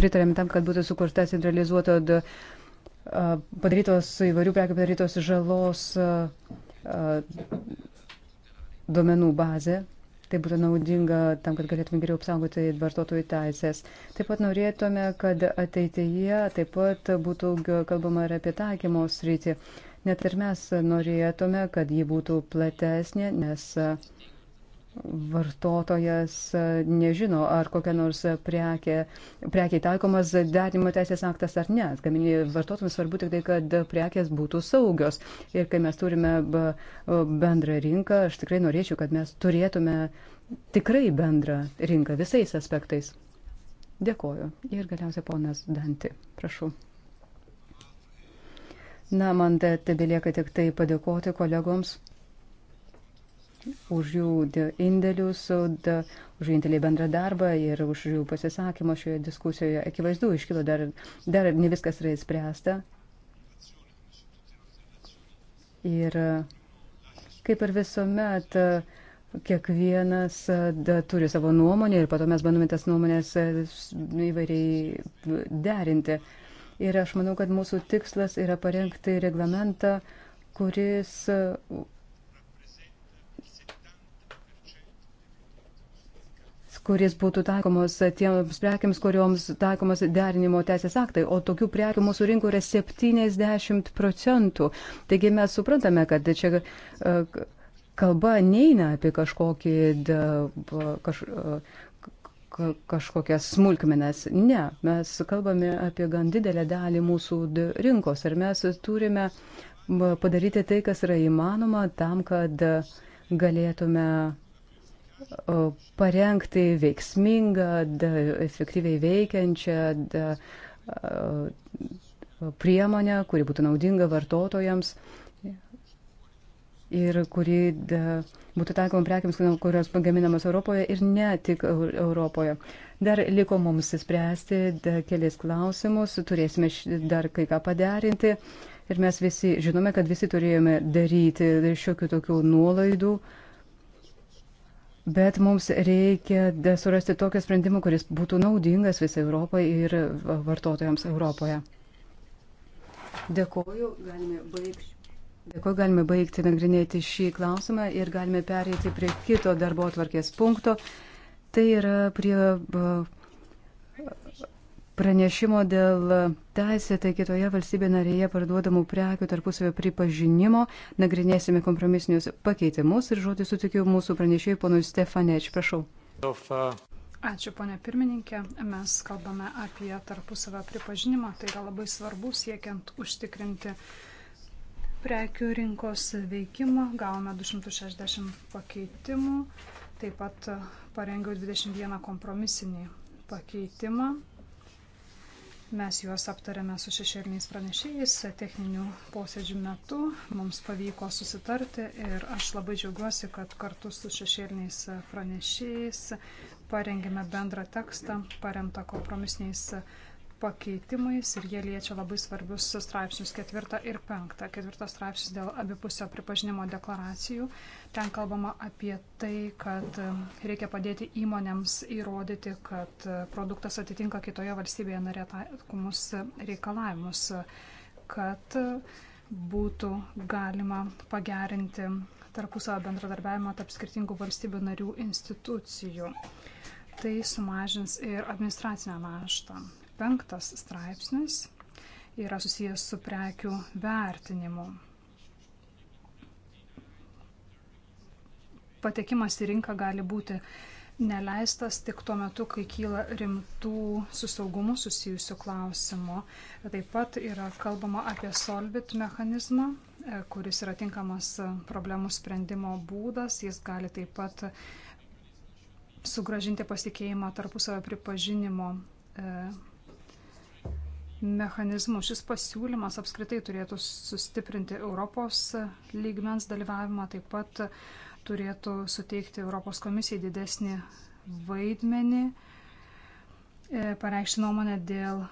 pritarėm tam, kad būtų sukurta centralizuoto padarytos įvairių prekių padarytos žalos duomenų bazė. Tai būtų naudinga tam, kad galėtume geriau apsaugoti vartotojų teisės. Taip pat norėtume, kad ateityje taip pat būtų kalbama ir apie taikymo sritį. Net ir mes norėtume, kad ji būtų platesnė, nes vartotojas nežino, ar kokia nors prekė, prekė taikomas derimo teisės aktas ar ne. Gaminį vartotojams svarbu tik tai, kad prekės būtų saugios. Ir kai mes turime bendrą rinką, aš tikrai norėčiau, kad mes turėtume tikrai bendrą rinką visais aspektais. Dėkoju. Ir galiausiai ponas Danti, prašau. Na, man tebelieka tik tai padėkoti kolegoms už jų indėlius, už jų indėlį bendrą darbą ir už jų pasisakymą šioje diskusijoje. Akivaizdu, iškilo dar, dar ne viskas yra įspręsta. Ir kaip ir visuomet, kiekvienas da, turi savo nuomonę ir pato mes bandome tas nuomonės įvairiai derinti. Uh, Ir aš manau, kad mūsų tikslas yra parengti reglamentą, kuris kuris būtų taikomos tiems prekiams, kurioms taikomos derinimo teisės aktai, o tokių prekių mūsų rinkoje yra 70 procentų. Taigi mes suprantame, kad čia e, kalba neina apie kažkokį da, kaž, e, kažkokias smulkmenas. Ne, mes kalbame apie gan didelę dalį mūsų rinkos ir mes turime padaryti tai, kas yra įmanoma tam, kad galėtume parengti veiksmingą, efektyviai veikiančią priemonę, kuri būtų naudinga vartotojams ir kuri da, būtų taikoma prekiams, kurios pagaminamos Europoje ir ne tik Europoje. Dar liko mums spręsti da, kelias klausimus, turėsime dar kai ką padarinti ir mes visi žinome, kad visi turėjome daryti šiokių tokių nuolaidų. Bet mums reikia surasti tokią sprendimą, kuris būtų naudingas visai Europai ir vartotojams Europoje. Dėkoju, galime baigti. Dėkuoju, galime baigti nagrinėti šį klausimą ir galime pereiti prie kito darbo atvarkės punkto. Tai yra prie pranešimo dėl teisėtai kitoje valstybė narėje parduodamų prekių tarpusavio pripažinimo, nagrinėsime kompromisinius pakeitimus ir žodį sutikiu mūsų pranešėjui ponui Stefaneč, prašau. Ačiū, ponė pirmininkė. Mes kalbame apie tarpusavio pripažinimą, tai yra labai svarbu siekiant užtikrinti uh, prekių rinkos veikimą, gavome 260 pakeitimų, taip pat parengiau 21 kompromisinį pakeitimą. Mes juos aptarėme su šešėliniais pranešėjais techninių posėdžių metu, mums pavyko susitarti ir aš labai džiaugiuosi, kad kartu su šešėliniais pranešėjais parengėme bendrą tekstą paremtą kompromisiniais pakeitimais pakeitimais ir jie liečia labai svarbius straipsnius 4 ir 5. 4 straipsnis dėl abipusio pripažinimo deklaracijų. Ten kalbama apie tai, kad um, reikia padėti įmonėms įrodyti, kad uh, produktas atitinka kitoje valstybėje narė taikomus uh, reikalavimus, kad uh, būtų galima pagerinti tarpusavio bendradarbiavimą tarp skirtingų valstybių narių institucijų. Tai sumažins ir administracinę naštą penktas straipsnis yra susijęs su prekių vertinimu. Patekimas į rinką gali būti neleistas tik tuo metu, kai kyla rimtų su saugumu susijusių klausimų. Taip pat yra kalbama apie solvit mechanizmą, e, kuris yra tinkamas problemų sprendimo būdas. Jis gali taip pat sugražinti pasitikėjimą tarpusavio pripažinimo e, mechanizmų. Šis pasiūlymas apskritai turėtų sustiprinti Europos lygmens dalyvavimą, taip pat turėtų suteikti Europos komisijai didesnį vaidmenį, e, pareikšti nuomonę dėl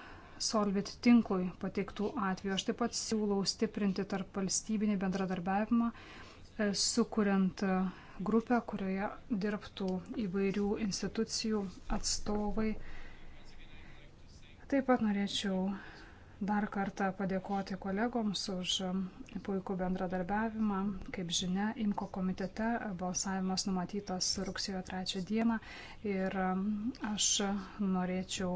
Solvit tinklui pateiktų atvejų. Aš taip pat siūlau stiprinti tarp valstybinį bendradarbiavimą, e, sukuriant e, grupę, kurioje dirbtų įvairių institucijų atstovai Taip pat norėčiau dar kartą padėkoti kolegoms už um, puikų bendradarbiavimą. Kaip žinia, IMKO komitete balsavimas numatytas rugsėjo 3 dieną ir um, aš norėčiau,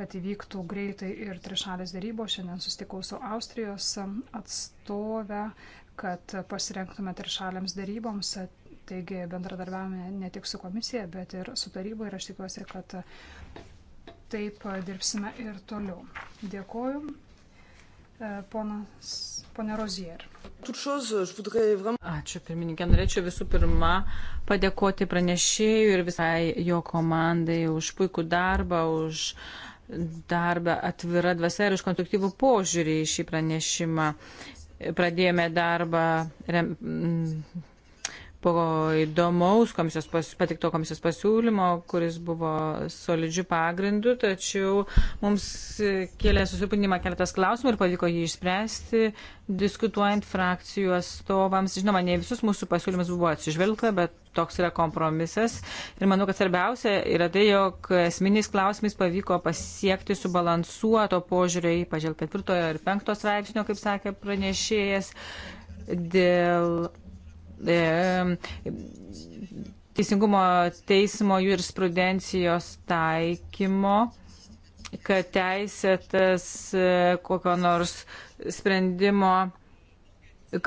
kad įvyktų greitai ir trišalės darybos. Šiandien sustikau su Austrijos um, atstove, kad pasirenktume trišalėms daryboms. Taigi bendradarbiavame ne tik su komisija, bet ir su taryba ir aš tikiuosi, kad Taip dirbsime ir toliau. Dėkoju. E, Ponas, ponė Rozier. Ačiū, pirmininkė. Norėčiau visų pirma padėkoti pranešėjui ir visai jo komandai už puikų darbą, už darbą atvira dvasia ir už konstruktyvų požiūrį į šį pranešimą. Pradėjome darbą rem, po įdomaus komisijos pas, patikto komisijos pasiūlymo, kuris buvo solidžių pagrindų, tačiau mums kėlė susipinimą keletas klausimų ir pavyko jį išspręsti, diskutuojant frakcijų atstovams. Žinoma, ne visus mūsų pasiūlymus buvo atsižvelgta, bet toks yra kompromisas. Ir manau, kad svarbiausia yra tai, jog esminiais klausimais pavyko pasiekti subalansuoto požiūrio, ypač dėl ketvirtojo ir penktos straipsnio, kaip sakė pranešėjas, dėl E, teisingumo teismo jurisprudencijos taikymo kad teisėtas e, kokio nors sprendimo,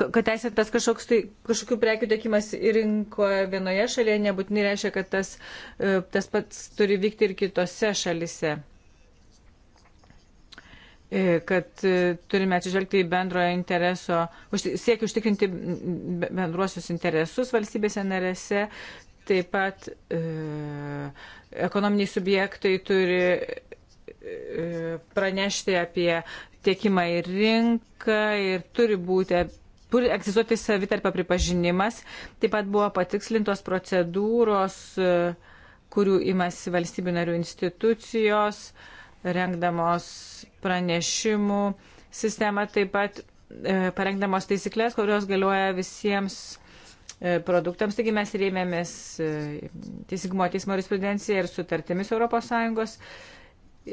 kad teisėtas kažkoks tai, kažkokių prekių tiekimas rinkoje vienoje šalyje nebūtinai reiškia, kad tas, e, tas pats turi vykti ir kitose šalise. E, kad e, turime atsižvelgti į bendrojo intereso, siekiu užtikrinti bendruosius interesus valstybėse narėse, taip pat e, ekonominiai subjektai turi e, pranešti apie tiekimą į rinką ir turi būti turi egzistuoti savitarpio pripažinimas. Taip pat buvo patikslintos procedūros, e, kurių imasi valstybių narių institucijos. E, rengdamos pranešimų sistemą, taip pat e, parengdamos taisyklės, kurios galioja visiems e, produktams. Taigi mes rėmėmės e, Teisingumo teismo jurisprudenciją ir sutartimis ES.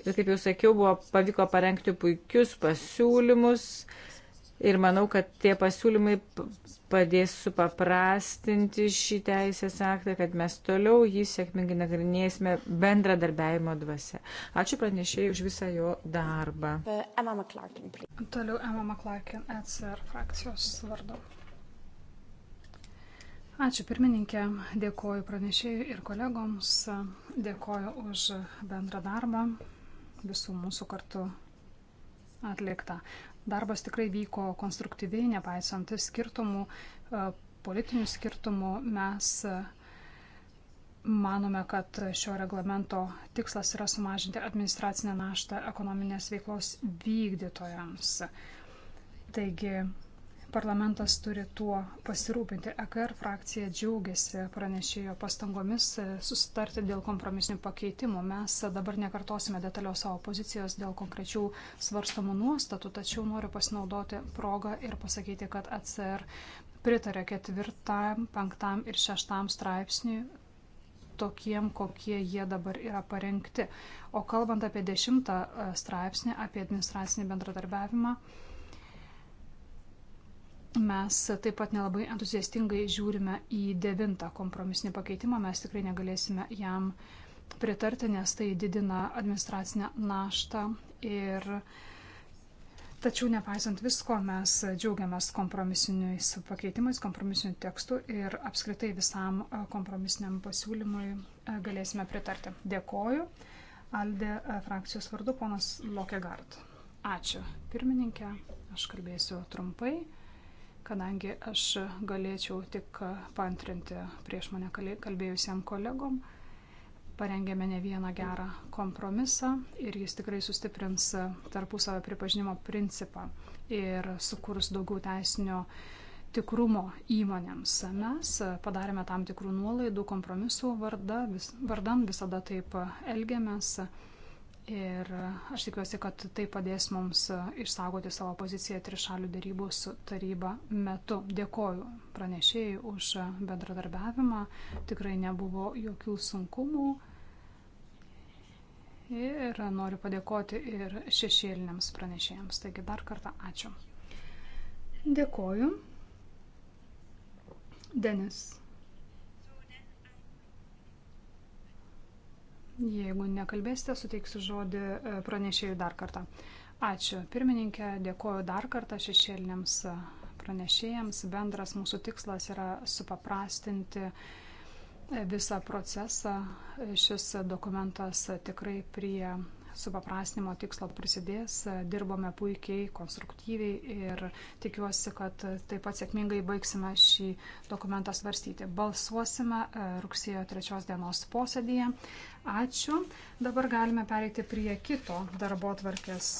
Ir kaip jau sakiau, buvo, pavyko parengti puikius pasiūlymus ir manau, kad tie pasiūlymai padės supaprastinti šį teisės aktą, kad mes toliau jį sėkmingai nagrinėsime bendradarbiajimo dvasia. Ačiū pranešėjai už visą jo darbą. Uh, Emma McClarkin, Toliau Emma McClarkin, ECR frakcijos vardu. Ačiū pirmininkė, dėkoju pranešėjai ir kolegoms, dėkoju už bendrą darbą visų mūsų kartu atliktą. Darbas tikrai vyko konstruktyviai, nepaisant skirtumų, e, politinių skirtumų. Mes e, manome, kad šio reglamento tikslas yra sumažinti administracinę naštą ekonominės veiklos vykdytojams. Taigi Parlamentas turi tuo pasirūpinti. EKR frakcija džiaugiasi pranešėjo pastangomis e, susitarti dėl kompromisinių pakeitimų. Mes dabar nekartosime detalios savo pozicijos dėl konkrečių svarstamų nuostatų, tačiau noriu pasinaudoti progą ir pasakyti, kad ECR pritarė ketvirtam, penktam ir šeštam straipsniui tokiem, kokie jie dabar yra parengti. O kalbant apie dešimtą e, straipsnį, apie administracinį bendradarbiavimą, Mes taip pat nelabai entuziastingai žiūrime į devintą kompromisinį pakeitimą, mes tikrai negalėsime jam pritarti, nes tai didina administracinę naštą ir tačiau nepaisant visko mes džiaugiamės kompromisiniais pakeitimais, kompromisiniu tekstu ir apskritai visam kompromisiniam pasiūlymui e, galėsime pritarti. Dėkoju. Alde e, frakcijos vardu ponas Lokegard. Ačiū. Pirmininkė, aš kalbėsiu trumpai kadangi aš galėčiau tik pantrinti prieš mane kalbėjusiam kolegom. Parengėme ne vieną gerą kompromisą ir jis tikrai sustiprins tarpusavio pripažinimo principą ir sukurs daugiau teisinio tikrumo įmonėms. Mes padarėme tam tikrų nuolaidų kompromisų varda, vis, vardan, visada taip elgiamės. Ir aš tikiuosi, kad tai padės mums e, išsaugoti savo poziciją trišalių darybų su taryba metu. Dėkoju pranešėjai už e, bendradarbiavimą. Tikrai nebuvo jokių sunkumų. Ir noriu padėkoti ir šešėliniams pranešėjams. Taigi dar kartą ačiū. Dėkoju. Denis. Jeigu nekalbėsite, suteiksiu žodį e, pranešėjui dar kartą. Ačiū. Pirmininkė, dėkoju dar kartą šešėliniams e, pranešėjams. Bendras mūsų tikslas yra supaprastinti e, visą procesą. Šis dokumentas tikrai prie supaprastinimo tikslo prisidės. Dirbome puikiai, konstruktyviai ir tikiuosi, kad taip pat sėkmingai baigsime šį dokumentą svarstyti. Balsuosime e, rugsėjo 3 dienos posėdėje. Ačiū. Dabar galime pereiti prie kito darbo tvarkės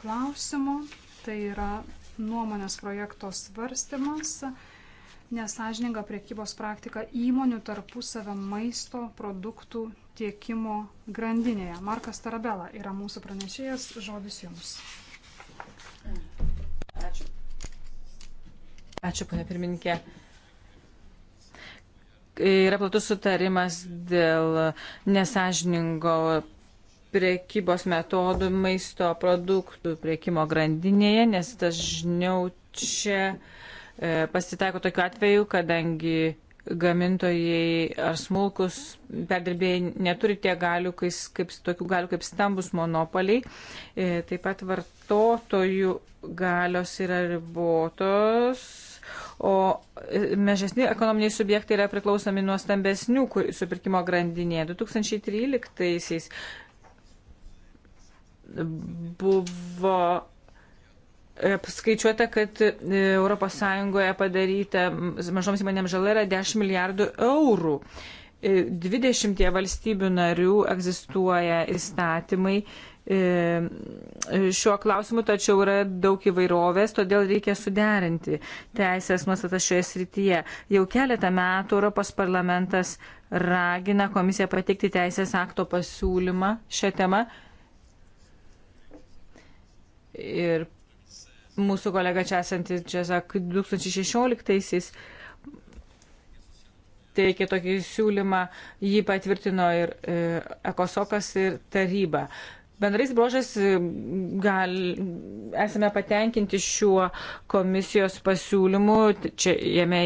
klausimų. Tai yra nuomonės projekto svarstymas nesažininga priekybos praktika įmonių tarpusavio maisto produktų tiekimo grandinėje. Markas Tarabela yra mūsų pranešėjas, žodis jums. Ačiū. Ačiū, pane pirmininkė. Yra platus sutarimas dėl nesažiningo priekybos metodų maisto produktų priekimo grandinėje, nes dažniau čia uh, E, pasitaiko tokiu atveju, kadangi gamintojai ar smulkus perdirbėjai neturi tiek galių, kaip, tokių galių kaip stambus monopoliai. E, taip pat vartotojų galios yra ribotos, o e, mažesni ekonominiai subjektai yra priklausomi nuo stambesnių supirkimo grandinėje. 2013 buvo E, paskaičiuota, kad ES padaryta mažoms įmonėms žala yra 10 milijardų eurų. 20 e, valstybių narių egzistuoja įstatymai e, šiuo klausimu, tačiau yra daug įvairovės, todėl reikia suderinti teisės nuostatas šioje srityje. Jau keletą metų Europos parlamentas ragina komisiją pateikti teisės akto pasiūlymą šią temą. Ir mūsų kolega čia esantis Džezak 2016-aisiais teikė tokį siūlymą, jį patvirtino ir e, Ekosokas ir taryba. Bendrais brožas e, gal, esame patenkinti šiuo komisijos pasiūlymu, čia jame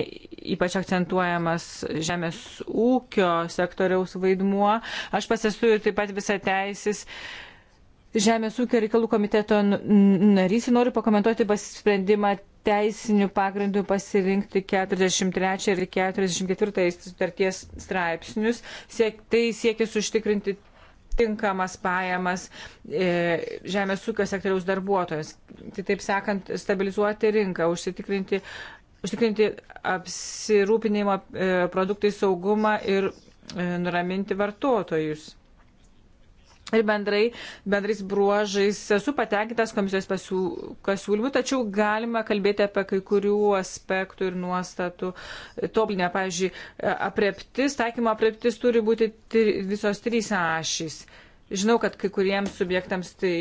ypač akcentuojamas žemės ūkio sektoriaus vaidmuo. Aš pasisūju taip pat visą teisis. E, Žemės ūkio reikalų komiteto narys noriu pakomentuoti pasisprendimą teisinių pagrindų pasirinkti 43 ir 44 sutarties straipsnius. Siek, tai siekis užtikrinti tinkamas pajamas e, žemės ūkio sektoriaus darbuotojas. Kitaip sakant, stabilizuoti rinką, užsitikrinti, užtikrinti apsirūpinimo e, produktai saugumą ir e, nuraminti vartotojus ir bendrai, bendrais bruožais esu patenkintas komisijos pasiūlymų, tačiau galima kalbėti apie kai kurių aspektų ir nuostatų tobulinę. Pavyzdžiui, apreptis, taikymo apreptis turi būti tri, visos trys ašys. Žinau, kad kai kuriems subjektams tai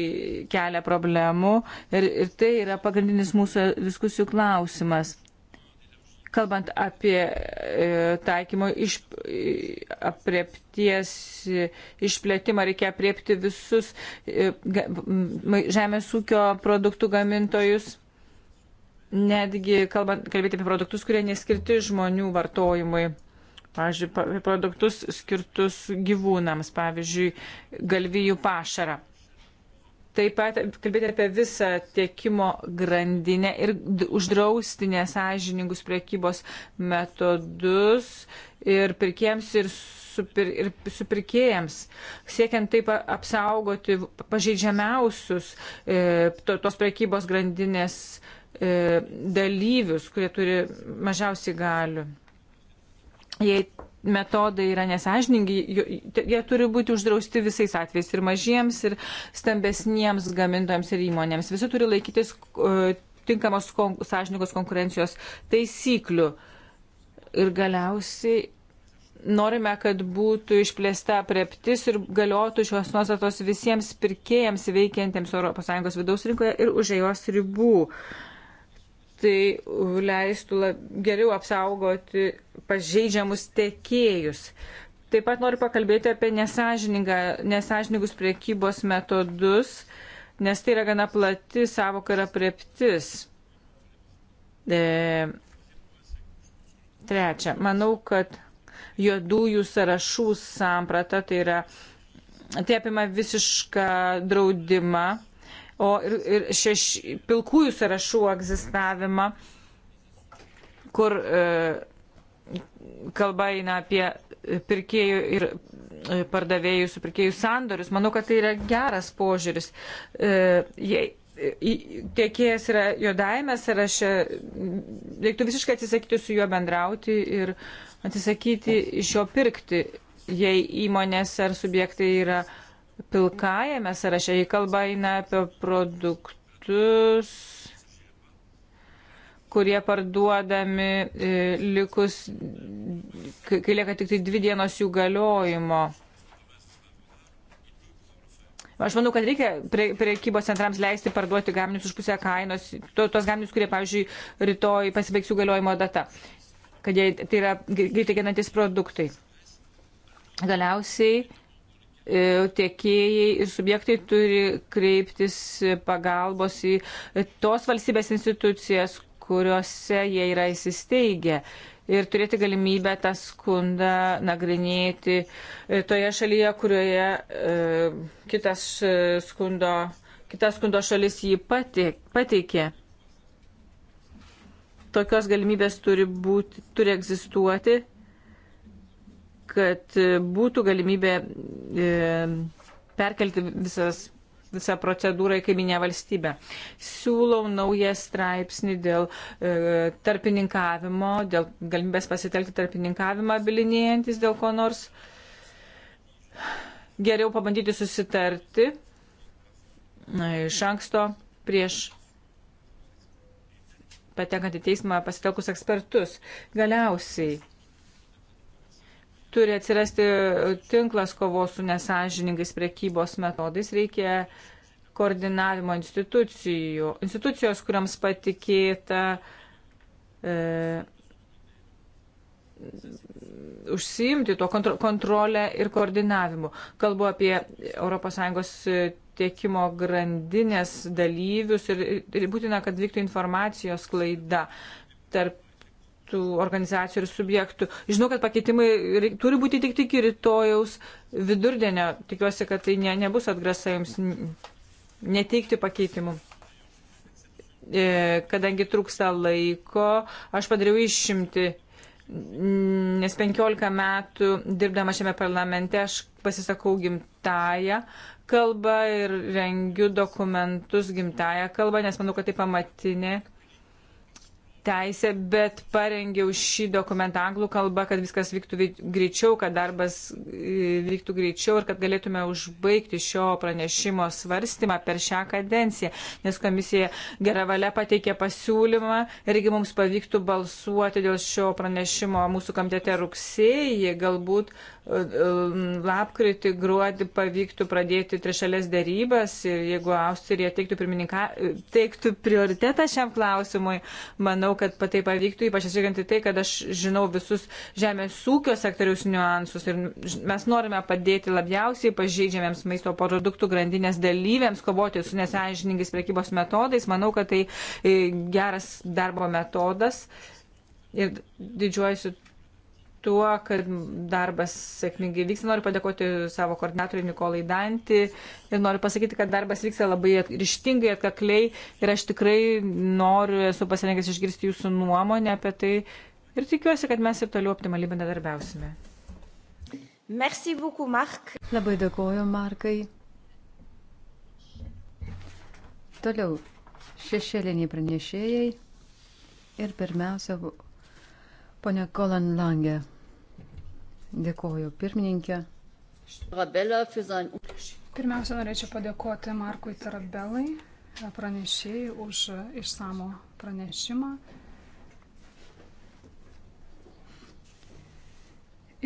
kelia problemų ir, ir tai yra pagrindinis mūsų diskusijų klausimas kalbant apie e, taikymo iš, e, apriepties e, išplėtimą, reikia apriepti visus žemės ūkio produktų gamintojus, netgi kalbant, kalbėti apie produktus, kurie neskirti žmonių vartojimui. Pavyzdžiui, produktus skirtus gyvūnams, pavyzdžiui, galvijų pašarą taip pat kalbėti apie visą tiekimo grandinę ir uždrausti nesažiningus priekybos metodus ir pirkėjams ir, supir, ir supirkėjams, siekiant taip apsaugoti pažeidžiamiausius e, to, tos priekybos grandinės e, dalyvius, kurie turi mažiausiai galių. Jei metodai yra nesažiningi, jie turi būti uždrausti visais atvejais ir mažiems, ir stambesniems gamintojams ir įmonėms. Visi turi laikytis e, tinkamos kon, sąžininkos konkurencijos taisyklių. Ir galiausiai norime, kad būtų išplėsta prieptis ir galiotų šios nuostatos visiems pirkėjams veikiantiems ES vidaus rinkoje ir už jos ribų. Uh, tai leistų lab, geriau apsaugoti pažeidžiamus tiekėjus. Taip pat noriu pakalbėti apie nesažiningus priekybos metodus, nes tai yra gana plati savoka ir apreptis. E, trečia, manau, kad juodųjų sąrašų samprata tai yra, tai apima visišką draudimą o ir, ir šeš, pilkųjų sąrašų egzistavimą, kur e, kalba eina apie pirkėjų ir e, pardavėjų su pirkėjų sandorius. Manau, kad tai yra geras požiūris. E, jei, tiekėjas yra juodajame sąraše, reiktų visiškai atsisakyti su juo bendrauti ir atsisakyti iš jo pirkti, jei įmonės ar subjektai yra uh, pilkajame sąraše, jį kalba eina apie produktus, kurie parduodami e, likus, kai lieka tik tai dvi dienos jų galiojimo. Aš manau, kad reikia priekybos centrams leisti parduoti gaminius už pusę kainos, to, tos gaminius, kurie, pavyzdžiui, rytoj pasibaigs jų galiojimo data, kad jie, tai yra greitai genantis produktai. Galiausiai E, tiekėjai ir subjektai turi kreiptis pagalbos į tos valstybės institucijas, kuriuose jie yra įsisteigę. Ir turėti galimybę tą skundą nagrinėti e, toje šalyje, kurioje e, kitas e, skundo, kitas skundo šalis jį pateikė tokios galimybės turi, būti, turi egzistuoti kad e, būtų galimybė e, perkelti visas, visą procedūrą į kaiminę valstybę. Siūlau naują straipsnį dėl e, tarpininkavimo, dėl galimybės pasitelkti tarpininkavimą bilinėjantis dėl ko nors. Geriau pabandyti susitarti iš anksto prieš patenkant į teismą pasitelkus ekspertus. Galiausiai Turi atsirasti tinklas kovos su nesažiningais prekybos metodais. Reikia koordinavimo institucijų, institucijos, kuriams patikėta e, užsiimti to kontro, kontrolę ir koordinavimu. Kalbu apie ES tiekimo grandinės dalyvius ir, ir būtina, kad vyktų informacijos klaida tarp tų organizacijų ir subjektų. Žinau, kad pakeitimai turi būti tik iki rytojaus vidurdienio. Tikiuosi, kad tai ne, nebus atgrasa jums neteikti pakeitimų. E, kadangi trūksta laiko, aš padariau išimti, nes 15 metų dirbdama šiame parlamente aš pasisakau gimtają kalbą ir rengiu dokumentus gimtają kalbą, nes manau, kad tai pamatinė teisę, bet parengiau šį dokumentą anglų kalbą, kad viskas vyktų greičiau, kad darbas e, vyktų greičiau ir kad galėtume užbaigti šio pranešimo svarstymą per šią kadenciją, nes komisija gerą valią pateikė pasiūlymą ir jeigu mums pavyktų balsuoti dėl šio pranešimo mūsų komitete rugsėjį, galbūt Um, lapkritį, gruodį pavyktų pradėti trišalės dėrybas ir jeigu Austrija teiktų, teiktų prioritetą šiam klausimui, manau, kad tai pavyktų, ypač atsižvelgiant į tai, kad aš žinau visus žemės ūkio sektoriaus niuansus ir mes norime padėti labiausiai pažeidžiamiems maisto produktų grandinės dalyviams kovoti su nesąžiningais prekybos metodais. Manau, kad tai e, geras darbo metodas. Ir didžiuojasi tuo, kad darbas sėkmingai vyksta. Noriu padėkoti savo koordinatoriui Nikolai Dantį ir noriu pasakyti, kad darbas vyksta labai ryštingai, atkakliai ir aš tikrai noriu, esu pasirengęs išgirsti jūsų nuomonę apie tai ir tikiuosi, kad mes ir toliau optimaliai bendradarbiausime. Merci beaucoup, Mark. Labai dėkoju, Markai. Toliau šešėliniai pranešėjai ir pirmiausia Pone Kolan Lange, dėkoju pirmininkė. Pirmiausia, norėčiau padėkoti Markui Tarabelai, pranešėjai, už išsamų pranešimą.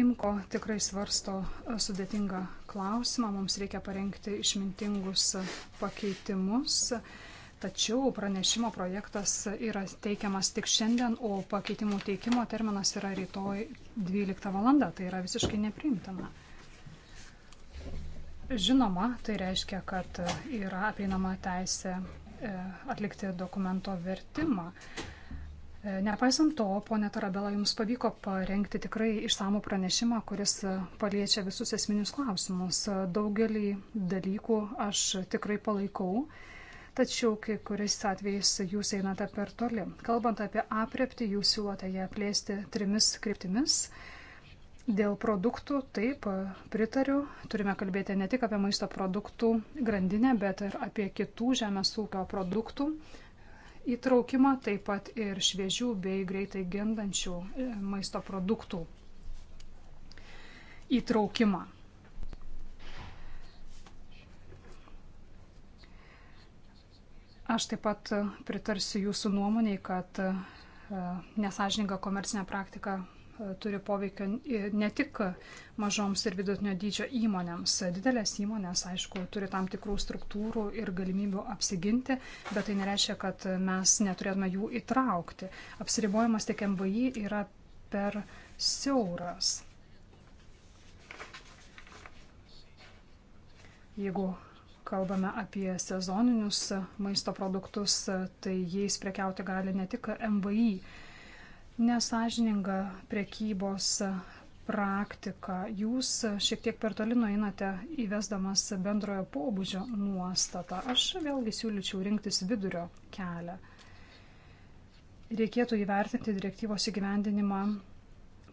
Imko tikrai svarsto sudėtingą klausimą, mums reikia parengti išmintingus pakeitimus. Tačiau pranešimo projektas yra teikiamas tik šiandien, o pakeitimų teikimo terminas yra rytoj 12 val. Tai yra visiškai nepriimtana. Žinoma, tai reiškia, kad yra prieinama teisė e, atlikti dokumento vertimą. E, nepaisant to, ponė Tarabela, jums pavyko parengti tikrai išsamų pranešimą, kuris paliečia visus esminius klausimus. Daugelį dalykų aš tikrai palaikau tačiau kai kuriais atvejais jūs einate per toli. Kalbant apie apriepti, jūs siūlote ją plėsti trimis kryptimis. Dėl produktų, taip, pritariu, turime kalbėti ne tik apie maisto produktų grandinę, bet ir apie kitų žemės ūkio produktų įtraukimą, taip pat ir šviežių bei greitai gendančių e, maisto produktų įtraukimą. Aš taip pat e, pritarsiu jūsų nuomonėje, kad e, nesažininga komercinė praktika e, turi poveikio ne tik mažoms ir vidutinio dydžio įmonėms. Didelės įmonės, aišku, turi tam tikrų struktūrų ir galimybių apsiginti, bet tai nereiškia, kad mes neturėtume jų įtraukti. Apsiribojimas tik MVI yra per siauras. Jeigu kalbame apie sezoninius maisto produktus, tai jais prekiauti gali ne tik MVI. Nesažininga prekybos praktika. Jūs šiek tiek per toli nueinate įvesdamas bendrojo pobūdžio nuostatą. Aš vėlgi siūlyčiau rinktis vidurio kelią. Reikėtų įvertinti direktyvos įgyvendinimą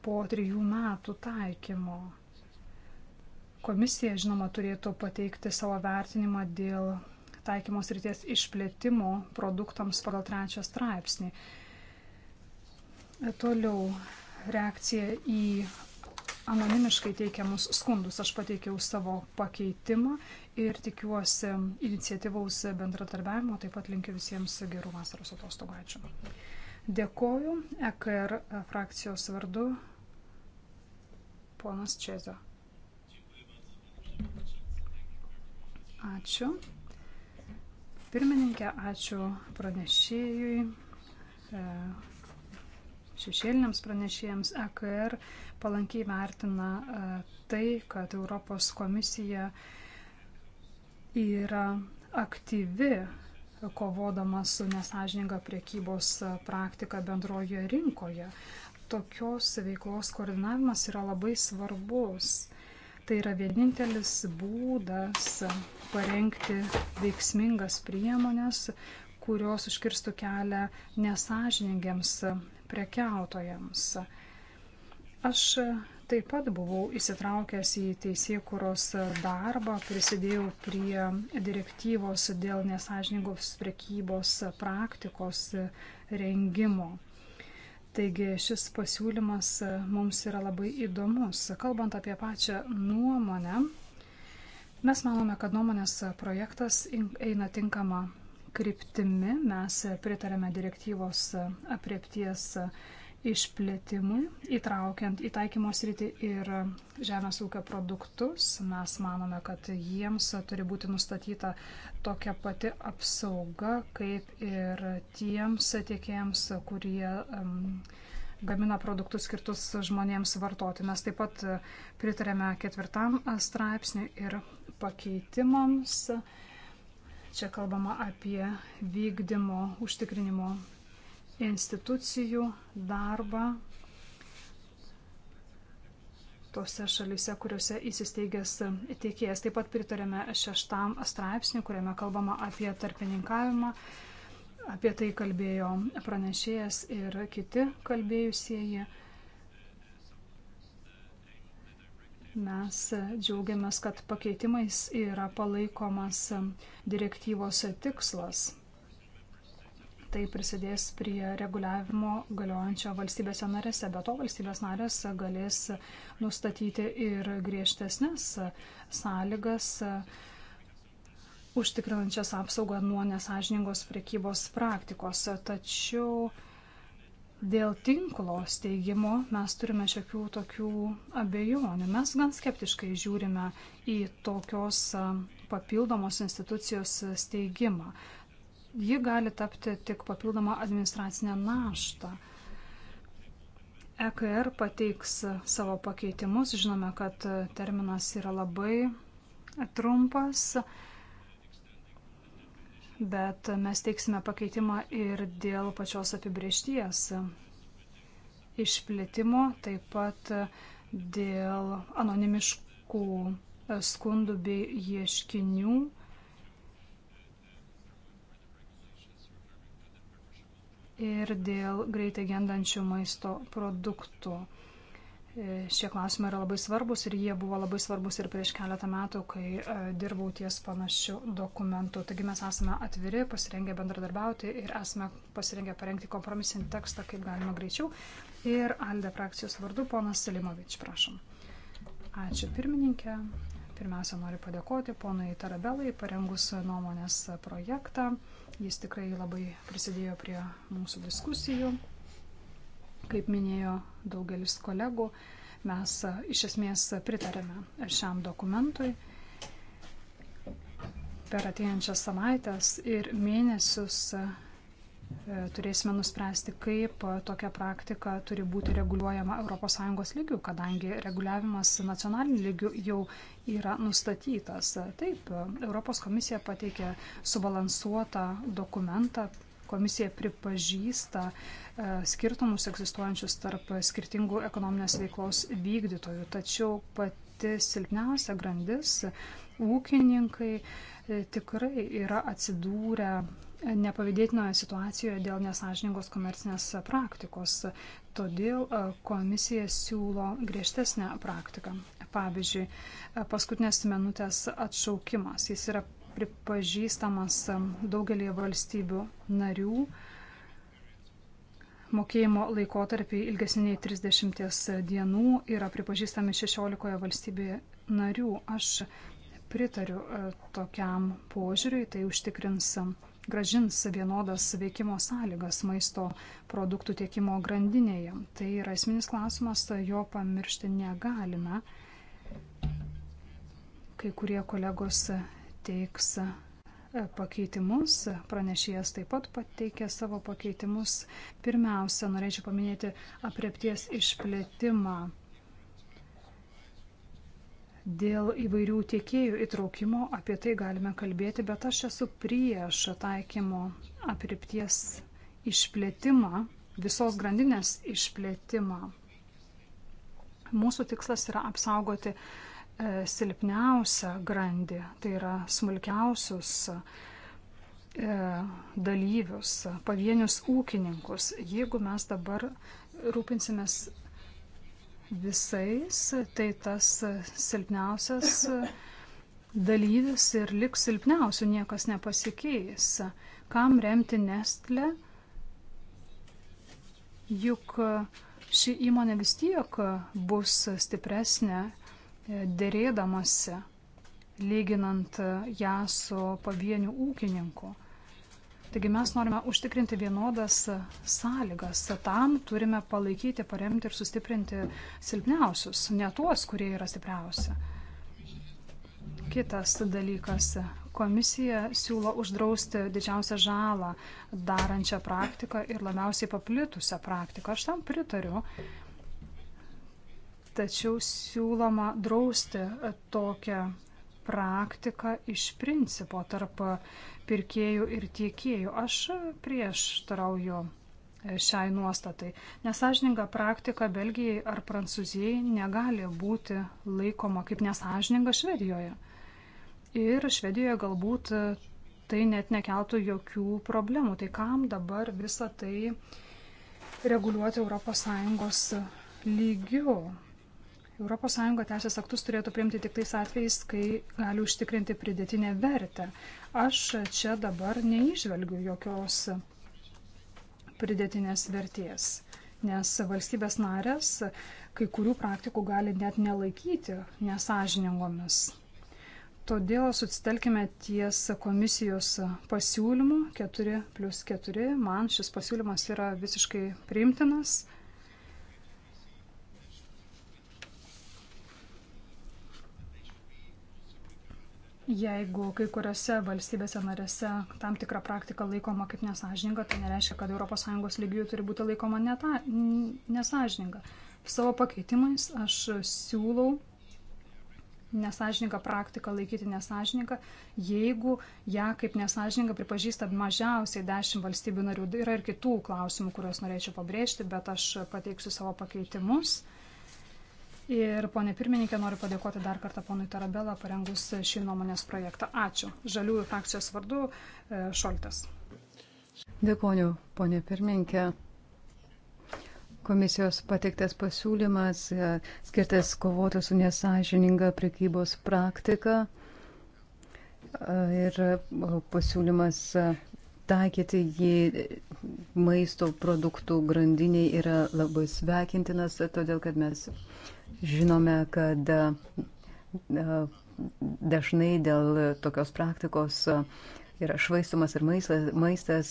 po trijų metų taikymo. Komisija, žinoma, turėtų pateikti savo vertinimą dėl taikymos ryties išplėtimo produktams pagal trečią straipsnį. Toliau reakcija į anonimiškai teikiamus skundus. Aš pateikiau savo pakeitimą ir tikiuosi iniciatyvaus bendratarbiavimo. Taip pat linkiu visiems gerų vasaros atostogų. Ačiū. Dėkoju EKR frakcijos vardu. Ponas Čezio. Ačiū. Pirmininkė, ačiū pranešėjui, e, šešėliniams pranešėjams. EKR palankiai vertina e, tai, kad Europos komisija yra aktyvi e, kovodama su nesažininga priekybos praktika bendrojoje rinkoje. Tokios veiklos koordinavimas yra labai svarbus. Tai yra vienintelis būdas parengti veiksmingas priemonės, kurios užkirstų kelią nesažiningiams prekiautojams. Aš taip pat buvau įsitraukęs į teisėkuros darbą, prisidėjau prie direktyvos dėl nesažiningos prekybos praktikos rengimo. Taigi šis pasiūlymas e, mums yra labai įdomus. Kalbant apie pačią nuomonę, mes manome, kad nuomonės projektas eina tinkama kryptimi. Mes pritarėme direktyvos e, apriepties e, išplėtimui, įtraukiant į taikymo sritį ir žemės ūkio produktus. Mes manome, kad jiems turi būti nustatyta tokia pati apsauga, kaip ir tiems tiekėjams, kurie um, gamina produktus skirtus žmonėms vartoti. Mes taip pat pritarėme ketvirtam straipsniui ir pakeitimams. Čia kalbama apie vykdymo užtikrinimo institucijų darbą tose šalise, kuriuose įsisteigęs teikėjas. Taip pat pritarėme šeštam straipsniui, kuriame kalbama apie tarpininkavimą. Apie tai kalbėjo pranešėjas ir kiti kalbėjusieji. Mes džiaugiamės, kad pakeitimais yra palaikomas direktyvos tikslas tai prisidės prie reguliavimo galiojančio valstybėse narėse. Be to valstybės narės galės nustatyti ir griežtesnės sąlygas užtikrinančias apsaugą nuo nesažiningos prekybos praktikos. Tačiau dėl tinklo steigimo mes turime šiokių tokių abejonių. Mes gan skeptiškai žiūrime į tokios papildomos institucijos steigimą ji gali tapti tik papildomą administracinę naštą. EKR pateiks savo pakeitimus. Žinome, kad terminas yra labai trumpas, bet mes teiksime pakeitimą ir dėl pačios apibriešties išplėtimo, taip pat dėl anonimiškų skundų bei ieškinių ir dėl greitai gendančių maisto produktų. E, šie klausimai yra labai svarbus ir jie buvo labai svarbus ir prieš keletą metų, kai e, dirbau ties panašių dokumentų. Taigi mes esame atviri, pasirengę bendradarbiauti ir esame pasirengę parengti kompromisinį tekstą kaip galima greičiau. Ir Alde frakcijos vardu ponas Selimovič, prašom. Ačiū pirmininkė. Pirmiausia, noriu padėkoti ponui Tarabelai parengus nuomonės projektą. Jis tikrai labai prisidėjo prie mūsų diskusijų. Kaip minėjo daugelis kolegų, mes e, iš esmės pritarėme šiam dokumentui. Per ateinančias savaitės ir mėnesius e, E, turėsime nuspręsti, kaip tokia praktika turi būti reguliuojama ES lygių, kadangi reguliavimas nacionaliniu lygiu jau yra nustatytas. Taip, Europos komisija pateikė subalansuotą dokumentą. Komisija pripažįsta e, skirtumus egzistuojančius tarp skirtingų ekonominės veiklos vykdytojų, tačiau pati silpniausia grandis ūkininkai e, tikrai yra atsidūrę nepavydėtinoje situacijoje dėl nesažiningos komercinės praktikos. Todėl e, komisija siūlo griežtesnę praktiką. Pavyzdžiui, e, paskutinės minutės atšaukimas. Jis yra pripažįstamas e, daugelį valstybių narių. Mokėjimo laikotarpiai ilgesniai 30 dienų yra pripažįstami 16 valstybių narių. Aš pritariu e, tokiam požiūriui, tai užtikrins gražins vienodas veikimo sąlygas maisto produktų tiekimo grandinėje. Tai yra esminis klausimas, jo pamiršti negalime. Kai kurie kolegos teiks e, pakeitimus, pranešėjas taip pat pateikė savo pakeitimus. Pirmiausia, norėčiau paminėti apriepties išplėtimą Dėl įvairių tiekėjų įtraukimo apie tai galime kalbėti, bet aš esu prieš taikymo apripties išplėtimą, visos grandinės išplėtimą. Mūsų tikslas yra apsaugoti e, silpniausią grandį, tai yra smulkiausius e, dalyvius, pavienius ūkininkus. Jeigu mes dabar rūpinsimės visais, tai tas silpniausias dalyvis ir liks silpniausių, niekas nepasikeis. Kam remti Nestlę? Juk ši įmonė vis tiek bus stipresnė e, dėrėdamasi, lyginant ją su pavieniu ūkininku. Taigi mes norime užtikrinti vienodas sąlygas. Tam turime palaikyti, paremti ir sustiprinti silpniausius, ne tuos, kurie yra stipriausi. Kitas dalykas. Komisija siūlo uždrausti didžiausią žalą darančią praktiką ir labiausiai paplitusią praktiką. Aš tam pritariu. Tačiau siūloma drausti tokią praktiką iš principo tarp pirkėjų ir tiekėjų. Aš prieštarauju e, šiai nuostatai. Nesažininga praktika Belgijai ar Prancūzijai negali būti laikoma kaip nesažininga Švedijoje. Ir Švedijoje galbūt e, tai net nekeltų jokių problemų. Tai kam dabar visą tai reguliuoti ES lygiu? ES teisės aktus turėtų priimti tik tais atvejais, kai gali užtikrinti pridėtinę vertę. Aš čia dabar neižvelgiu jokios pridėtinės vertės, nes valstybės narės kai kurių praktikų gali net nelaikyti nesažiningomis. Todėl susitelkime ties komisijos pasiūlymu 4 plus 4. Man šis pasiūlymas yra visiškai priimtinas Jeigu kai kuriuose valstybėse narėse tam tikra praktika laikoma kaip nesažininga, tai nereiškia, kad ES lygių turi būti laikoma neta, nesažininga. Savo pakeitimais aš siūlau nesažininką praktiką laikyti nesažininką, jeigu ją kaip nesažininką pripažįsta mažiausiai 10 valstybių narių. Yra ir kitų klausimų, kuriuos norėčiau pabrėžti, bet aš pateiksiu savo pakeitimus. Uh, Ir, ponė pirmininkė, noriu padėkoti dar kartą ponui Tarabelą parengus šį nuomonės projektą. Ačiū. Žaliųjų frakcijos vardu e, Šoltas. Dėkoju, ponė pirmininkė. Komisijos pateiktas pasiūlymas e, skirtas kovoti su nesažininga prekybos praktika e, ir pasiūlymas taikyti jį maisto produktų grandiniai yra labai sveikintinas, todėl kad mes Žinome, kad e, e, dažnai dėl tokios praktikos e, yra švaistumas ir maistas, maistas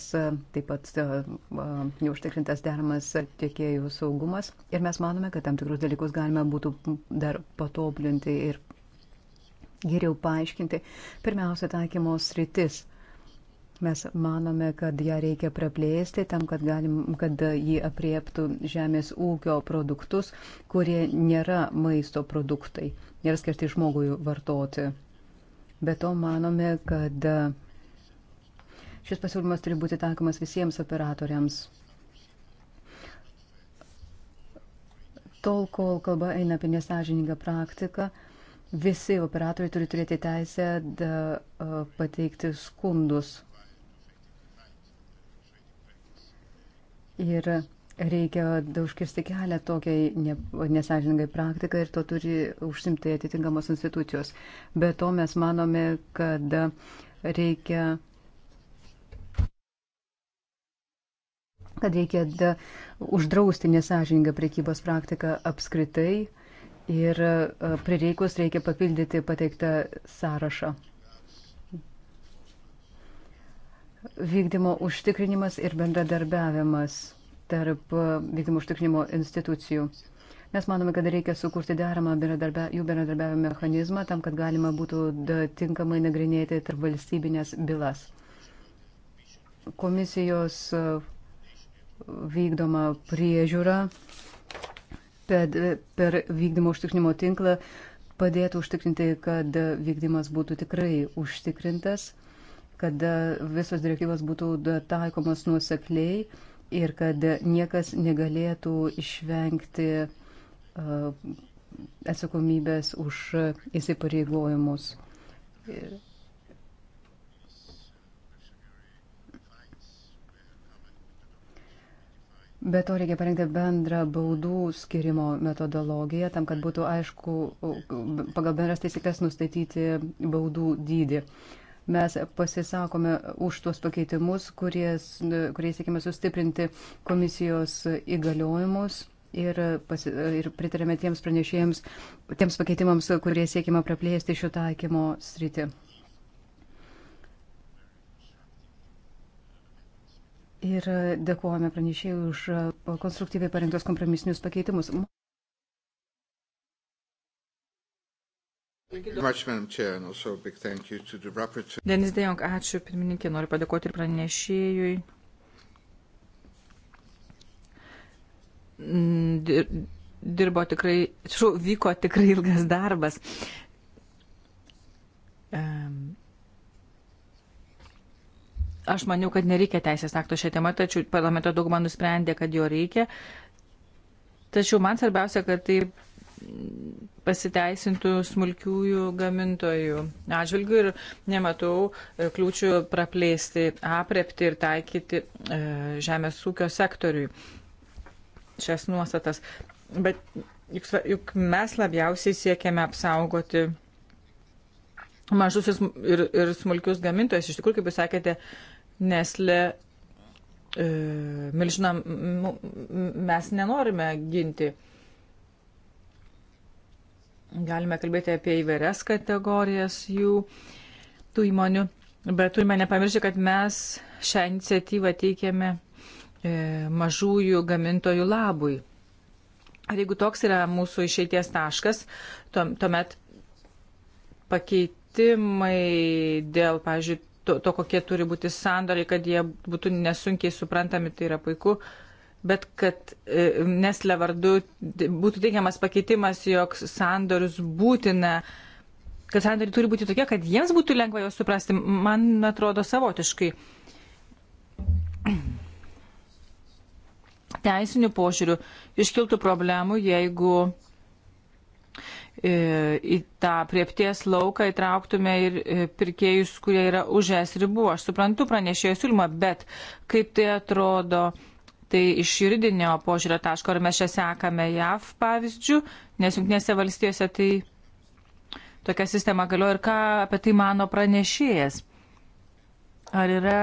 taip pat neužtikrintas deramas tiekėjų saugumas. Ir mes manome, kad tam tikrus dalykus galima būtų dar patoblinti ir geriau paaiškinti. Pirmiausia, taikymos rytis. Mes manome, kad ją reikia praplėsti tam, kad, galim, kad jį apriektų žemės ūkio produktus, kurie nėra maisto produktai, nėra skirti žmogui vartoti. Be to manome, kad šis pasiūlymas turi būti taikomas visiems operatoriams. Tol, kol kalba eina apie nesažiningą praktiką, visi operatoriai turi turėti teisę da, pateikti skundus Ir reikia užkirsti kelią tokiai ne, nesažiningai praktikai ir to turi užsimti atitinkamos institucijos. Be to mes manome, kad reikia kad reikia da, uždrausti nesažiningą priekybos praktiką apskritai ir prireikus reikia papildyti pateiktą sąrašą vykdymo užtikrinimas ir bendradarbiavimas tarp e, vykdymo užtikrinimo institucijų. Mes manome, kad reikia sukurti deramą bendradarbia, jų bendradarbiavimo mechanizmą tam, kad galima būtų tinkamai nagrinėti tarp valstybinės bylas. Komisijos e, vykdoma priežiūra per, per vykdymo užtikrinimo tinklą padėtų užtikrinti, kad vykdymas būtų tikrai užtikrintas kad e, visos direktyvos būtų e, taikomos nuosekliai ir kad niekas negalėtų išvengti e, atsakomybės už įsipareigojimus. Be to reikia parengti bendrą baudų skirimo metodologiją, tam, kad būtų aišku pagal bendras taisyklės nustatyti baudų dydį. Uh, mes pasisakome už tuos pakeitimus, kuriais, kuriais siekime sustiprinti komisijos įgaliojimus. Ir, pasi, ir pritarėme tiems pranešėjams, tiems pakeitimams, kurie siekime praplėsti šio taikymo sritį. Ir dėkojame pranešėjui už konstruktyviai parengtos kompromisinius pakeitimus. Denis Dejong, ačiū pirmininkė, noriu padėkoti ir pranešėjui. Mm, dirbo tikrai, šiuo vyko tikrai ilgas darbas. Aš maniau, kad nereikia teisės akto šią temą, tačiau parlamento dauguma nusprendė, kad jo reikia. Tačiau man svarbiausia, kad taip pasiteisintų smulkiųjų gamintojų atžvilgių ir nematau e, kliūčių praplėsti aprepti ir taikyti e, žemės ūkio sektoriui šias nuostatas. Bet juk, juk mes labiausiai siekiame apsaugoti mažus ir, ir smulkius gamintojus. Iš tikrųjų, kaip jūs sakėte, Nesle e, milžinam, mes nenorime ginti Galime kalbėti apie įvairias kategorijas jų, tų įmonių, bet turime nepamiršti, kad mes šią iniciatyvą teikėme e, mažųjų gamintojų labui. Ar jeigu toks yra mūsų išeities taškas, tuomet pakeitimai dėl, pažiūrėjau, to, to kokie turi būti sandoriai, kad jie būtų nesunkiai suprantami, tai yra puiku. Uh, bet kad e, Nestle vardu būtų teikiamas pakeitimas, jog sandorius būtina, kad sandoriai turi būti tokie, kad jiems būtų lengva juos suprasti, man atrodo savotiškai. Teisinių požiūrių iškiltų problemų, jeigu e, į tą priepties lauką įtrauktume ir e, pirkėjus, kurie yra už es ribų. Aš suprantu pranešėjo siūlymą, bet kaip tai atrodo uh, tai iš juridinio požiūrio taško, ar mes čia sekame JAV pavyzdžių, nes jungtinėse valstijose tai tokia sistema galioja ir ką apie tai mano pranešėjas. Ar yra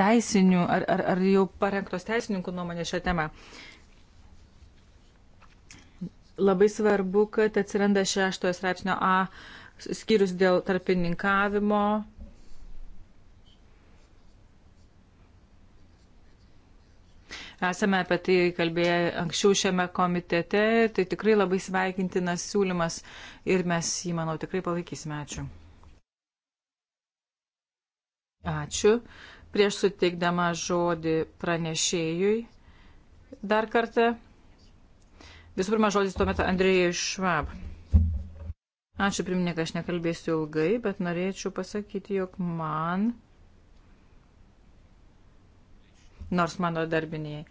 teisinių, ar, ar, ar jau parengtos teisininkų nuomonė šią temą? Labai svarbu, kad atsiranda šeštojo straipsnio A skyrius dėl tarpininkavimo Esame apie tai kalbėję anksčiau šiame komitete, tai tikrai labai sveikintinas siūlymas ir mes jį, manau, tikrai palaikysime. Ačiū. Ačiū. Prieš suteikdama žodį pranešėjui dar kartą. Visų pirma, žodis tuomet Andrėjai Švab. Ačiū, pirmininkė, aš nekalbėsiu ilgai, bet norėčiau pasakyti, jog man nors mano darbiniai.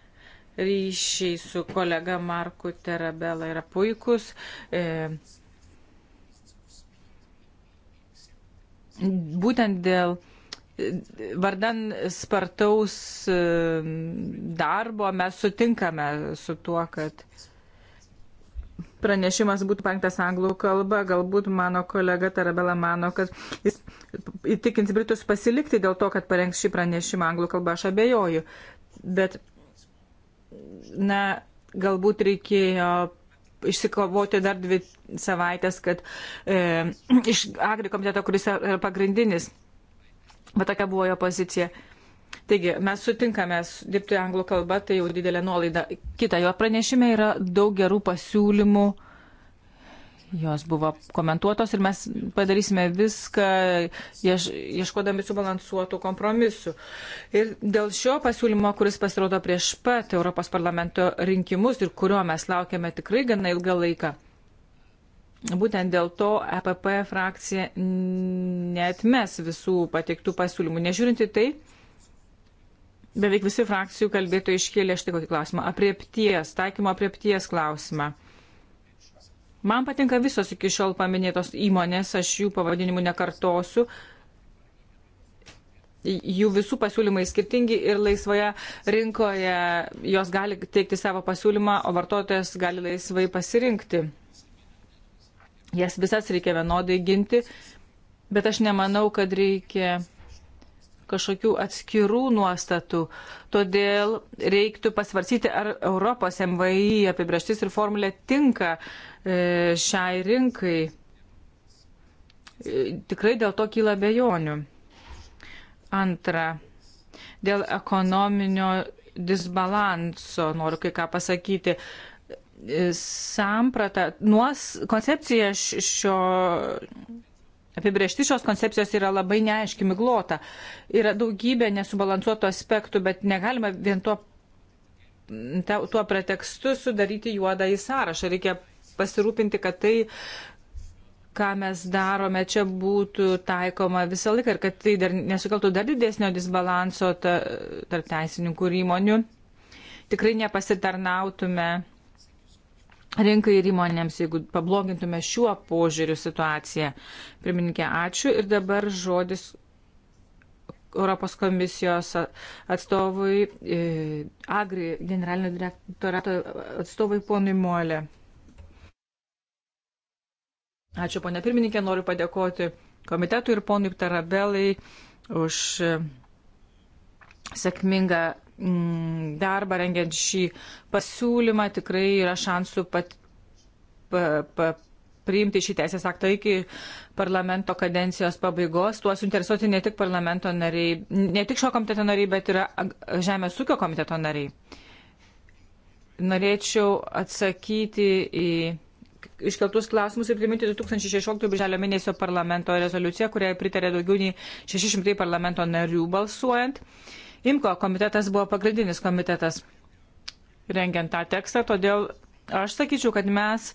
Ryšiai su kolega Marku Terabela yra puikus. E, būtent dėl vardan spartaus e, darbo mes sutinkame su tuo, kad pranešimas būtų parengtas anglų kalba, galbūt mano kolega Tarabela mano, kad jis įtikins Britus pasilikti dėl to, kad parengs šį pranešimą anglų kalba, aš abejoju. Bet, na, galbūt reikėjo išsikovoti dar dvi savaitės, kad e, iš agri komiteto, kuris yra pagrindinis, bet tokia buvo jo pozicija. E, Taigi, mes sutinkame dirbti anglų kalbą, tai jau didelė nuolaida. Kita jo pranešime yra daug gerų pasiūlymų. Jos buvo komentuotos ir mes padarysime viską, ieš, ieškodami subalansuotų kompromisų. Ir dėl šio pasiūlymo, kuris pasirodo prieš pat Europos parlamento rinkimus ir kurio mes laukiame tikrai gana ilgą laiką. Būtent dėl to EPP frakcija netmes visų pateiktų pasiūlymų. Nežiūrinti tai, Beveik visi frakcijų kalbėtojai iškėlė štai kokį klausimą. Apriepties, taikymo apriepties klausimą. Man patinka visos iki šiol paminėtos įmonės, aš jų pavadinimų nekartosiu. Jų visų pasiūlymai skirtingi ir laisvoje rinkoje jos gali teikti savo pasiūlymą, o vartotojas gali laisvai pasirinkti. Jas visas reikia vienodai ginti, bet aš nemanau, kad reikia kažkokių atskirų nuostatų. Todėl reiktų pasvarsyti, ar Europos MVI apibrieštis ir formulė tinka e, šiai rinkai. E, tikrai dėl to kyla bejonių. Antra, dėl ekonominio disbalanso noriu kai ką pasakyti e, samprata, nuos, koncepcija šio apibriešti šios koncepcijos yra labai neaiški miglota. Yra daugybė nesubalansuotų aspektų, bet negalima vien tuo, tuo pretekstu sudaryti juodą į sąrašą. Reikia pasirūpinti, kad tai, ką mes darome, čia būtų taikoma visą laiką ir kad tai dar nesukeltų dar didesnio disbalanso tarp teisininkų ir įmonių. Tikrai nepasitarnautume rinkai ir įmonėms, jeigu pablogintume šiuo požiūriu situaciją. Pirmininkė, ačiū ir dabar žodis Europos komisijos atstovui, e, Agri generalinio direktorato atstovui ponui Molė. Ačiū, ponė pirmininkė, noriu padėkoti komitetui ir ponui Tarabelai už e, sėkmingą Mm, darbą rengiant šį pasiūlymą. Tikrai yra šansų pat, pa, pa, priimti šį teisės aktą iki parlamento kadencijos pabaigos. Tuo suinteresuoti ne tik parlamento nariai, ne tik šio komiteto nariai, bet ir Žemės ūkio komiteto nariai. Norėčiau atsakyti į iškeltus klausimus ir priminti 2016 birželio mėnesio parlamento rezoliuciją, kuriai pritarė daugiau nei 600 parlamento narių balsuojant. Uh, Imko komitetas buvo pagrindinis komitetas rengiant tą tekstą, todėl aš sakyčiau, kad mes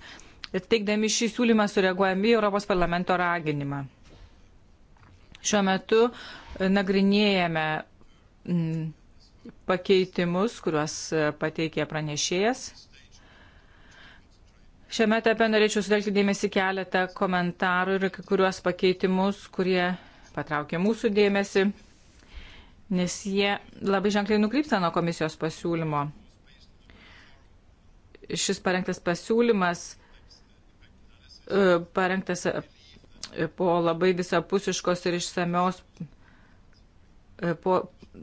teikdami šį siūlymą sureaguojam į Europos parlamento raginimą. Šiuo metu e, nagrinėjame mm, pakeitimus, kuriuos e, pateikė pranešėjas. Šiame etape norėčiau sudelkti dėmesį keletą komentarų ir kuriuos pakeitimus, kurie patraukė mūsų dėmesį nes jie labai ženkliai nukrypsta nuo komisijos pasiūlymo. Šis parengtas pasiūlymas e, parengtas e, po labai visapusiškos ir išsamios e, po,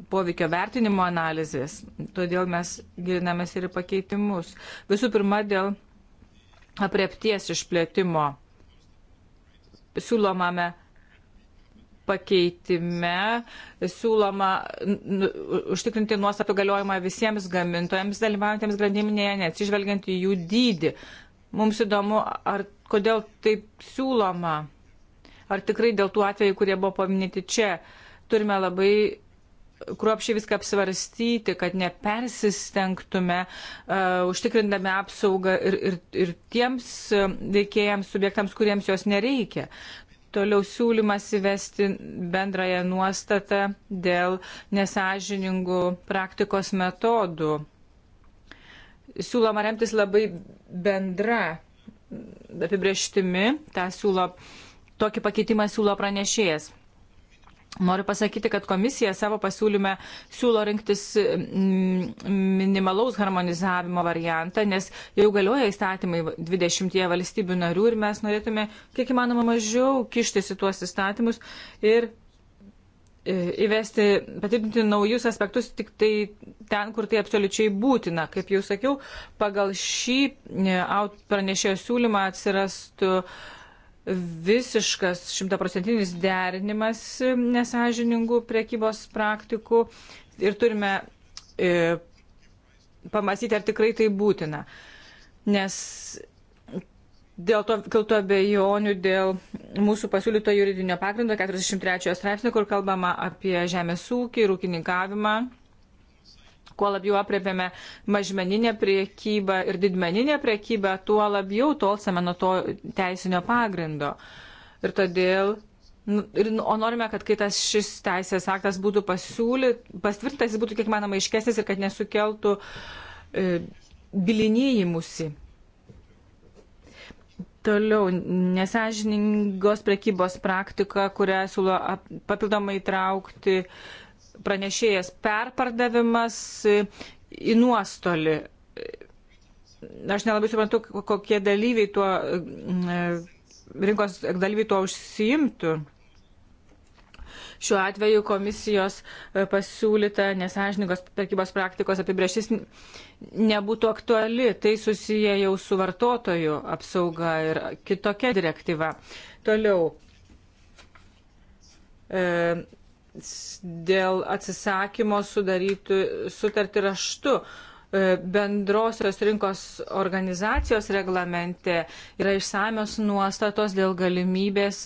poveikio vertinimo analizės. Todėl mes gilinamės ir pakeitimus. Visų pirma, dėl apriepties išplėtimo siūlomame pakeitime siūloma užtikrinti nuostatų galiojimą visiems gamintojams dalyvaujantiems grandiminėje, neatsižvelgiant į jų dydį. Mums įdomu, ar kodėl taip siūloma, ar tikrai dėl tų atvejų, kurie buvo paminėti čia, turime labai kruopšiai viską apsvarstyti, kad nepersistengtume, uh, užtikrindami apsaugą ir, ir, ir tiems veikėjams, subjektams, kuriems jos nereikia. Toliau siūlymas įvesti bendrąją nuostatą dėl nesažiningų praktikos metodų. Siūloma remtis labai bendra apibrieštimi, tą siūlo, tokį pakeitimą siūlo pranešėjas. Noriu pasakyti, kad komisija savo pasiūlyme siūlo rinktis mm, minimalaus harmonizavimo variantą, nes jau galioja įstatymai 20 valstybių narių ir mes norėtume kiek įmanoma mažiau kištis į tuos įstatymus ir e, įvesti, patvirtinti naujus aspektus tik tai ten, kur tai absoliučiai būtina. Kaip jau sakiau, pagal šį e, pranešėjo siūlymą atsirastų uh, visiškas šimtaprocentinis derinimas e, nesažiningų prekybos praktikų ir turime e, pamastyti, ar tikrai tai būtina. Nes dėl to kiltų abejonių dėl mūsų pasiūlyto juridinio pagrindo 43 straipsnio, kur kalbama apie žemės ūkį ir ūkininkavimą kuo labiau apriepėme mažmeninę priekybą ir didmeninę priekybą, tuo labiau tolsame nuo to teisinio pagrindo. Ir todėl nu, O norime, kad kai tas šis teisės aktas būtų pasiūlyt, pastvirtintas, jis būtų kiek manoma iškesnis ir kad nesukeltų e, bilinėjimusi. Toliau, nesažiningos prekybos praktika, kurią siūlo papildomai traukti pranešėjas perpardavimas į nuostolį. Aš nelabai suprantu, kokie dalyviai tuo, e, rinkos dalyviai tuo užsiimtų. Šiuo atveju komisijos e, pasiūlyta nesažiningos prekybos praktikos apibriešis nebūtų aktuali. Tai susiję jau su vartotojų apsauga ir kitokia direktyva. Toliau. E, dėl atsisakymo sudaryti sutartį raštu. E, Bendrosios rinkos organizacijos reglamente yra išsamios nuostatos dėl galimybės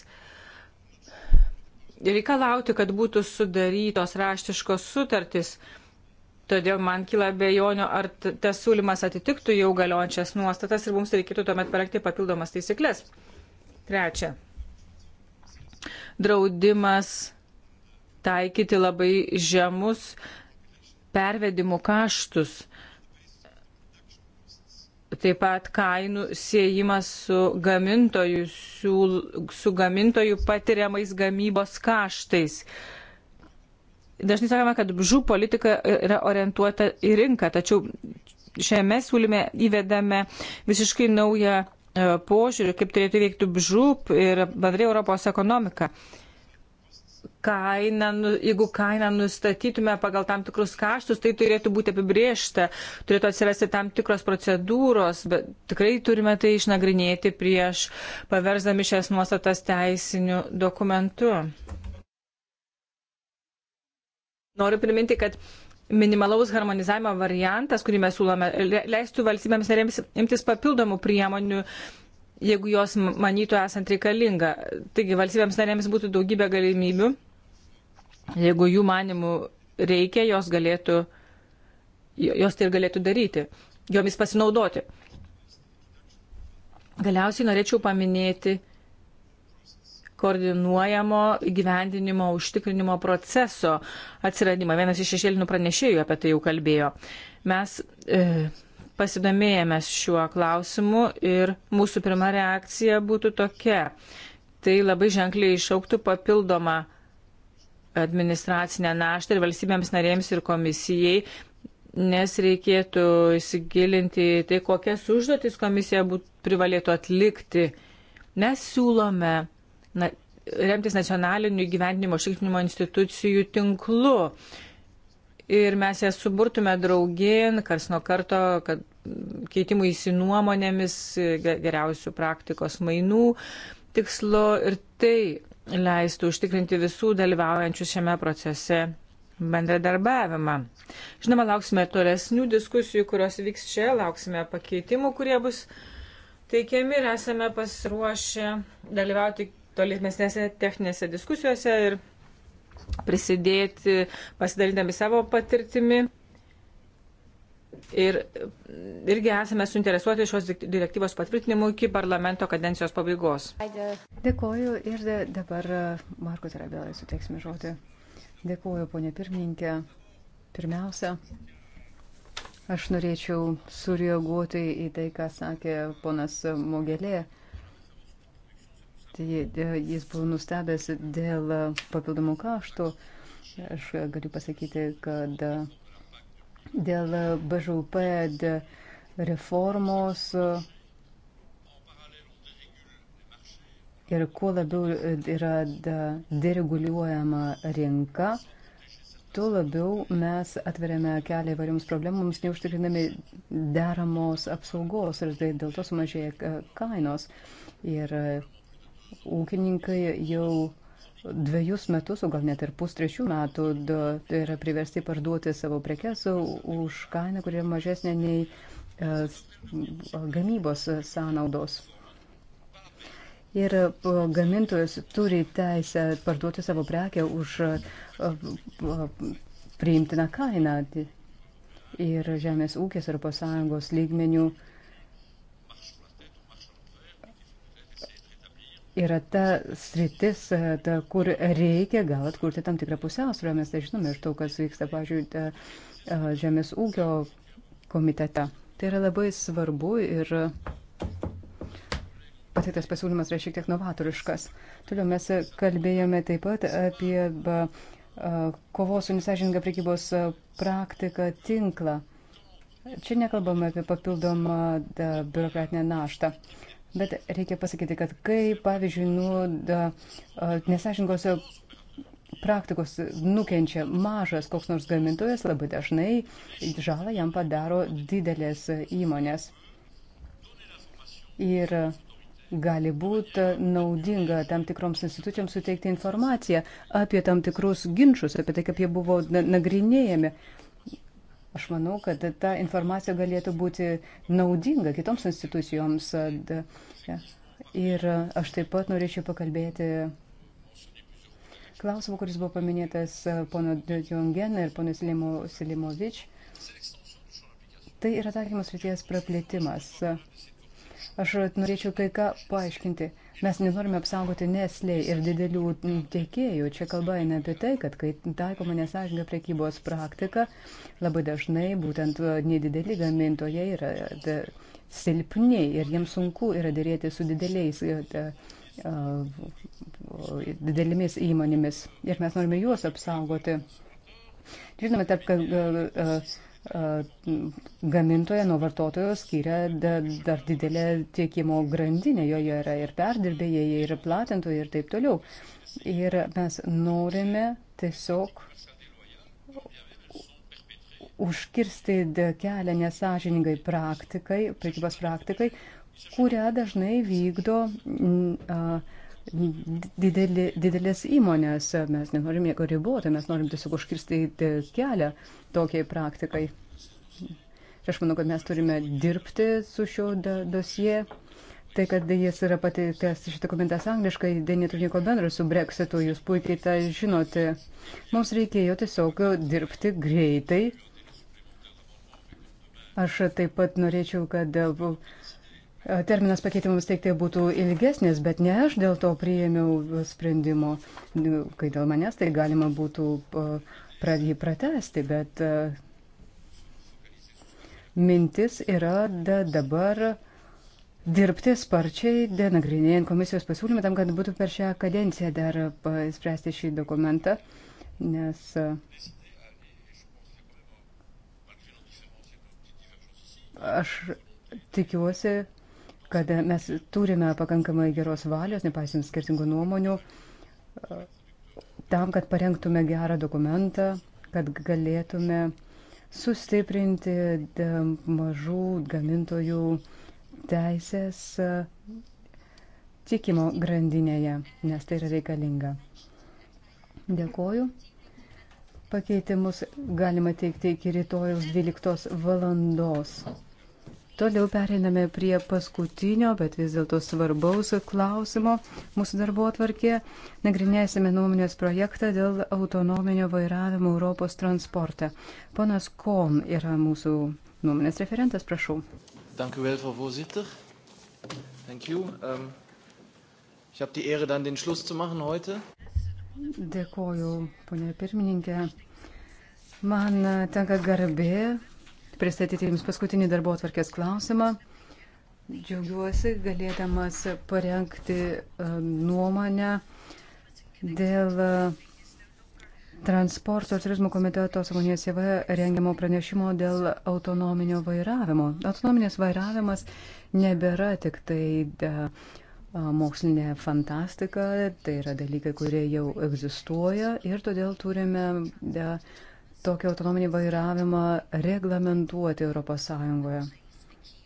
reikalauti, kad būtų sudarytos raštiškos sutartys. Todėl man kyla bejonio, ar tas siūlymas atitiktų jau galiojančias nuostatas ir mums reikėtų tuomet parengti papildomas taisyklės. Trečia. Draudimas taikyti labai žemus pervedimų kaštus. Taip pat kainų siejimas su gamintojų, su, su gamintojų patiriamais gamybos kaštais. Dažnai sakome, kad žų politika yra orientuota į rinką, tačiau šiame siūlyme įvedame visiškai naują e, požiūrį, kaip turėtų veikti bžūp ir bendrai Europos ekonomika. Uh, kaina, nu, jeigu kainą nustatytume pagal tam tikrus kaštus, tai turėtų būti apibriešta, turėtų atsirasti tam tikros procedūros, bet tikrai turime tai išnagrinėti prieš paversdami šias nuostatas teisiniu dokumentu. Noriu priminti, kad minimalaus harmonizavimo variantas, kurį mes siūlome, leistų valstybėms narėms imtis papildomų priemonių, jeigu jos manytų esant reikalinga. Taigi valstybėms narėms būtų daugybė galimybių Jeigu jų manimų reikia, jos, galėtų, jos tai ir galėtų daryti, jomis pasinaudoti. Galiausiai norėčiau paminėti koordinuojamo gyvendinimo užtikrinimo proceso atsiradimą. Vienas iš šešėlinių pranešėjų apie tai jau kalbėjo. Mes e, pasidomėjome šiuo klausimu ir mūsų pirma reakcija būtų tokia. Tai labai ženkliai išauktų papildomą administracinę naštą ir valstybėms narėms ir komisijai, nes reikėtų įsigilinti tai, kokias užduotis komisija būt, privalėtų atlikti. Mes siūlome na, remtis nacionaliniu gyvenimo šiltinimo institucijų tinklu. Ir mes jas suburtume draugin, kars nuo karto, kad keitimų įsinuomonėmis, geriausių praktikos mainų tikslo ir tai leistų užtikrinti visų dalyvaujančių šiame procese bendradarbiavimą. Žinoma, lauksime tolesnių diskusijų, kurios vyks čia, lauksime pakeitimų, kurie bus teikiami ir esame pasiruošę dalyvauti tolimesnėse techninėse diskusijose ir prisidėti pasidalydami savo patirtimi. Ir irgi esame suinteresuoti šios direktyvos patvirtinimu iki parlamento kadencijos pabaigos. Dėkoju ir dabar e, Marko Tarabelai suteiksime žodį. Dėkoju, ponė pirmininkė. Pirmiausia, aš norėčiau surieguoti į tai, ką sakė ponas Mogelė. Tai e, jis buvo nustebęs dėl papildomų kaštų. Aš galiu pasakyti, kad dėl e, BŽUP reformos e, ir kuo labiau e, yra dereguliuojama rinka, tuo labiau mes atveriame kelią įvairioms problemams, neužtikrinami deramos apsaugos ir dėl to sumažėja kainos. Ir ūkininkai jau dviejus metus, o gal net ir pustrečių metų, tai yra priversti parduoti savo prekes už kainą, kuri yra mažesnė nei e, gamybos sąnaudos. Ir gamintojas turi teisę parduoti savo prekę už e, priimtiną kainą. Ir Žemės ūkės Europos Sąjungos lygmenių uh, yra ta sritis, e, ta, kur reikia gal atkurti tam tikrą pusiausvyrą, mes tai žinome iš to, kas vyksta, pažiūrėjau, e, Žemės ūkio komitete. Tai yra labai svarbu ir pateiktas pasiūlymas yra šiek tiek novatoriškas. Toliau mes kalbėjome taip pat apie e, kovos su nesažininga prekybos praktika tinklą. Čia nekalbame apie papildomą biurokratinę naštą. Bet reikia pasakyti, kad kai, pavyzdžiui, nuo nesažingos praktikos nukenčia mažas koks nors gamintojas, labai dažnai žalą jam padaro didelės įmonės. Ir gali būti naudinga tam tikroms institucijoms suteikti informaciją apie tam tikrus ginčius, apie tai, kaip jie buvo nagrinėjami. Na Aš manau, kad ta informacija galėtų būti naudinga kitoms institucijoms. Ir aš taip pat norėčiau pakalbėti klausimą, kuris buvo paminėtas pono Djongen ir pono Silimovič. Tai yra taikymas ryties praplėtimas. Aš norėčiau kai ką paaiškinti. Mes nenorime apsaugoti nesliai ir didelių tiekėjų. Čia kalba eina apie tai, kad kai taikoma nesažininga prekybos praktika, labai dažnai būtent nedideli gamintojai yra silpni ir jiems sunku yra dėrėti su dideliais e, didelėmis įmonėmis ir mes norime juos apsaugoti. Žinoma, tarp Uh, gamintoje nuo vartotojo skiria dar didelę tiekimo grandinę, joje yra ir perdirbėjai, ir platintojai ir taip toliau. Ir mes norime tiesiog užkirsti kelią nesažiningai praktikai, prekybos praktikai, kurią dažnai vykdo. Uh, didelė, didelės įmonės. Mes nenorim nieko riboti, mes norim tiesiog užkirsti kelią tokiai praktikai. Aš manau, kad mes turime dirbti su šio dosie. Tai, kad jis yra pateiktas šitą komentas angliškai, tai neturi nieko bendro su breksitu, jūs puikiai tą žinote. Mums reikėjo tiesiog dirbti greitai. Aš taip pat norėčiau, kad E, terminas pakeitimams teikti būtų ilgesnis, bet ne aš dėl to priėmiau sprendimo, nu, kai dėl manęs tai galima būtų e, jį pratesti, bet e, mintis yra da dabar dirbti sparčiai, denagrinėjant komisijos pasiūlymą, tam, kad būtų per šią kadenciją dar spręsti šį dokumentą, nes aš tikiuosi, kad mes turime pakankamai geros valios, nepaisant skirtingų nuomonių, tam, kad parengtume gerą dokumentą, kad galėtume sustiprinti mažų gamintojų teisės e, tikimo grandinėje, nes tai yra reikalinga. Dėkoju. Pakeitimus galima teikti iki rytojaus 12 valandos. Todėl periname prie paskutinio, bet vis dėlto svarbaus klausimo mūsų darbo atvarkė. Nagrinėsime nuomonės projektą dėl autonominio vairavimo Europos transporte. Ponas Kom yra mūsų nuomonės referentas, prašau. Dank u wel, Frau Voorzitter. Thank you. Um, ich habe die Ehre, dann den Schluss zu machen heute. Dėkoju, ponia pirmininkė. Man tenka garbė pristatyti Jums paskutinį darbo atvarkės klausimą. Džiaugiuosi galėdamas parengti e, nuomonę dėl e, transporto ir turizmo komiteto Samonėsieva rengiamo pranešimo dėl autonominio vairavimo. Autonominis vairavimas nebėra tik tai da, e, mokslinė fantastika, tai yra dalykai, kurie jau egzistuoja ir todėl turime da, tokį autonominį vairavimą reglamentuoti ES.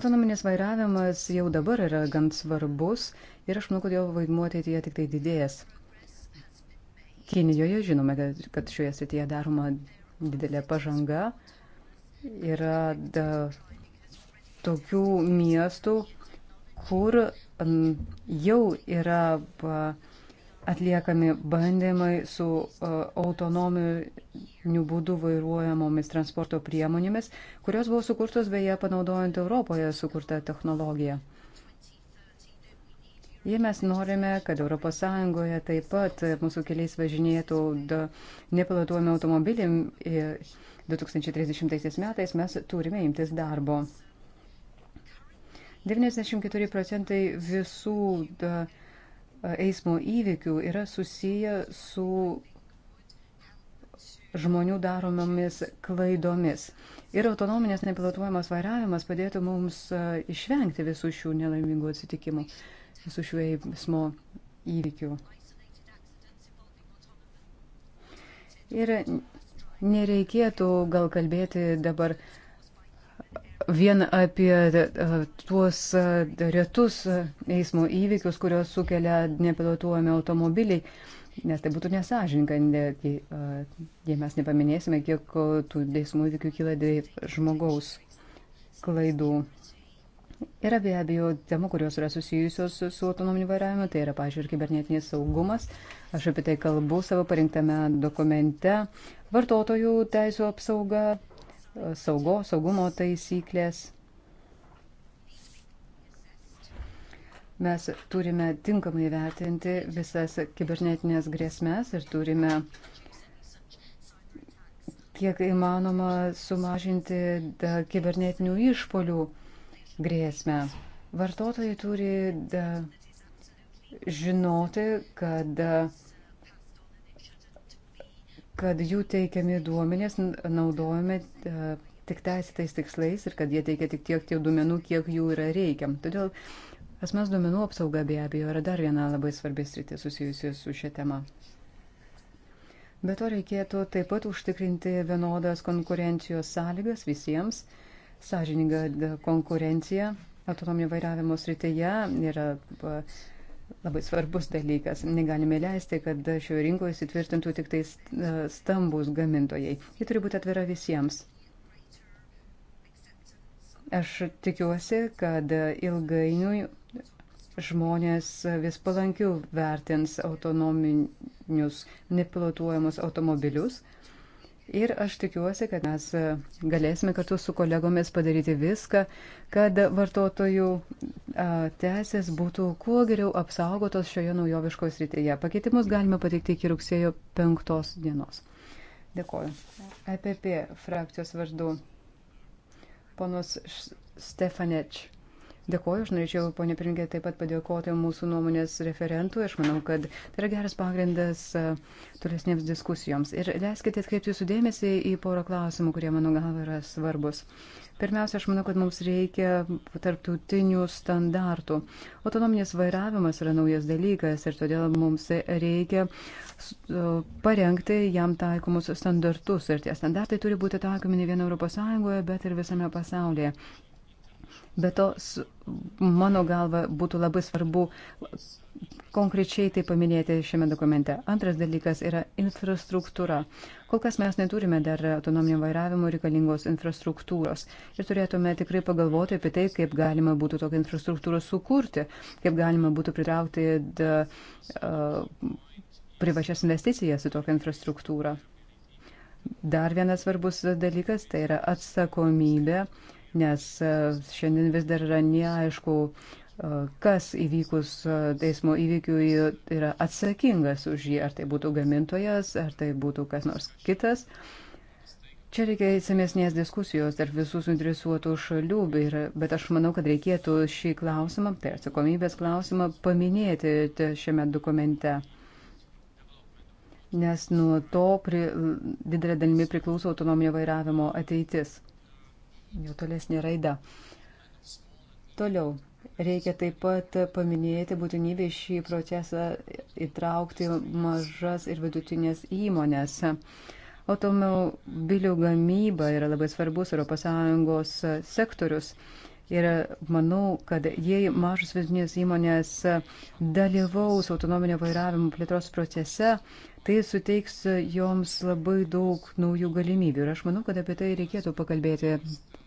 Autonominis vairavimas jau dabar yra gan svarbus ir aš manau, kad jo vaidmuo ateityje tik tai didės. Kinijoje žinome, kad šioje srityje daroma didelė pažanga. Yra da, tokių miestų, kur jau yra. Pa, atliekami bandymai su e, autonominiu būdu vairuojamomis transporto priemonėmis, kurios buvo sukurtos beje panaudojant Europoje sukurtą technologiją. Jei mes norime, kad ES taip pat mūsų keliais važinėtų nepilotuojami automobiliai 2030 e, metais, mes turime imtis darbo. 94 procentai visų da, uh, eismo įvykių yra susiję su žmonių daromomis klaidomis. Ir autonominės nepilotuojamas vairavimas padėtų mums e, išvengti visų šių nelaimingų atsitikimų, visų šių eismo įvykių. Ir nereikėtų gal kalbėti dabar vien apie e, tuos e, retus e, eismo įvykius, kuriuos sukelia nepilotuojami automobiliai, nes tai būtų nesažininkai, jei mes nepaminėsime, kiek tų eismo įvykių kyla dėl žmogaus klaidų. Yra be abejo temų, kurios yra susijusios su autonominiu vairavimu, tai yra, pažiūrėjau, ir kibernetinis saugumas. Aš apie tai kalbu savo parinktame dokumente. Vartotojų teisų apsauga, saugo, saugumo taisyklės. Mes turime tinkamai vertinti visas kibernetinės grėsmės ir turime kiek įmanoma sumažinti kibernetinių išpolių grėsmę. Vartotojai turi da, žinoti, kad da, kad jų teikiami duomenės naudojami e, tik teisėtais tikslais ir kad jie teikia tik tiek tie duomenų, kiek jų yra reikia. Todėl asmens duomenų apsauga be abejo yra dar viena labai svarbi sritis susijusi su šia tema. Be to reikėtų taip pat užtikrinti vienodas konkurencijos sąlygas visiems, sąžininga konkurencija autonominio vairavimo srityje yra e, labai svarbus dalykas. Negalime leisti, kad šioje rinkoje įsitvirtintų tik tai e, stambus gamintojai. Ji turi būti atvira visiems. Aš tikiuosi, kad ilgainiui žmonės vis palankiau vertins autonominius nepilotuojamus automobilius. Ir aš tikiuosi, kad mes galėsime kartu su kolegomis padaryti viską, kad vartotojų teisės būtų kuo geriau apsaugotos šioje naujoviškoje srityje. Pakeitimus galime pateikti iki rugsėjo penktos dienos. Dėkoju. EPP frakcijos vardu. Ponas Stefaneč. Dėkoju, aš norėčiau, ponė Pringė, taip pat padėkoti mūsų nuomonės referentui. Aš manau, kad tai yra geras pagrindas tolesnėms diskusijoms. Ir leiskite atkreipti jūsų dėmesį į porą klausimų, kurie mano galva yra svarbus. Pirmiausia, aš manau, kad mums reikia tarptautinių standartų. Autonominis vairavimas yra naujas dalykas ir todėl mums reikia uh, parengti jam taikomus standartus. Ir tie standartai turi būti taikomi ne vien ES, bet ir visame pasaulyje. Bet tos, mano galva, būtų labai svarbu konkrečiai tai paminėti šiame dokumente. Antras dalykas yra infrastruktūra. Kol kas mes neturime dar autonominio vairavimo reikalingos infrastruktūros ir turėtume tikrai pagalvoti apie tai, kaip galima būtų tokią infrastruktūrą sukurti, kaip galima būtų pritraukti da, uh, privačias investicijas į tokią infrastruktūrą. Dar vienas svarbus dalykas tai yra atsakomybė. Uh, nes e, šiandien vis dar yra neaišku, e, kas įvykus teismo e, įvykiui yra atsakingas už jį, ar tai būtų gamintojas, ar tai būtų kas nors kitas. Čia reikia įsamesnės diskusijos tarp visų suinteresuotų šalių, bet aš manau, kad reikėtų šį klausimą, tai atsakomybės klausimą, paminėti šiame dokumente. Nes nuo to pri, didelė dalimi priklauso autonominio vairavimo ateitis jų tolesnė raida. Toliau. Reikia taip pat paminėti būtinybę šį procesą įtraukti mažas ir vidutinės įmonės. Automobilių gamyba yra labai svarbus ES sektorius. Ir manau, kad jei mažos vidutinės įmonės dalyvaus autonominio vairavimo plėtros procese, tai suteiks joms labai daug naujų galimybių. Ir aš manau, kad apie tai reikėtų pakalbėti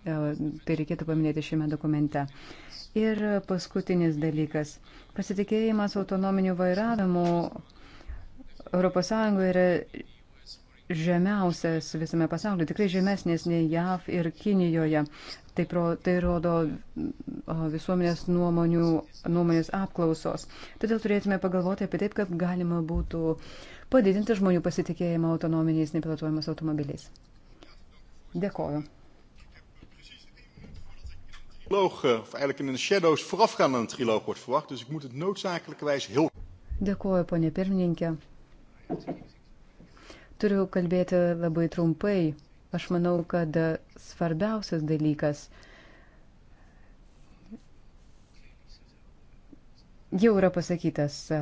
Tai reikėtų paminėti šiame dokumente. Ir paskutinis dalykas. Pasitikėjimas autonominiu vairavimu ES yra žemiausias visame pasaulyje, tikrai žemesnis nei JAV ir Kinijoje. Tai, pro, tai rodo visuomenės nuomonių, nuomonės apklausos. Todėl turėtume pagalvoti apie taip, kaip galima būtų padidinti žmonių pasitikėjimą autonominiais nepilotuojamas automobiliais. Dėkoju triloog, eh, of eigenlijk in de shadows voorafgaand aan een triloog wordt verwacht. Dus ik moet het noodzakelijkerwijs heel. Dėkuoju, ponė pirmininkė. Turiu kalbėti labai trumpai. Aš manau, kad e, svarbiausias dalykas jau yra pasakytas. E,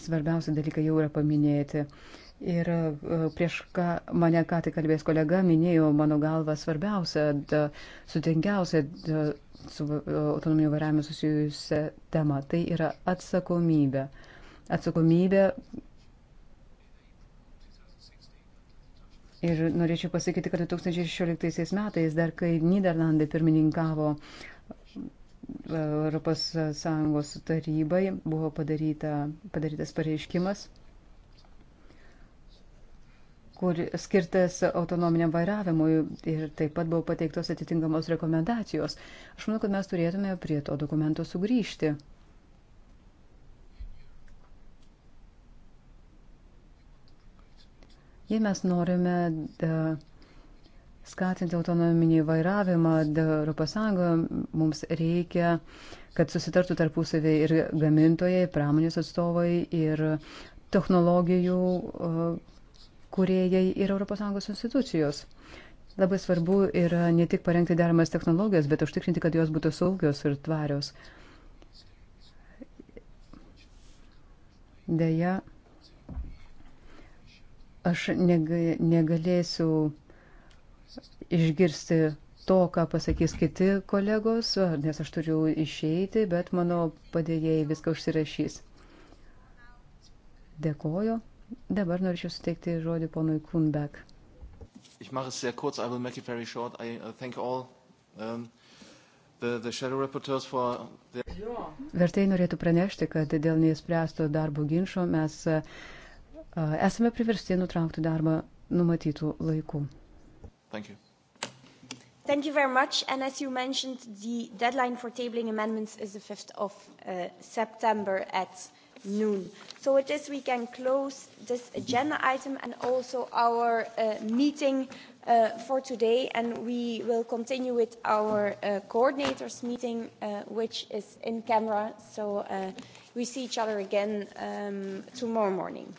Svarbiausia dalykai jau yra paminėti. Uh, Ir e, prieš ką mane ką tik kalbės kolega minėjo, mano galva, svarbiausia, sutinkiausia su e, autonominiu vairavimu susijusią temą. Tai yra atsakomybė. Atsakomybė. Ir norėčiau pasakyti, kad 2016 metais, dar kai Niderlandai pirmininkavo e, Europos Sąjungos tarybai, buvo padaryta, padarytas pareiškimas kur skirtas autonominiam vairavimui ir taip pat buvo pateiktos atitinkamos rekomendacijos. Aš manau, kad mes turėtume prie to dokumento sugrįžti. Jei mes norime da, skatinti autonominį vairavimą ES, mums reikia, kad susitartų tarpusavį ir gamintojai, pramonės atstovai, ir technologijų kuriejai ir ES institucijos. Labai svarbu yra ne tik parengti deramas technologijas, bet užtikrinti, kad jos būtų saugios ir tvarios. Deja, aš negalėsiu išgirsti to, ką pasakys kiti kolegos, nes aš turiu išeiti, bet mano padėjėjai viską užsirašys. Dėkoju. Dabar norėčiau suteikti žodį ponui Kunbek. Ich mache es sehr kurz, I will make it very short. I uh, thank all um, the, the shadow rapporteurs for their... Vertai norėtų pranešti, kad dėl neįspręsto darbo ginčio mes uh, uh, esame priversti nutraukti darbą numatytų laikų. Thank you. Thank you very much. And as you mentioned, the deadline for tabling amendments is the 5th of uh, September at noon. So with this, we can close this agenda item and also our uh, meeting uh, for today. And we will continue with our uh, coordinators meeting, uh, which is in camera. So uh, we see each other again um, tomorrow morning.